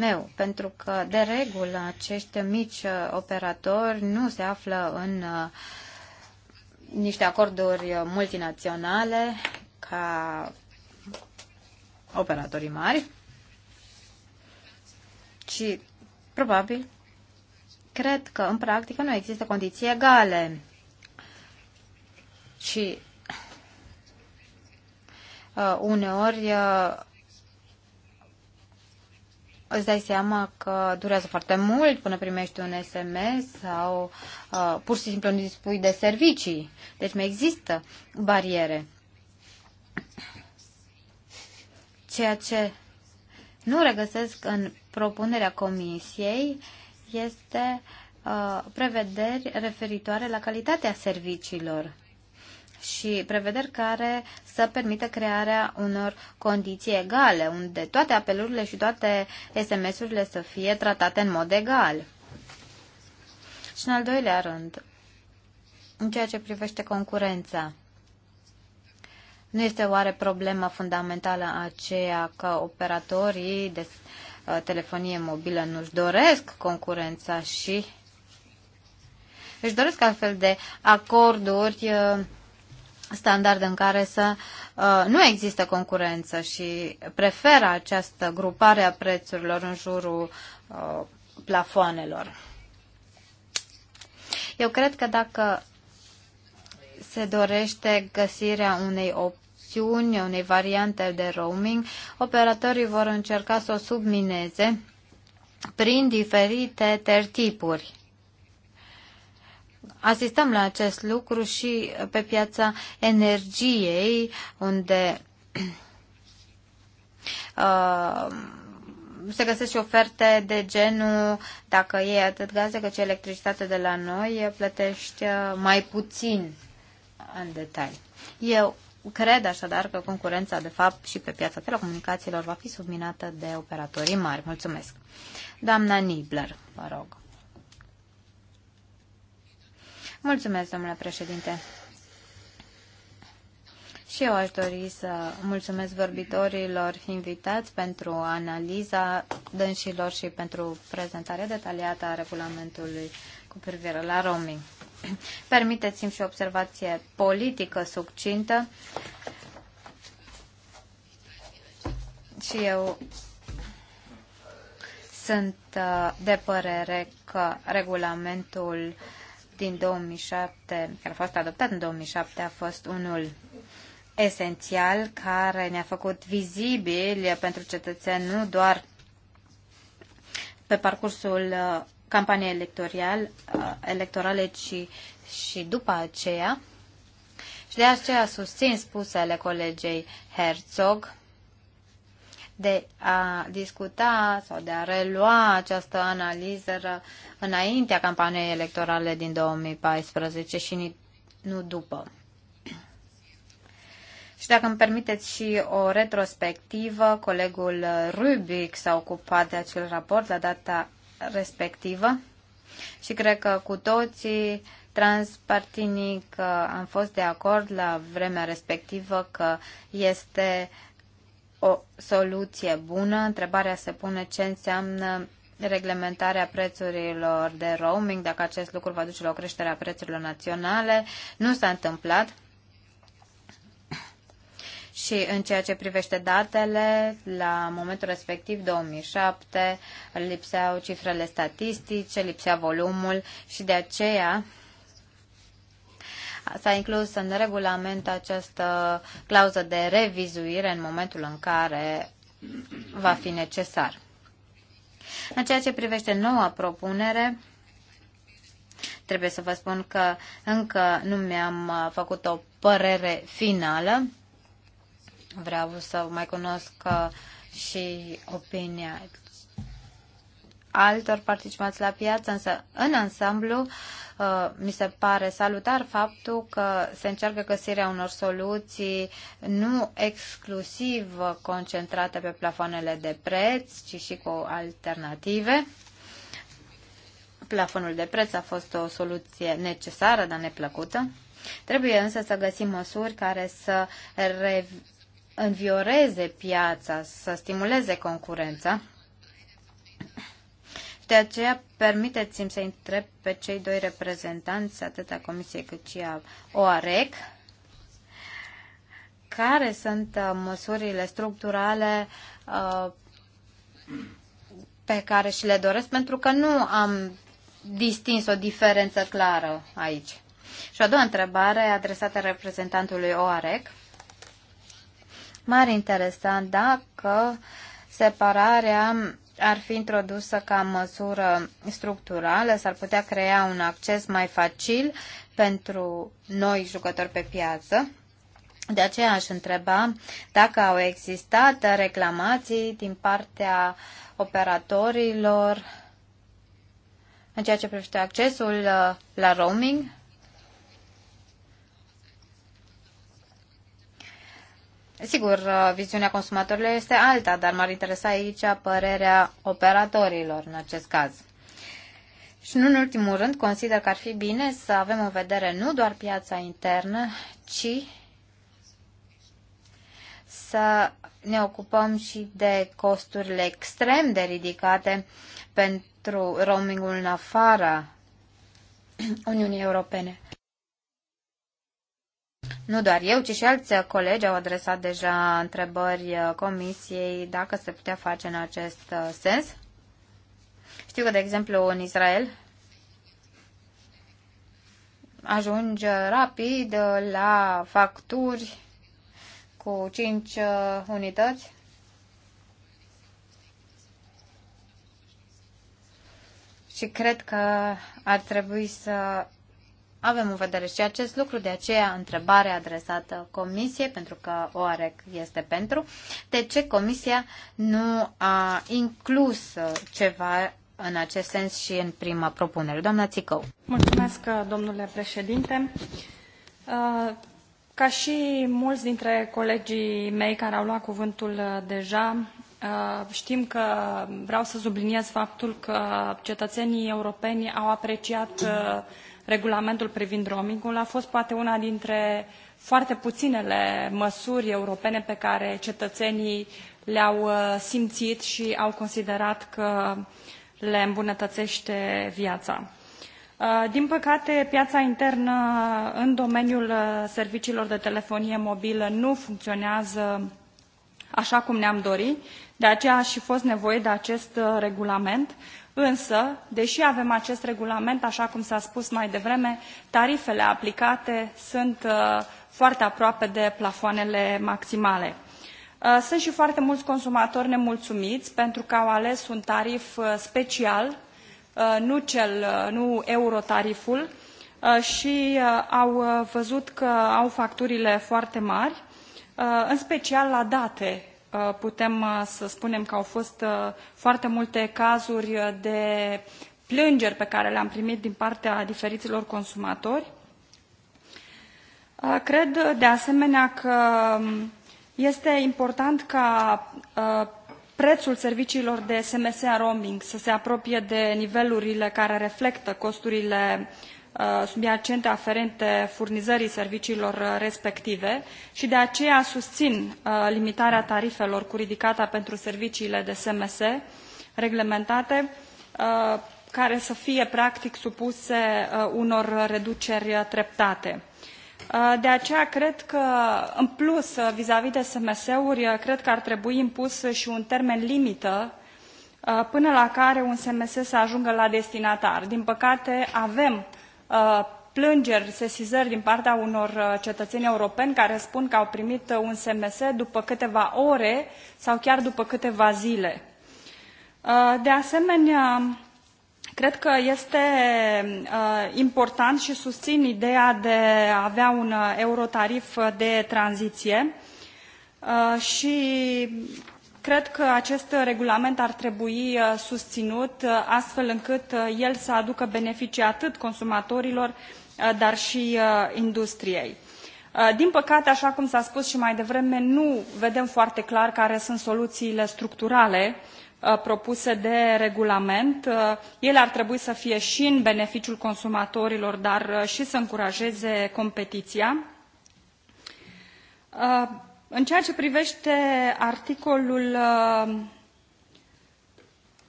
meu, pentru că, de regulă, acești mici uh, operatori nu se află în uh, niște acorduri multinaționale ca operatorii mari, ci probabil cred că în practică nu există condiții egale. Și uh, uneori uh, îți dai seama că durează foarte mult până primești un SMS sau uh, pur și simplu nu dispui de servicii. Deci mai există bariere. Ceea ce nu regăsesc în propunerea comisiei este uh, prevederi referitoare la calitatea serviciilor și prevederi care să permită crearea unor condiții egale, unde toate apelurile și toate SMS-urile să fie tratate în mod egal. Și în al doilea rând, în ceea ce privește concurența, nu este oare problema fundamentală aceea că operatorii de uh, telefonie mobilă nu-și doresc concurența și își doresc astfel de acorduri uh, standard în care să uh, nu există concurență și preferă această grupare a prețurilor în jurul uh, plafoanelor. Eu cred că dacă se dorește găsirea unei opțiuni, unei variante de roaming, operatorii vor încerca să o submineze prin diferite tertipuri asistăm la acest lucru și pe piața energiei, unde uh, se găsesc și oferte de genul dacă e atât gaze cât și electricitate de la noi, plătești uh, mai puțin în detaliu. Eu cred așadar că concurența, de fapt, și pe piața telecomunicațiilor va fi subminată de operatorii mari. Mulțumesc. Doamna Nibler, vă rog. Mulțumesc, domnule președinte. Și eu aș dori să mulțumesc vorbitorilor invitați pentru analiza dânșilor și pentru prezentarea detaliată a regulamentului cu privire la roaming. Permiteți-mi și o observație politică succintă. Și eu sunt uh, de părere că regulamentul uh, din 2007, care a fost adoptat în 2007, a fost unul esențial care ne-a făcut vizibili pentru cetățeni nu doar pe parcursul uh, campaniei electorale, uh, electorale, ci și după aceea. Și de aceea susțin spusele colegei Herzog de a discuta sau de a relua această analiză înaintea campaniei electorale din 2014 și nu după. Și dacă îmi permiteți și o retrospectivă, colegul Rubic s-a ocupat de acel raport la data respectivă și cred că cu toții transpartinic am fost de acord la vremea respectivă că este uh, o soluție bună. Întrebarea se pune ce înseamnă reglementarea prețurilor de roaming, dacă acest lucru va duce la o creștere a prețurilor naționale. Nu s-a întâmplat. Și în ceea ce privește datele, la momentul respectiv, 2007, lipseau cifrele statistice, lipsea volumul și de aceea S-a inclus în regulament această clauză de revizuire în momentul în care va fi necesar. În ceea ce privește noua propunere, trebuie să vă spun că încă nu mi-am făcut o părere finală. Vreau să mai cunosc uh, și opinia altor participanți la piață, însă în ansamblu uh, mi se pare salutar faptul că se încearcă găsirea unor soluții nu exclusiv concentrate pe plafoanele de preț, ci și cu alternative. Plafonul de preț a fost o soluție necesară, dar neplăcută. Trebuie însă să găsim măsuri care să învioreze piața, să stimuleze concurența de aceea, permiteți-mi să întreb pe cei doi reprezentanți, atât a Comisiei cât și a OAREC, care sunt uh, măsurile structurale uh, pe care și le doresc, pentru că nu am distins o diferență clară aici. Și a doua întrebare adresată reprezentantului OAREC. M-ar interesa dacă separarea ar fi introdusă ca măsură structurală, s-ar putea crea un acces mai facil pentru noi jucători pe piață. De aceea aș întreba dacă au existat reclamații din partea operatorilor în ceea ce privește accesul uh, la roaming Sigur, uh, viziunea consumatorilor este alta, dar m-ar interesa aici părerea operatorilor în acest caz. Și nu în ultimul rând, consider că ar fi bine să avem în vedere nu doar piața internă, ci să ne ocupăm și de costurile extrem de ridicate pentru roamingul în afara Uniunii Europene. Nu doar eu, ci și alți colegi au adresat deja întrebări uh, comisiei dacă se putea face în acest uh, sens. Știu că, de exemplu, în Israel ajungi uh, rapid la facturi cu 5 unități. Și cred că ar trebui să avem în vedere și acest lucru, de aceea întrebarea adresată Comisiei, pentru că OAREC este pentru, de ce Comisia nu a inclus ceva în acest sens și în prima propunere. Doamna Țicău. Mulțumesc, domnule președinte. Uh, ca și mulți dintre colegii mei care au luat cuvântul deja, uh, știm că vreau să subliniez faptul că cetățenii europeni au apreciat uh, regulamentul privind roamingul a fost poate una dintre foarte puținele măsuri europene pe care cetățenii le-au uh, simțit și au considerat că le îmbunătățește viața. Uh, din păcate, piața internă în domeniul uh, serviciilor de telefonie mobilă nu funcționează așa cum ne-am dori, de aceea a și fost nevoie de acest regulament Însă, deși avem acest regulament, așa cum s-a spus mai devreme, tarifele aplicate sunt uh, foarte aproape de plafoanele maximale. Uh, sunt și foarte mulți consumatori nemulțumiți pentru că au ales un tarif uh, special, nu, cel, nu eurotariful, și au văzut că au facturile foarte mari, în special la date Uh, putem uh, să spunem că au fost uh, foarte multe cazuri de plângeri pe care le-am primit din partea diferiților consumatori. Cred de asemenea că um, este important ca prețul serviciilor de SMS roaming să se apropie de nivelurile care reflectă costurile Uh, subiacente aferente furnizării serviciilor uh, respective și de aceea susțin uh, limitarea tarifelor cu ridicata pentru serviciile de SMS reglementate, care să fie practic supuse unor reduceri treptate. De aceea cred că, în plus, vis-a-vis de SMS-uri, cred că ar trebui impus și un termen limită până la care un SMS să ajungă la destinatar. Din păcate, avem Uh, plângeri, sesizări din partea unor uh, cetățeni europeni care spun că au primit uh, un SMS după câteva ore sau chiar după câteva zile. De asemenea, cred că este important și susțin ideea de a avea un eurotarif de tranziție și Cred că acest regulament ar trebui uh, susținut uh, astfel încât uh, el să aducă beneficii atât consumatorilor, dar și industriei. Din păcate, așa cum s-a spus și mai devreme, nu vedem foarte clar care sunt soluțiile structurale propuse de regulament. Ele ar trebui să fie și în beneficiul consumatorilor, dar și să încurajeze competiția. În ceea ce privește articolul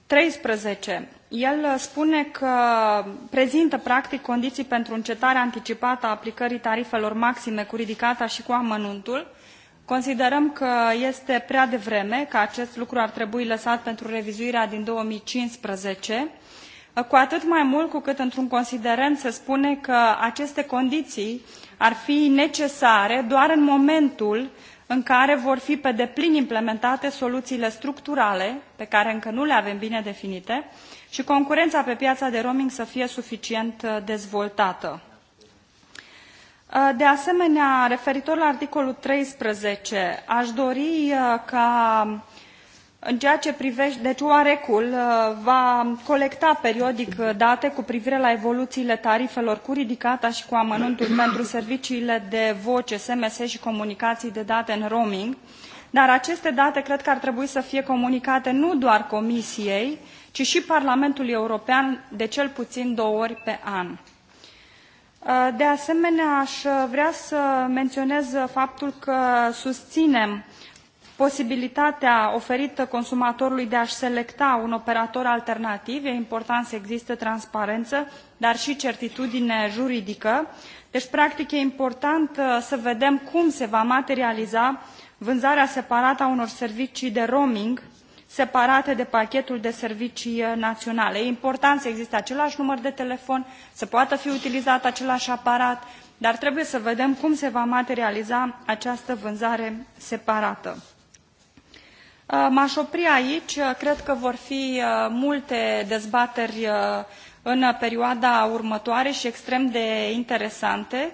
13, uh, el uh, spune că prezintă practic condiții pentru încetarea anticipată a aplicării tarifelor maxime cu ridicata și cu amănuntul. Considerăm că este prea devreme, că acest lucru ar trebui lăsat pentru revizuirea din 2015, cu atât mai mult cu cât într-un considerent se spune că aceste condiții ar fi necesare doar în momentul în care vor fi pe deplin implementate soluțiile structurale, pe care încă nu le avem bine definite, și concurența pe piața de roaming să fie suficient uh, dezvoltată. Uh, de asemenea, referitor la articolul 13, aș dori uh, ca în ceea ce privește, deci oarecul uh, va colecta periodic uh, date cu privire la evoluțiile tarifelor cu ridicata și cu amănuntul pentru serviciile de voce, SMS și comunicații de date în roaming, dar aceste date cred că ar trebui să fie comunicate nu doar Comisiei, ci și Parlamentului European de cel puțin două ori pe an. Uh, de asemenea, aș vrea să menționez faptul că susținem posibilitatea oferită consumatorului de a-și selecta un operator alternativ, e important să existe transparență, dar și certitudine juridică. Deci, practic, e important uh, să vedem cum se va materializa vânzarea separată a unor servicii de roaming separate de pachetul de servicii uh, naționale. E important să existe același număr de telefon, să poată fi utilizat același aparat, dar trebuie să vedem cum se va materializa această vânzare separată. Uh, m-aș opri aici. Uh, cred că vor fi uh, multe dezbateri în perioada următoare și extrem de interesante.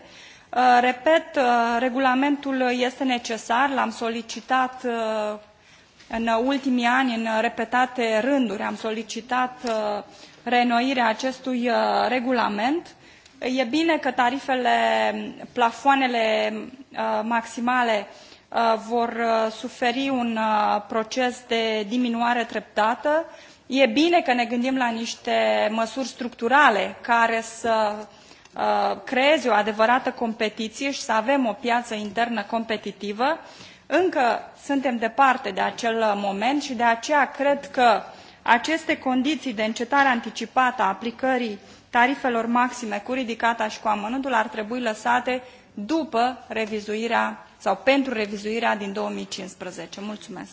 Repet, regulamentul este necesar, l-am solicitat în ultimii ani, în repetate rânduri, am solicitat reînnoirea acestui regulament. E bine că tarifele, plafoanele maximale Uh, vor uh, suferi un uh, proces de diminuare treptată. E bine că ne gândim la niște măsuri structurale care să creeze o adevărată competiție și să avem o piață internă competitivă. Încă suntem departe de acel moment și de aceea cred că aceste condiții de încetare anticipată a aplicării tarifelor maxime cu ridicata și cu amănuntul ar trebui lăsate după revizuirea sau pentru revizuirea din 2015. Mulțumesc!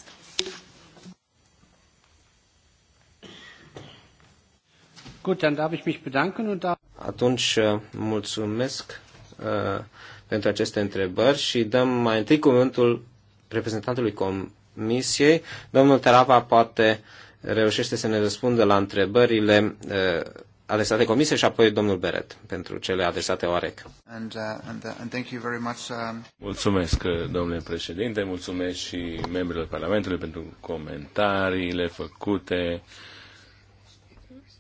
Da- Atunci uh, mulțumesc uh, pentru aceste întrebări și dăm mai întâi cuvântul reprezentantului Comisiei. Domnul Tarava poate reușește să ne răspundă la întrebările uh, adresate Comisiei și apoi domnul Beret pentru cele adresate OAREC. And, uh, and, uh, and thank you very much, uh... Mulțumesc, uh, domnule președinte, mulțumesc și membrilor Parlamentului pentru comentariile făcute.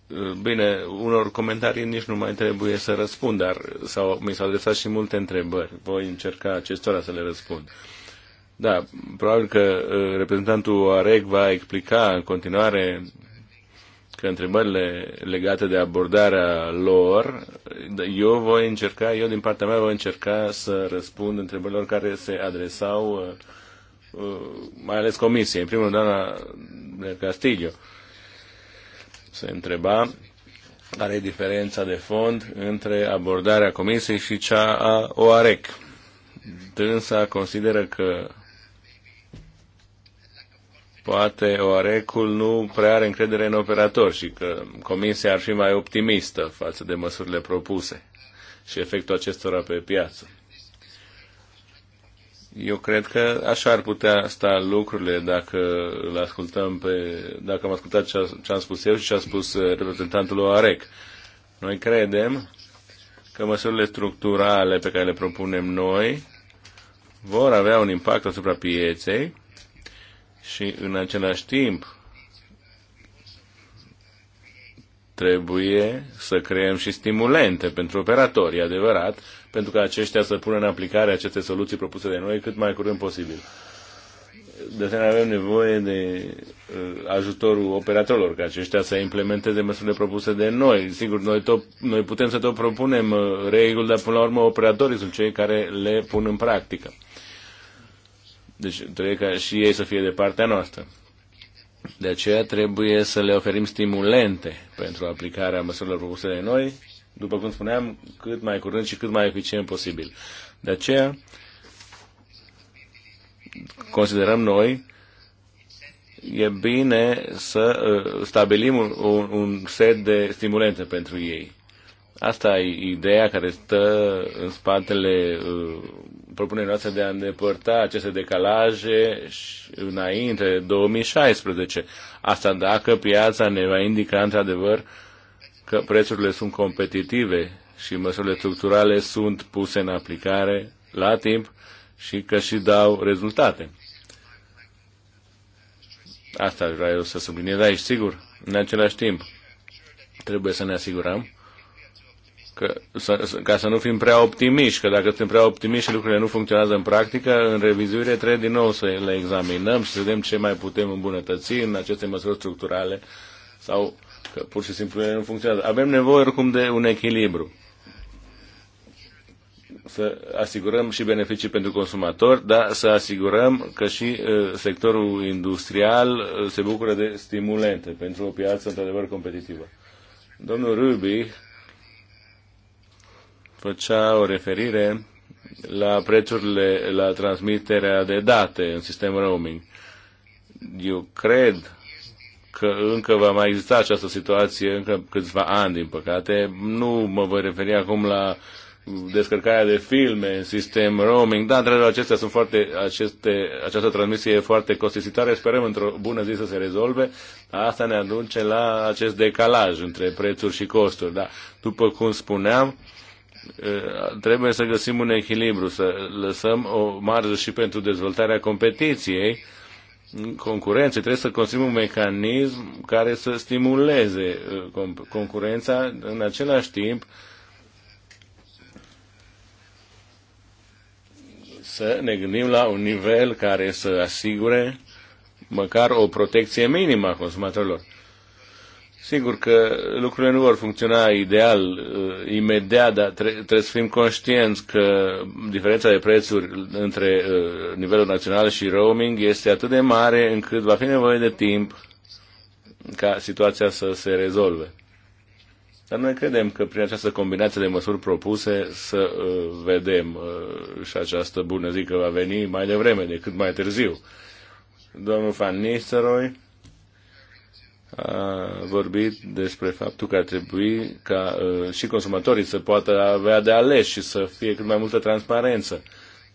Uh, bine, unor comentarii nici nu mai trebuie să răspund, dar s-au, mi s-au adresat și multe întrebări. Voi încerca acestora să le răspund. Da, probabil că uh, reprezentantul OAREC va explica în continuare că întrebările legate de abordarea lor, da, eu voi încerca, eu din partea mea voi încerca să răspund întrebărilor care se adresau uh, uh, mai ales comisiei. În primul rând, doamna Castillo se întreba care e diferența de fond între abordarea comisiei și cea a OAREC. Dânsa consideră că poate oarecul nu prea are încredere în operator și că comisia ar fi mai optimistă față de măsurile propuse și efectul acestora pe piață. Eu cred că așa ar putea sta lucrurile dacă îl ascultăm pe, dacă am ascultat ce, a, ce am spus eu și ce a spus uh, reprezentantul OAREC. Noi credem că măsurile structurale pe care le propunem noi vor avea un impact asupra pieței și în același timp trebuie să creăm și stimulente pentru operatori, adevărat, pentru ca aceștia să pună în aplicare aceste soluții propuse de noi cât mai curând posibil. De asemenea, avem nevoie de uh, ajutorul operatorilor, ca aceștia să implementeze măsurile propuse de noi. Sigur, noi, tot, noi putem să tot propunem uh, reguli, dar până la urmă operatorii sunt cei care le pun în practică. Deci trebuie ca și ei să fie de partea noastră. De aceea trebuie să le oferim stimulente pentru aplicarea măsurilor propuse de noi, după cum spuneam, cât mai curând și cât mai eficient posibil. De aceea considerăm noi e bine să uh, stabilim un, un, un set de stimulente pentru ei. Asta e ideea care stă în spatele uh, propunerea noastră de a îndepărta aceste decalaje înainte de 2016. Asta dacă piața ne va indica într-adevăr că prețurile sunt competitive și măsurile structurale sunt puse în aplicare la timp și că și dau rezultate. Asta vreau eu să subliniez aici, sigur. În același timp, trebuie să ne asigurăm că, să, ca să nu fim prea optimiști, că dacă suntem prea optimiști și lucrurile nu funcționează în practică, în revizuire trebuie din nou să le examinăm și să vedem ce mai putem îmbunătăți în aceste măsuri structurale sau că pur și simplu ele nu funcționează. Avem nevoie oricum de un echilibru. Să asigurăm și beneficii pentru consumatori, dar să asigurăm că și uh, sectorul industrial uh, se bucură de stimulente pentru o piață într-adevăr competitivă. Domnul Rubi făcea o referire la prețurile la transmiterea de date în sistem roaming. Eu cred că încă va mai exista această situație încă câțiva ani, din păcate. Nu mă voi referi acum la descărcarea de filme în sistem roaming. Da, într-adevăr, acestea sunt foarte, aceste, această transmisie e foarte costisitoare. Sperăm într-o bună zi să se rezolve. Asta ne aduce la acest decalaj între prețuri și costuri. Da, după cum spuneam, Eh, trebuie să găsim un echilibru, să lăsăm o marjă și pentru dezvoltarea competiției, concurenței. Trebuie să construim un mecanism care să stimuleze eh, concurența în același timp să ne gândim la un nivel care să asigure măcar o protecție minimă a consumatorilor. Sigur că lucrurile nu vor funcționa ideal uh, imediat, dar trebuie să fim conștienți că diferența de prețuri între uh, nivelul național și roaming este atât de mare încât va fi nevoie de timp ca situația să se rezolve. Dar noi credem că prin această combinație de măsuri propuse să uh, vedem și această bună zi că va veni mai devreme decât mai târziu. Domnul Van Nistelrooy a vorbit despre faptul că ar trebui ca uh, și consumatorii să poată avea de ales și să fie cât mai multă transparență.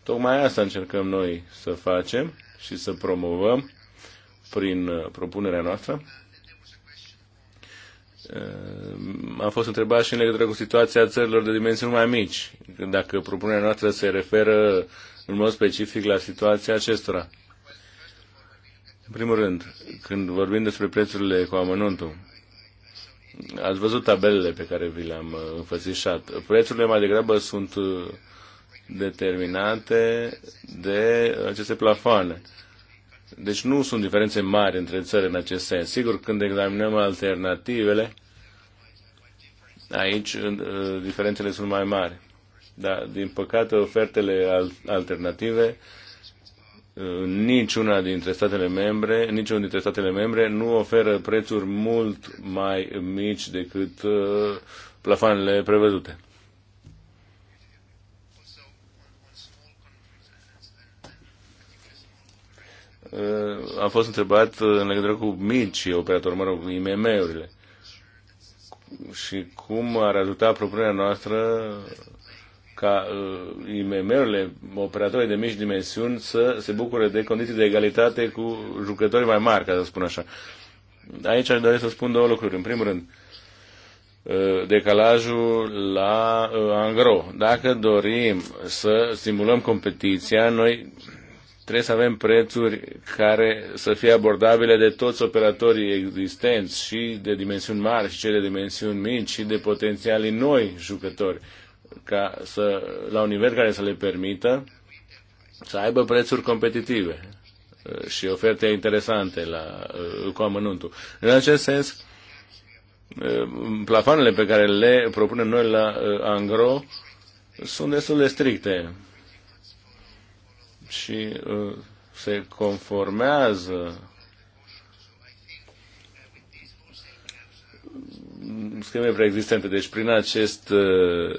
Tocmai asta încercăm noi să facem și să promovăm prin propunerea noastră. Am fost întrebat și în legătură cu situația țărilor de dimensiuni mai mici, dacă propunerea noastră se referă în mod specific la situația acestora. În primul rând, când vorbim despre prețurile cu amănuntul, ați văzut tabelele pe care vi le-am uh, înfățișat. Prețurile mai degrabă sunt uh, determinate de aceste plafoane. Deci nu sunt diferențe mari între țări în acest sens. Sigur, când examinăm alternativele, aici uh, diferențele sunt mai mari. Dar, din păcate, ofertele alternative niciuna dintre statele membre, niciun dintre statele membre nu oferă prețuri mult mai mici decât uh, plafanele prevăzute. Uh, Am fost întrebat uh, în legătură cu mici operatori, mă rog, IMM-urile și cum ar ajuta propunerea noastră ca uh, IMM-urile, operatorii de mici dimensiuni, să se bucure de condiții de egalitate cu jucătorii mai mari, ca să spun așa. Aici aș dori să spun două lucruri. În primul rând, uh, decalajul la uh, angro. Dacă dorim să stimulăm competiția, noi trebuie să avem prețuri care să fie abordabile de toți operatorii existenți și de dimensiuni mari și cei de dimensiuni mici și de potențialii noi jucători ca să, la un nivel care să le permită să aibă prețuri competitive uh, și oferte interesante la, uh, cu amănuntul. În acest sens, uh, plafanele pe care le propunem noi la Angro sunt destul de stricte și se conformează scheme preexistente. Deci prin acest, uh,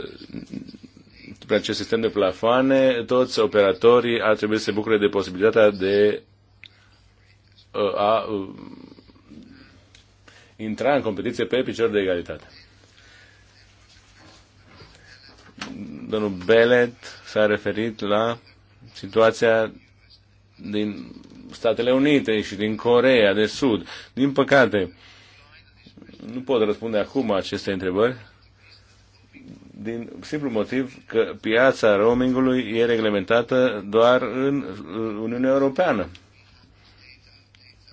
prin acest sistem de plafoane, toți operatorii ar trebui să se bucure de posibilitatea de uh, a uh, intra în competiție pe picior de egalitate. Domnul Belet s-a referit la situația din Statele Unite și din Corea de Sud. Din păcate, nu pot răspunde acum aceste întrebări din simplu motiv că piața roamingului e reglementată doar în uh, Uniunea Europeană.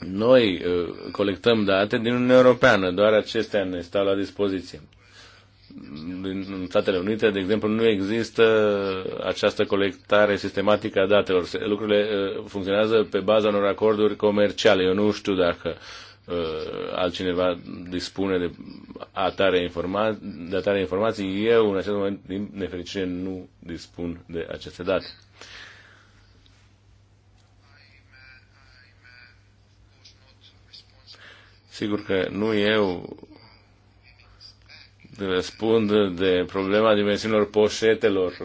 Noi uh, colectăm date din Uniunea Europeană, doar acestea ne stau la dispoziție. În Statele Unite, de exemplu, nu există această colectare sistematică a datelor. Lucrurile uh, funcționează pe baza unor acorduri comerciale. Eu nu știu dacă Uh, altcineva dispune de atare, informa- de atare informații. Eu, în acest moment, din nefericire, nu dispun de aceste date. Sigur că nu eu răspund de problema dimensiunilor poșetelor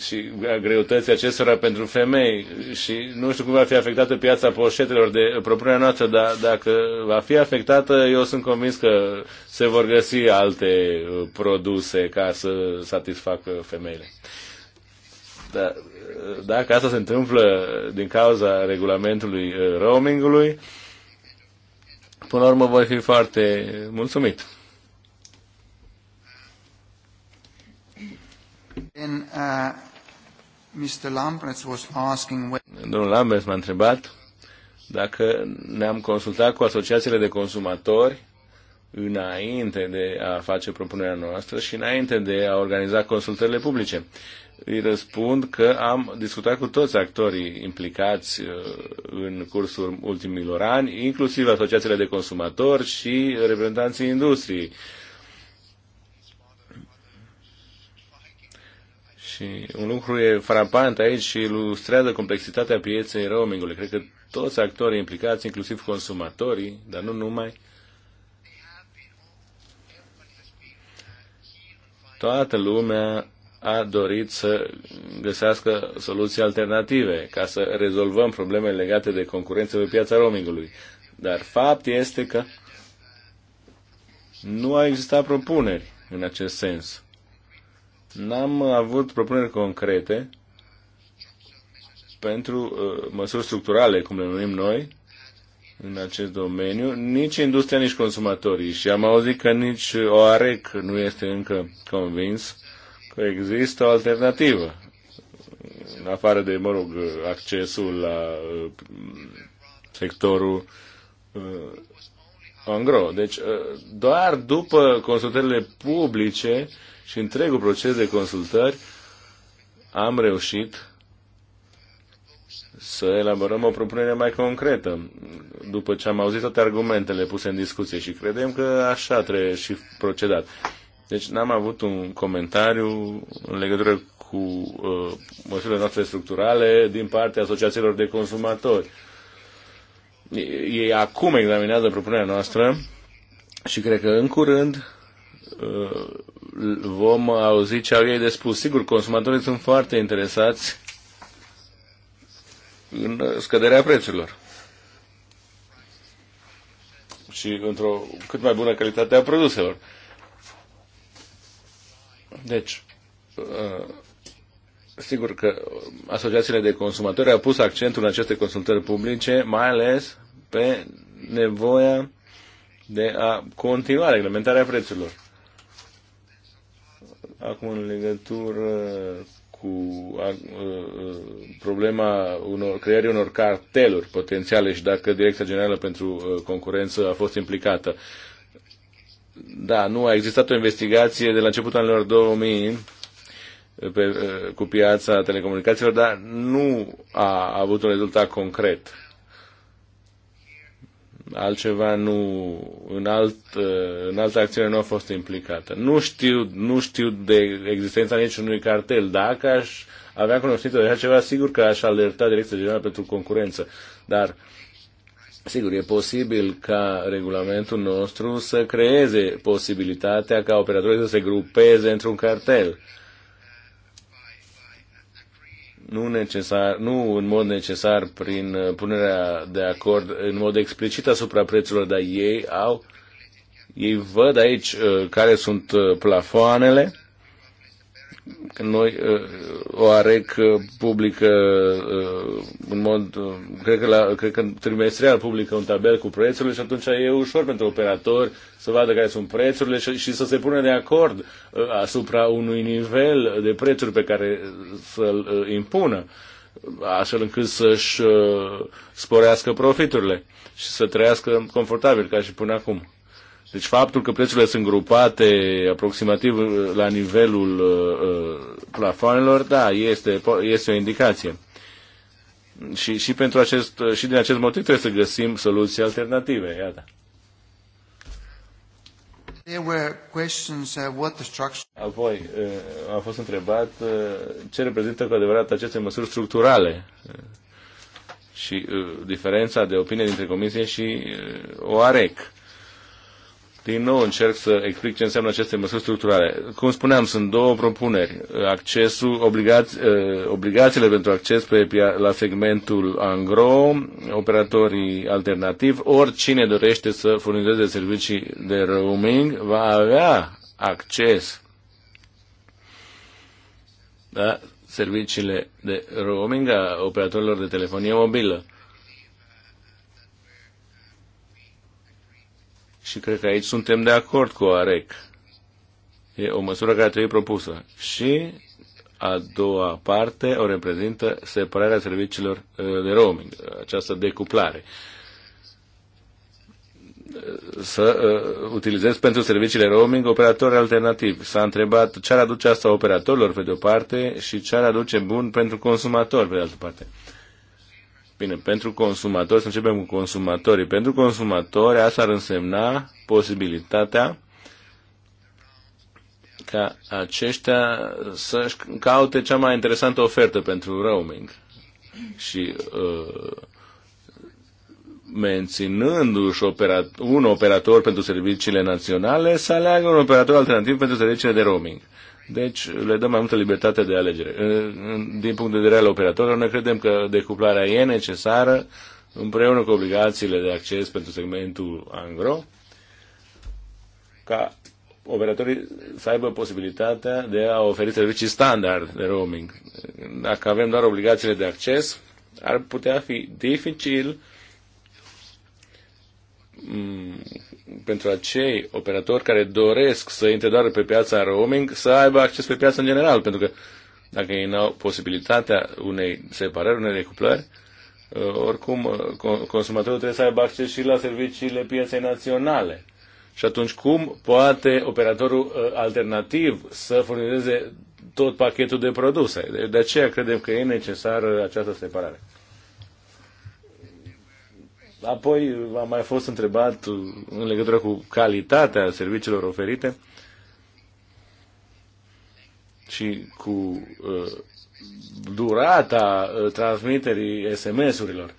și a greutății acestora pentru femei și nu știu cum va fi afectată piața poșetelor de propunerea noastră, dar dacă va fi afectată, eu sunt convins că se vor găsi alte uh, produse ca să satisfacă femeile. Dar uh, dacă asta se întâmplă din cauza regulamentului uh, roamingului, până la urmă voi fi foarte mulțumit. In, uh... Mr. was asking Domnul Lamberts m-a întrebat dacă ne-am consultat cu asociațiile de consumatori înainte de a face propunerea noastră și înainte de a organiza consultările publice. Îi răspund că am discutat cu toți actorii implicați uh, în cursul ultimilor ani, inclusiv asociațiile de consumatori și reprezentanții industriei Și un lucru e frapant aici și ilustrează complexitatea pieței roamingului. Cred că toți actorii implicați, inclusiv consumatorii, dar nu numai, toată lumea a dorit să găsească soluții alternative ca să rezolvăm probleme legate de concurență pe piața roamingului. Dar fapt este că nu a existat propuneri în acest sens n-am avut propuneri concrete pentru uh, măsuri structurale, cum le numim noi, în acest domeniu, nici industria, nici consumatorii. Și am auzit că nici OAREC nu este încă convins că există o alternativă, în afară de, mă rog, accesul la uh, sectorul uh, angro. Deci, uh, doar după consultările publice și întregul proces de consultări am reușit să elaborăm o propunere mai concretă după ce am auzit toate argumentele puse în discuție și credem că așa trebuie și procedat. Deci n-am avut un comentariu în legătură cu uh, măsurile noastre structurale din partea asociațiilor de consumatori. Ei acum examinează propunerea noastră și cred că în curând uh, vom auzi ce au ei de spus. Sigur, consumatorii sunt foarte interesați în scăderea prețurilor și într-o cât mai bună calitate a produselor. Deci, uh, sigur că asociațiile de consumatori au pus accentul în aceste consultări publice, mai ales pe nevoia de a continua reglementarea prețurilor. Acum, în legătură cu a, a, problema unor, creării unor carteluri potențiale și dacă Direcția Generală pentru Concurență a fost implicată. Da, nu a existat o investigație de la începutul anilor 2000 pe, cu piața telecomunicațiilor, dar nu a avut un rezultat concret altceva nu, în, alt, în altă acțiune nu a fost implicată. Nu știu, nu știu de existența niciunui cartel. Dacă aș avea cunoștință de așa ceva, sigur că aș alerta Direcția Generală pentru Concurență. Dar, sigur, e posibil ca regulamentul nostru să creeze posibilitatea ca operatorii să se grupeze într-un cartel nu, necesar, nu în mod necesar prin uh, punerea de acord în mod explicit asupra prețurilor, dar ei au, ei văd aici uh, care sunt uh, plafoanele noi uh, o arec uh, publică uh, în mod, cred că, la, cred că trimestrial publică un tabel cu prețurile și atunci e ușor pentru operator să vadă care sunt prețurile și, și să se pună de acord asupra unui nivel de prețuri pe care să-l impună astfel încât să-și sporească profiturile și să trăiască confortabil ca și până acum. Deci faptul că prețurile sunt grupate aproximativ la nivelul uh, uh plafoanelor, da, este, este o indicație. Și, și, pentru acest, uh, și din acest motiv trebuie să găsim soluții alternative. Iată. There were questions, uh, what the structure... Apoi uh, a fost întrebat uh, ce reprezintă cu adevărat aceste măsuri structurale uh, și uh, diferența de opinie dintre Comisie și uh, OAREC. Din nou încerc să explic ce înseamnă aceste măsuri structurale. Cum spuneam, sunt două propuneri. Accesul, obligați, eh, obligațiile pentru acces pe, la segmentul angro, operatorii alternativi, oricine dorește să furnizeze servicii de roaming va avea acces la serviciile de roaming a operatorilor de telefonie mobilă. Și cred că aici suntem de acord cu OAREC. E o măsură care trebuie propusă. Și a doua parte o reprezintă separarea serviciilor uh, de roaming, această decuplare. Să uh, utilizez pentru serviciile roaming operatori alternativi. S-a întrebat ce ar aduce asta operatorilor pe de-o parte și ce ar aduce bun pentru consumator pe de altă parte. Uh, Bine, pentru consumatori, să începem cu consumatorii. Pentru consumatori, asta ar însemna posibilitatea ca aceștia să-și caute cea mai interesantă ofertă pentru roaming. Și uh, menținându-și operat- un operator pentru serviciile naționale, să aleagă un operator alternativ pentru serviciile de roaming. Deci le dăm mai multă libertate de alegere. Din punct de vedere al operatorilor, noi credem că decuplarea e necesară împreună cu obligațiile de acces pentru segmentul angro, ca operatorii să aibă posibilitatea de a oferi servicii standard de roaming. Dacă avem doar obligațiile de acces, ar putea fi dificil mm, pentru acei operatori care doresc să intre doar pe piața roaming să aibă acces pe piața în general, pentru că dacă ei n-au posibilitatea unei separări, unei decuplări, uh, oricum uh, consumatorul trebuie să aibă acces și la serviciile pieței naționale. Și atunci cum poate operatorul uh, alternativ să furnizeze tot pachetul de produse? De aceea credem că e necesară această separare. Apoi am mai fost întrebat în legătură cu calitatea serviciilor oferite și cu uh, durata uh, transmiterii SMS-urilor.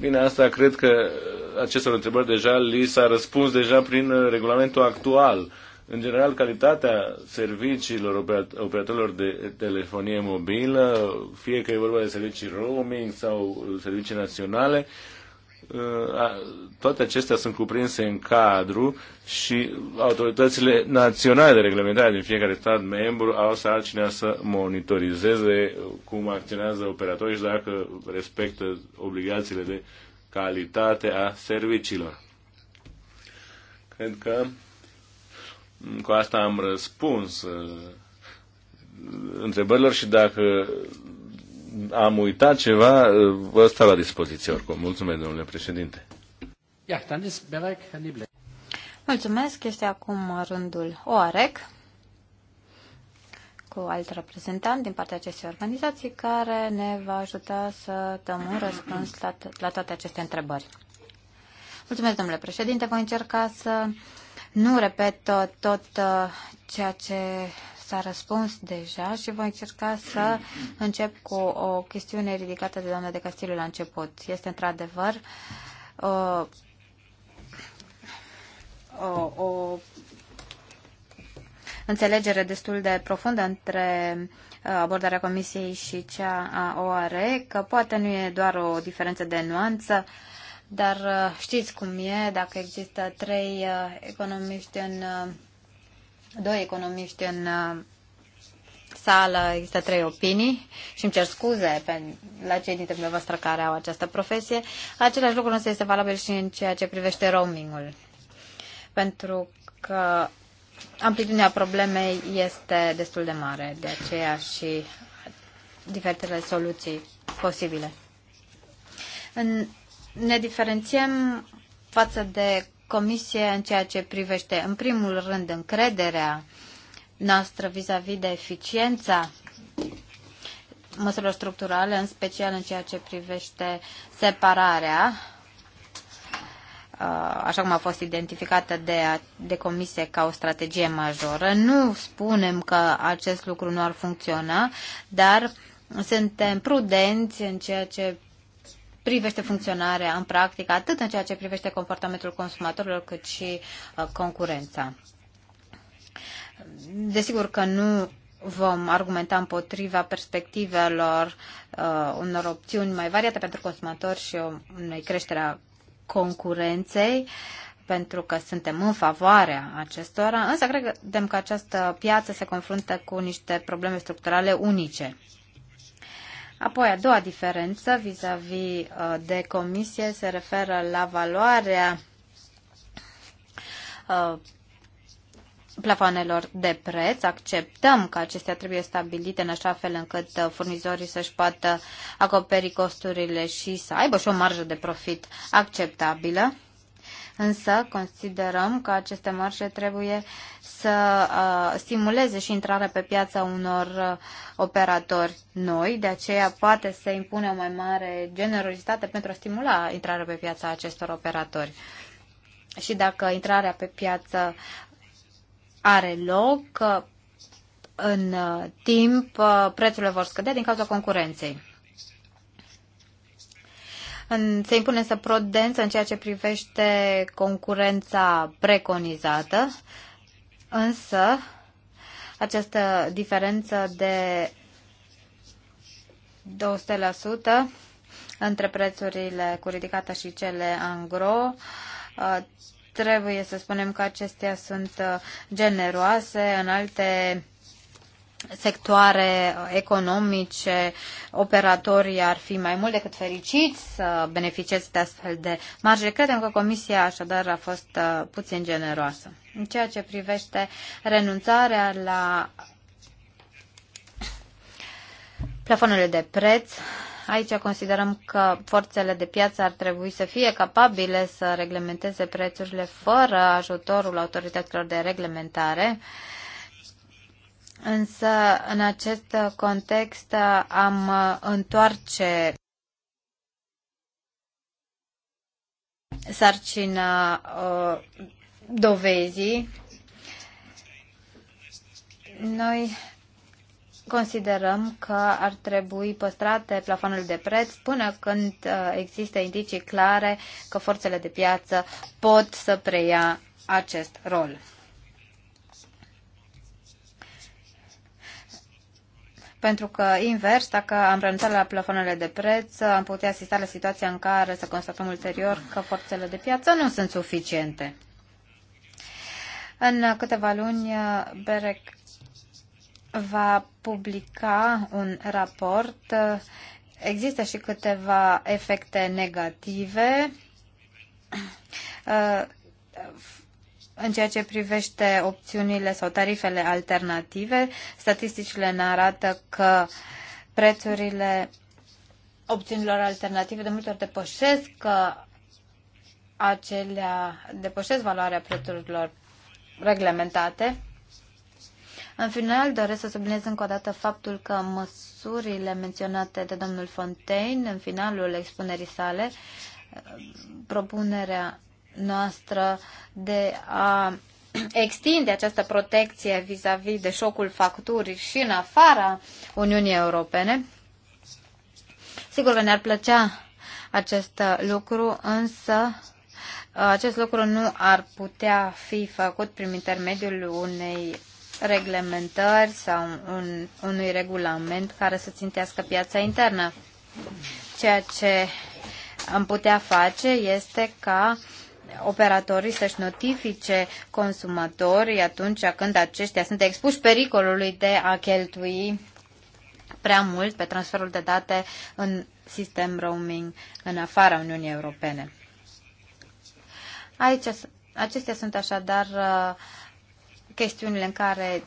Bine, asta cred că uh, acestor întrebări deja li s-a răspuns deja prin uh, regulamentul actual. În general, calitatea serviciilor operatorilor de telefonie mobilă, fie că e vorba de servicii roaming sau uh, servicii naționale, uh, Uh, toate acestea sunt cuprinse în cadru și autoritățile naționale de reglementare din fiecare stat membru au sarcina să monitorizeze cum acționează operatorii și dacă respectă obligațiile de calitate a serviciilor. Cred că cu asta am răspuns uh, întrebărilor și dacă am uitat ceva, vă stau la dispoziție oricum. Mulțumesc, domnule președinte. Mulțumesc, este acum rândul OAREC cu alt reprezentant din partea acestei organizații care ne va ajuta să dăm un răspuns la, la toate aceste întrebări. Mulțumesc, domnule președinte. Voi încerca să nu repet tot, tot uh, ceea ce s-a răspuns deja și voi încerca să încep cu o chestiune ridicată de doamna de Castiliu la început. Este într-adevăr o uh, uh, o, o înțelegere destul de profundă între uh, abordarea Comisiei și cea a OARE, că poate nu e doar o diferență de nuanță, dar știți cum e, dacă există trei economiști în doi economiști în uh, sală, există trei opinii și îmi cer scuze pe, la cei dintre dumneavoastră care au această profesie. Același lucru se este valabil și în ceea ce privește roamingul. Pentru că amplitudinea problemei este destul de mare, de aceea și diferitele soluții posibile. În, ne diferențiem față de Comisie în ceea ce privește, în primul rând, încrederea noastră vis-a-vis -vis de eficiența măsurilor structurale, în special în ceea ce privește separarea, așa cum a fost identificată de, de comisie ca o strategie majoră. Nu spunem că acest lucru nu ar funcționa, dar suntem prudenți în ceea ce privește funcționarea în practică, atât în ceea ce privește comportamentul consumatorilor, cât și uh, concurența. Desigur că nu vom argumenta împotriva perspectivelor uh, unor opțiuni mai variate pentru consumatori și unei creșterea concurenței, pentru că suntem în favoarea acestora, însă credem că această piață se confruntă cu niște probleme structurale unice. Apoi, a doua diferență vis-a-vis -vis uh, de comisie se referă la valoarea uh, plafonelor de preț. Acceptăm că acestea trebuie stabilite în așa fel încât uh, furnizorii să-și poată acoperi costurile și să aibă și o marjă de profit acceptabilă. Însă considerăm că aceste marșe trebuie să uh, stimuleze și intrarea pe piața unor uh, operatori noi, de aceea poate să impune o mai mare generozitate pentru a stimula intrarea pe piața acestor operatori. Și dacă intrarea pe piață are loc, în timp prețurile vor scădea din cauza concurenței în, se impune să prudență în ceea ce privește concurența preconizată, însă această diferență de 200% între prețurile cu ridicată și cele angro uh, trebuie să spunem că acestea sunt uh, generoase în alte sectoare economice, operatorii ar fi mai mult decât fericiți să beneficieze de astfel de marge. Credem că Comisia așadar a fost uh, puțin generoasă. În ceea ce privește renunțarea la plafonurile de preț, Aici considerăm că forțele de piață ar trebui să fie capabile să reglementeze prețurile fără ajutorul autorităților de reglementare. Însă, în acest context, am întoarce sarcina uh, dovezii. Noi considerăm că ar trebui păstrate plafonul de preț până când uh, există indicii clare că forțele de piață pot să preia acest rol. pentru că invers, dacă am renunțat la plafonele de preț, am putea asista la situația în care să constatăm ulterior că forțele de piață nu sunt suficiente. În câteva luni, BEREC va publica un raport. Există și câteva efecte negative în ceea ce privește opțiunile sau tarifele alternative, statisticile ne arată că prețurile opțiunilor alternative de multe ori depășesc uh, acelea, depășesc valoarea prețurilor reglementate. În final, doresc să subliniez încă o dată faptul că măsurile menționate de domnul Fontaine în finalul expunerii sale, uh, propunerea noastră de a extinde această protecție vis-a-vis -vis de șocul facturii și în afara Uniunii Europene. Sigur că ne-ar plăcea acest lucru, însă acest lucru nu ar putea fi făcut prin intermediul unei reglementări sau un, unui regulament care să țintească piața internă. Ceea ce am putea face este ca uh, operatorii să-și notifice consumatorii atunci când aceștia sunt expuși pericolului de a cheltui prea mult pe transferul de date în sistem roaming în afara Uniunii Europene. Aici, acestea sunt așadar uh, chestiunile în care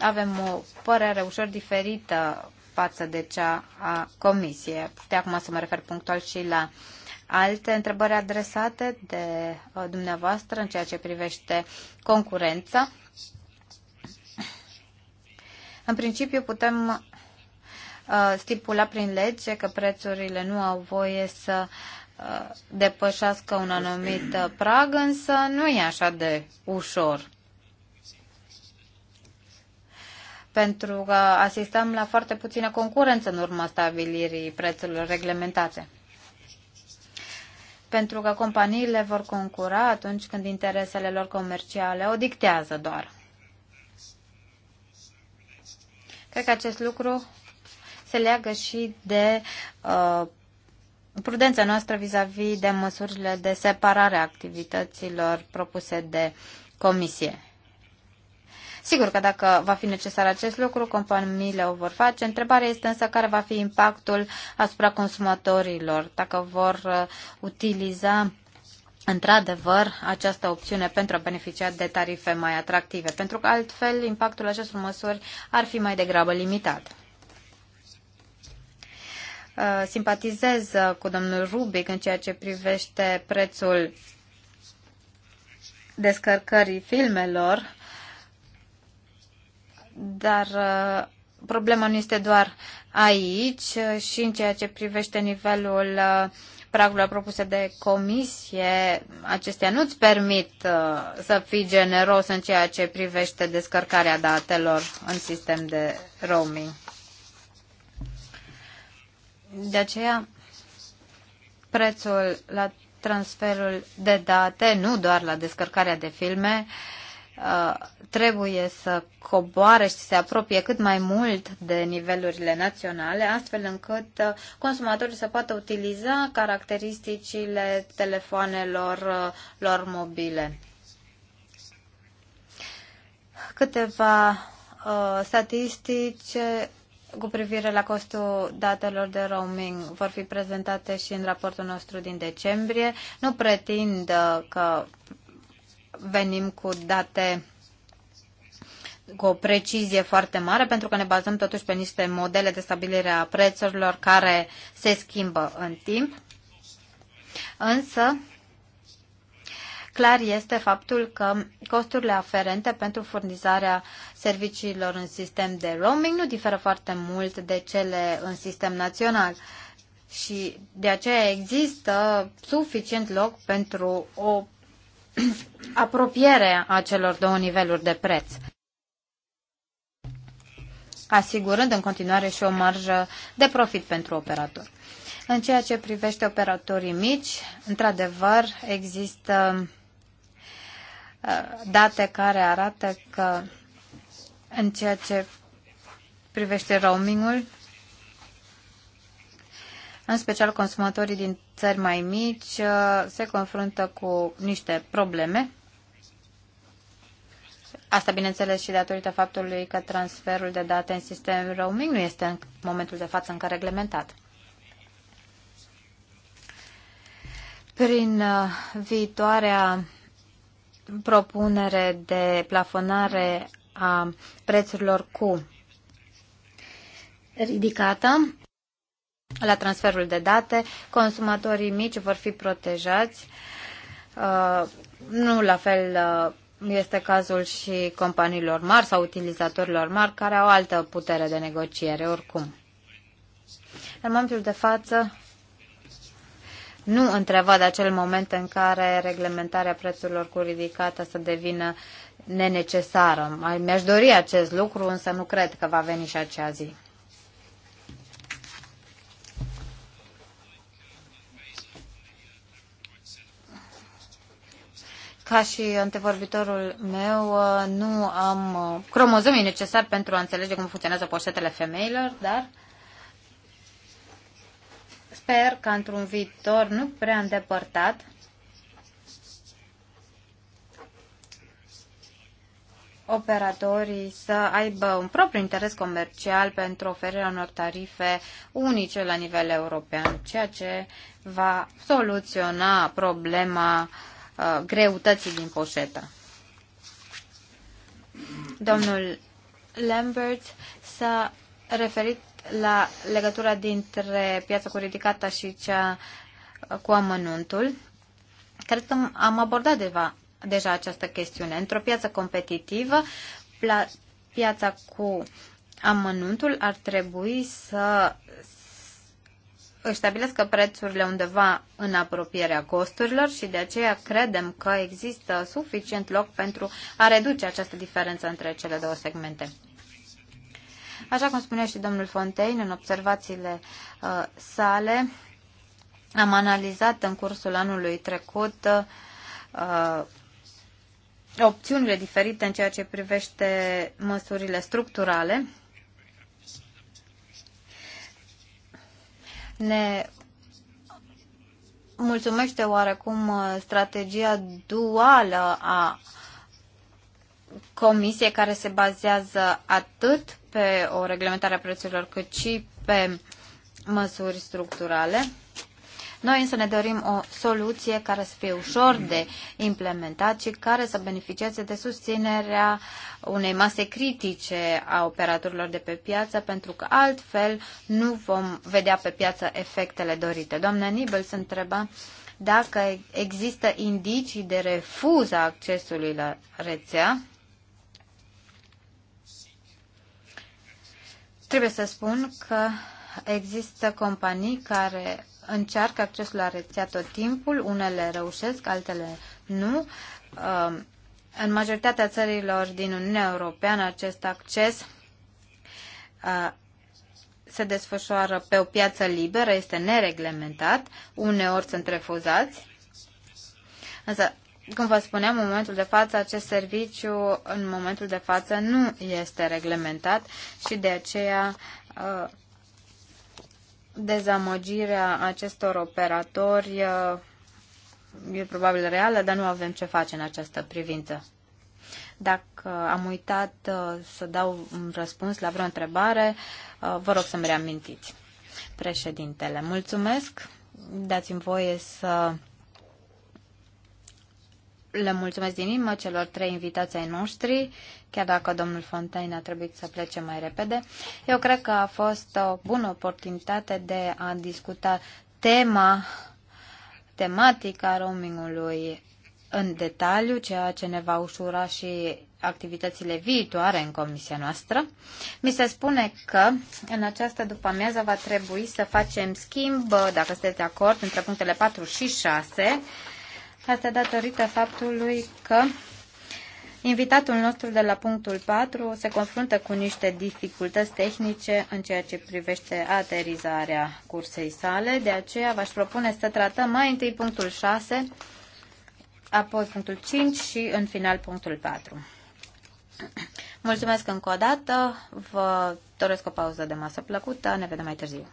avem o părere ușor diferită față de cea a Comisiei. De acum să mă refer punctual și la uh, alte întrebări adresate de uh, dumneavoastră în ceea ce privește concurența. În principiu putem uh, stipula prin lege că prețurile nu au voie să uh, depășească un anumit prag, însă nu e așa de ușor. Pentru că asistăm la foarte puțină concurență în urma stabilirii prețurilor reglementate pentru că companiile vor concura atunci când interesele lor comerciale o dictează doar. Cred că acest lucru se leagă și de uh, prudența noastră vis-a-vis -vis de măsurile de separare a activităților propuse de comisie. Sigur că dacă va fi necesar acest lucru, companiile o vor face. Întrebarea este însă care va fi impactul asupra consumatorilor, dacă vor uh, utiliza într-adevăr această opțiune pentru a beneficia de tarife mai atractive, pentru că altfel impactul acestor măsuri ar fi mai degrabă limitat. Uh, simpatizez uh, cu domnul Rubic în ceea ce privește prețul descărcării filmelor dar uh, problema nu este doar aici uh, și în ceea ce privește nivelul uh, pragurilor propuse de comisie, acestea nu-ți permit să fii generos în ceea ce privește descărcarea datelor în sistem de roaming. De aceea, prețul la transferul de date, nu doar la descărcarea de filme, uh, Uh, trebuie să coboare și să se apropie cât mai mult de nivelurile naționale, astfel încât uh, consumatorii să poată utiliza caracteristicile telefoanelor uh, lor mobile. Câteva uh, statistici cu privire la costul datelor de roaming vor fi prezentate și în raportul nostru din decembrie. Nu pretind că venim cu date cu o precizie foarte mare, pentru că ne bazăm totuși pe niște modele de stabilire a prețurilor care se schimbă în timp. Însă, clar este faptul că costurile aferente pentru furnizarea serviciilor în sistem de roaming nu diferă foarte mult de cele în sistem național și de aceea există suficient loc pentru o apropiere a celor două niveluri de preț, asigurând în continuare și o marjă de profit pentru operator. În ceea ce privește operatorii mici, într-adevăr, există uh, date care arată că în ceea ce privește roamingul, în special consumatorii din țări mai mici, uh, se confruntă cu niște probleme. Asta, bineînțeles, și datorită faptului că transferul de date în sistem roaming nu este în momentul de față încă reglementat. Prin uh, viitoarea propunere de plafonare a prețurilor cu ridicată, la transferul de date. Consumatorii mici vor fi protejați. Uh, nu la fel uh, este cazul și companiilor mari sau utilizatorilor mari care au altă putere de negociere oricum. În momentul de față nu de acel moment în care reglementarea prețurilor cu ridicată să devină nenecesară. Mi-aș dori acest lucru, însă nu cred că va veni și acea zi. ca și antevorbitorul meu, nu am cromozomii necesari pentru a înțelege cum funcționează poșetele femeilor, dar sper că într-un viitor nu prea îndepărtat operatorii să aibă un propriu interes comercial pentru oferirea unor tarife unice la nivel european, ceea ce va soluționa problema uh, Uh, greutății din poșetă. Domnul Lambert s-a referit la legătura dintre piața cu ridicata și cea cu amănuntul. Cred că am abordat deva, deja această chestiune. Într-o piață competitivă, piața cu amănuntul ar trebui să își stabilesc prețurile undeva în apropierea costurilor și de aceea credem că există suficient loc pentru a reduce această diferență între cele două segmente. Așa cum spunea și domnul Fontaine în observațiile uh, sale, am analizat în cursul anului trecut uh, opțiunile diferite în ceea ce privește măsurile structurale ne mulțumește oarecum uh, strategia duală a comisiei care se bazează atât pe o reglementare a prețurilor cât și pe măsuri structurale. Noi însă ne dorim o soluție care să fie ușor de implementat și care să beneficieze de susținerea unei mase critice a operatorilor de pe piață, pentru că altfel nu vom vedea pe piață efectele dorite. Doamna Nibel se întreba dacă există indicii de refuz a accesului la rețea. Trebuie să spun că există companii care încearcă accesul la rețea tot timpul, unele reușesc, altele nu. Um, în majoritatea țărilor din Uniunea Europeană acest acces uh, se desfășoară pe o piață liberă, este nereglementat, uneori sunt refuzați. Însă, cum vă spuneam, în momentul de față, acest serviciu în momentul de față nu este reglementat și de aceea uh, dezamăgirea acestor operatori uh, e probabil reală, dar nu avem ce face în această privință. Dacă am uitat uh, să dau un răspuns la vreo întrebare, uh, vă rog să-mi reamintiți. Președintele, mulțumesc. Dați-mi voie să le mulțumesc din inimă celor trei invitații ai noștri, chiar dacă domnul Fontaine a trebuit să plece mai repede. Eu cred că a fost o bună oportunitate de a discuta tema, tematica roamingului în detaliu, ceea ce ne va ușura și activitățile viitoare în comisia noastră. Mi se spune că în această după-amiază va trebui să facem schimb, dacă sunteți de acord, între punctele 4 și 6, Asta datorită faptului că invitatul nostru de la punctul 4 se confruntă cu niște dificultăți tehnice în ceea ce privește aterizarea cursei sale. De aceea v-aș propune să tratăm mai întâi punctul 6, apoi punctul 5 și în final punctul 4. Mulțumesc încă o dată, vă doresc o pauză de masă plăcută, ne vedem mai târziu.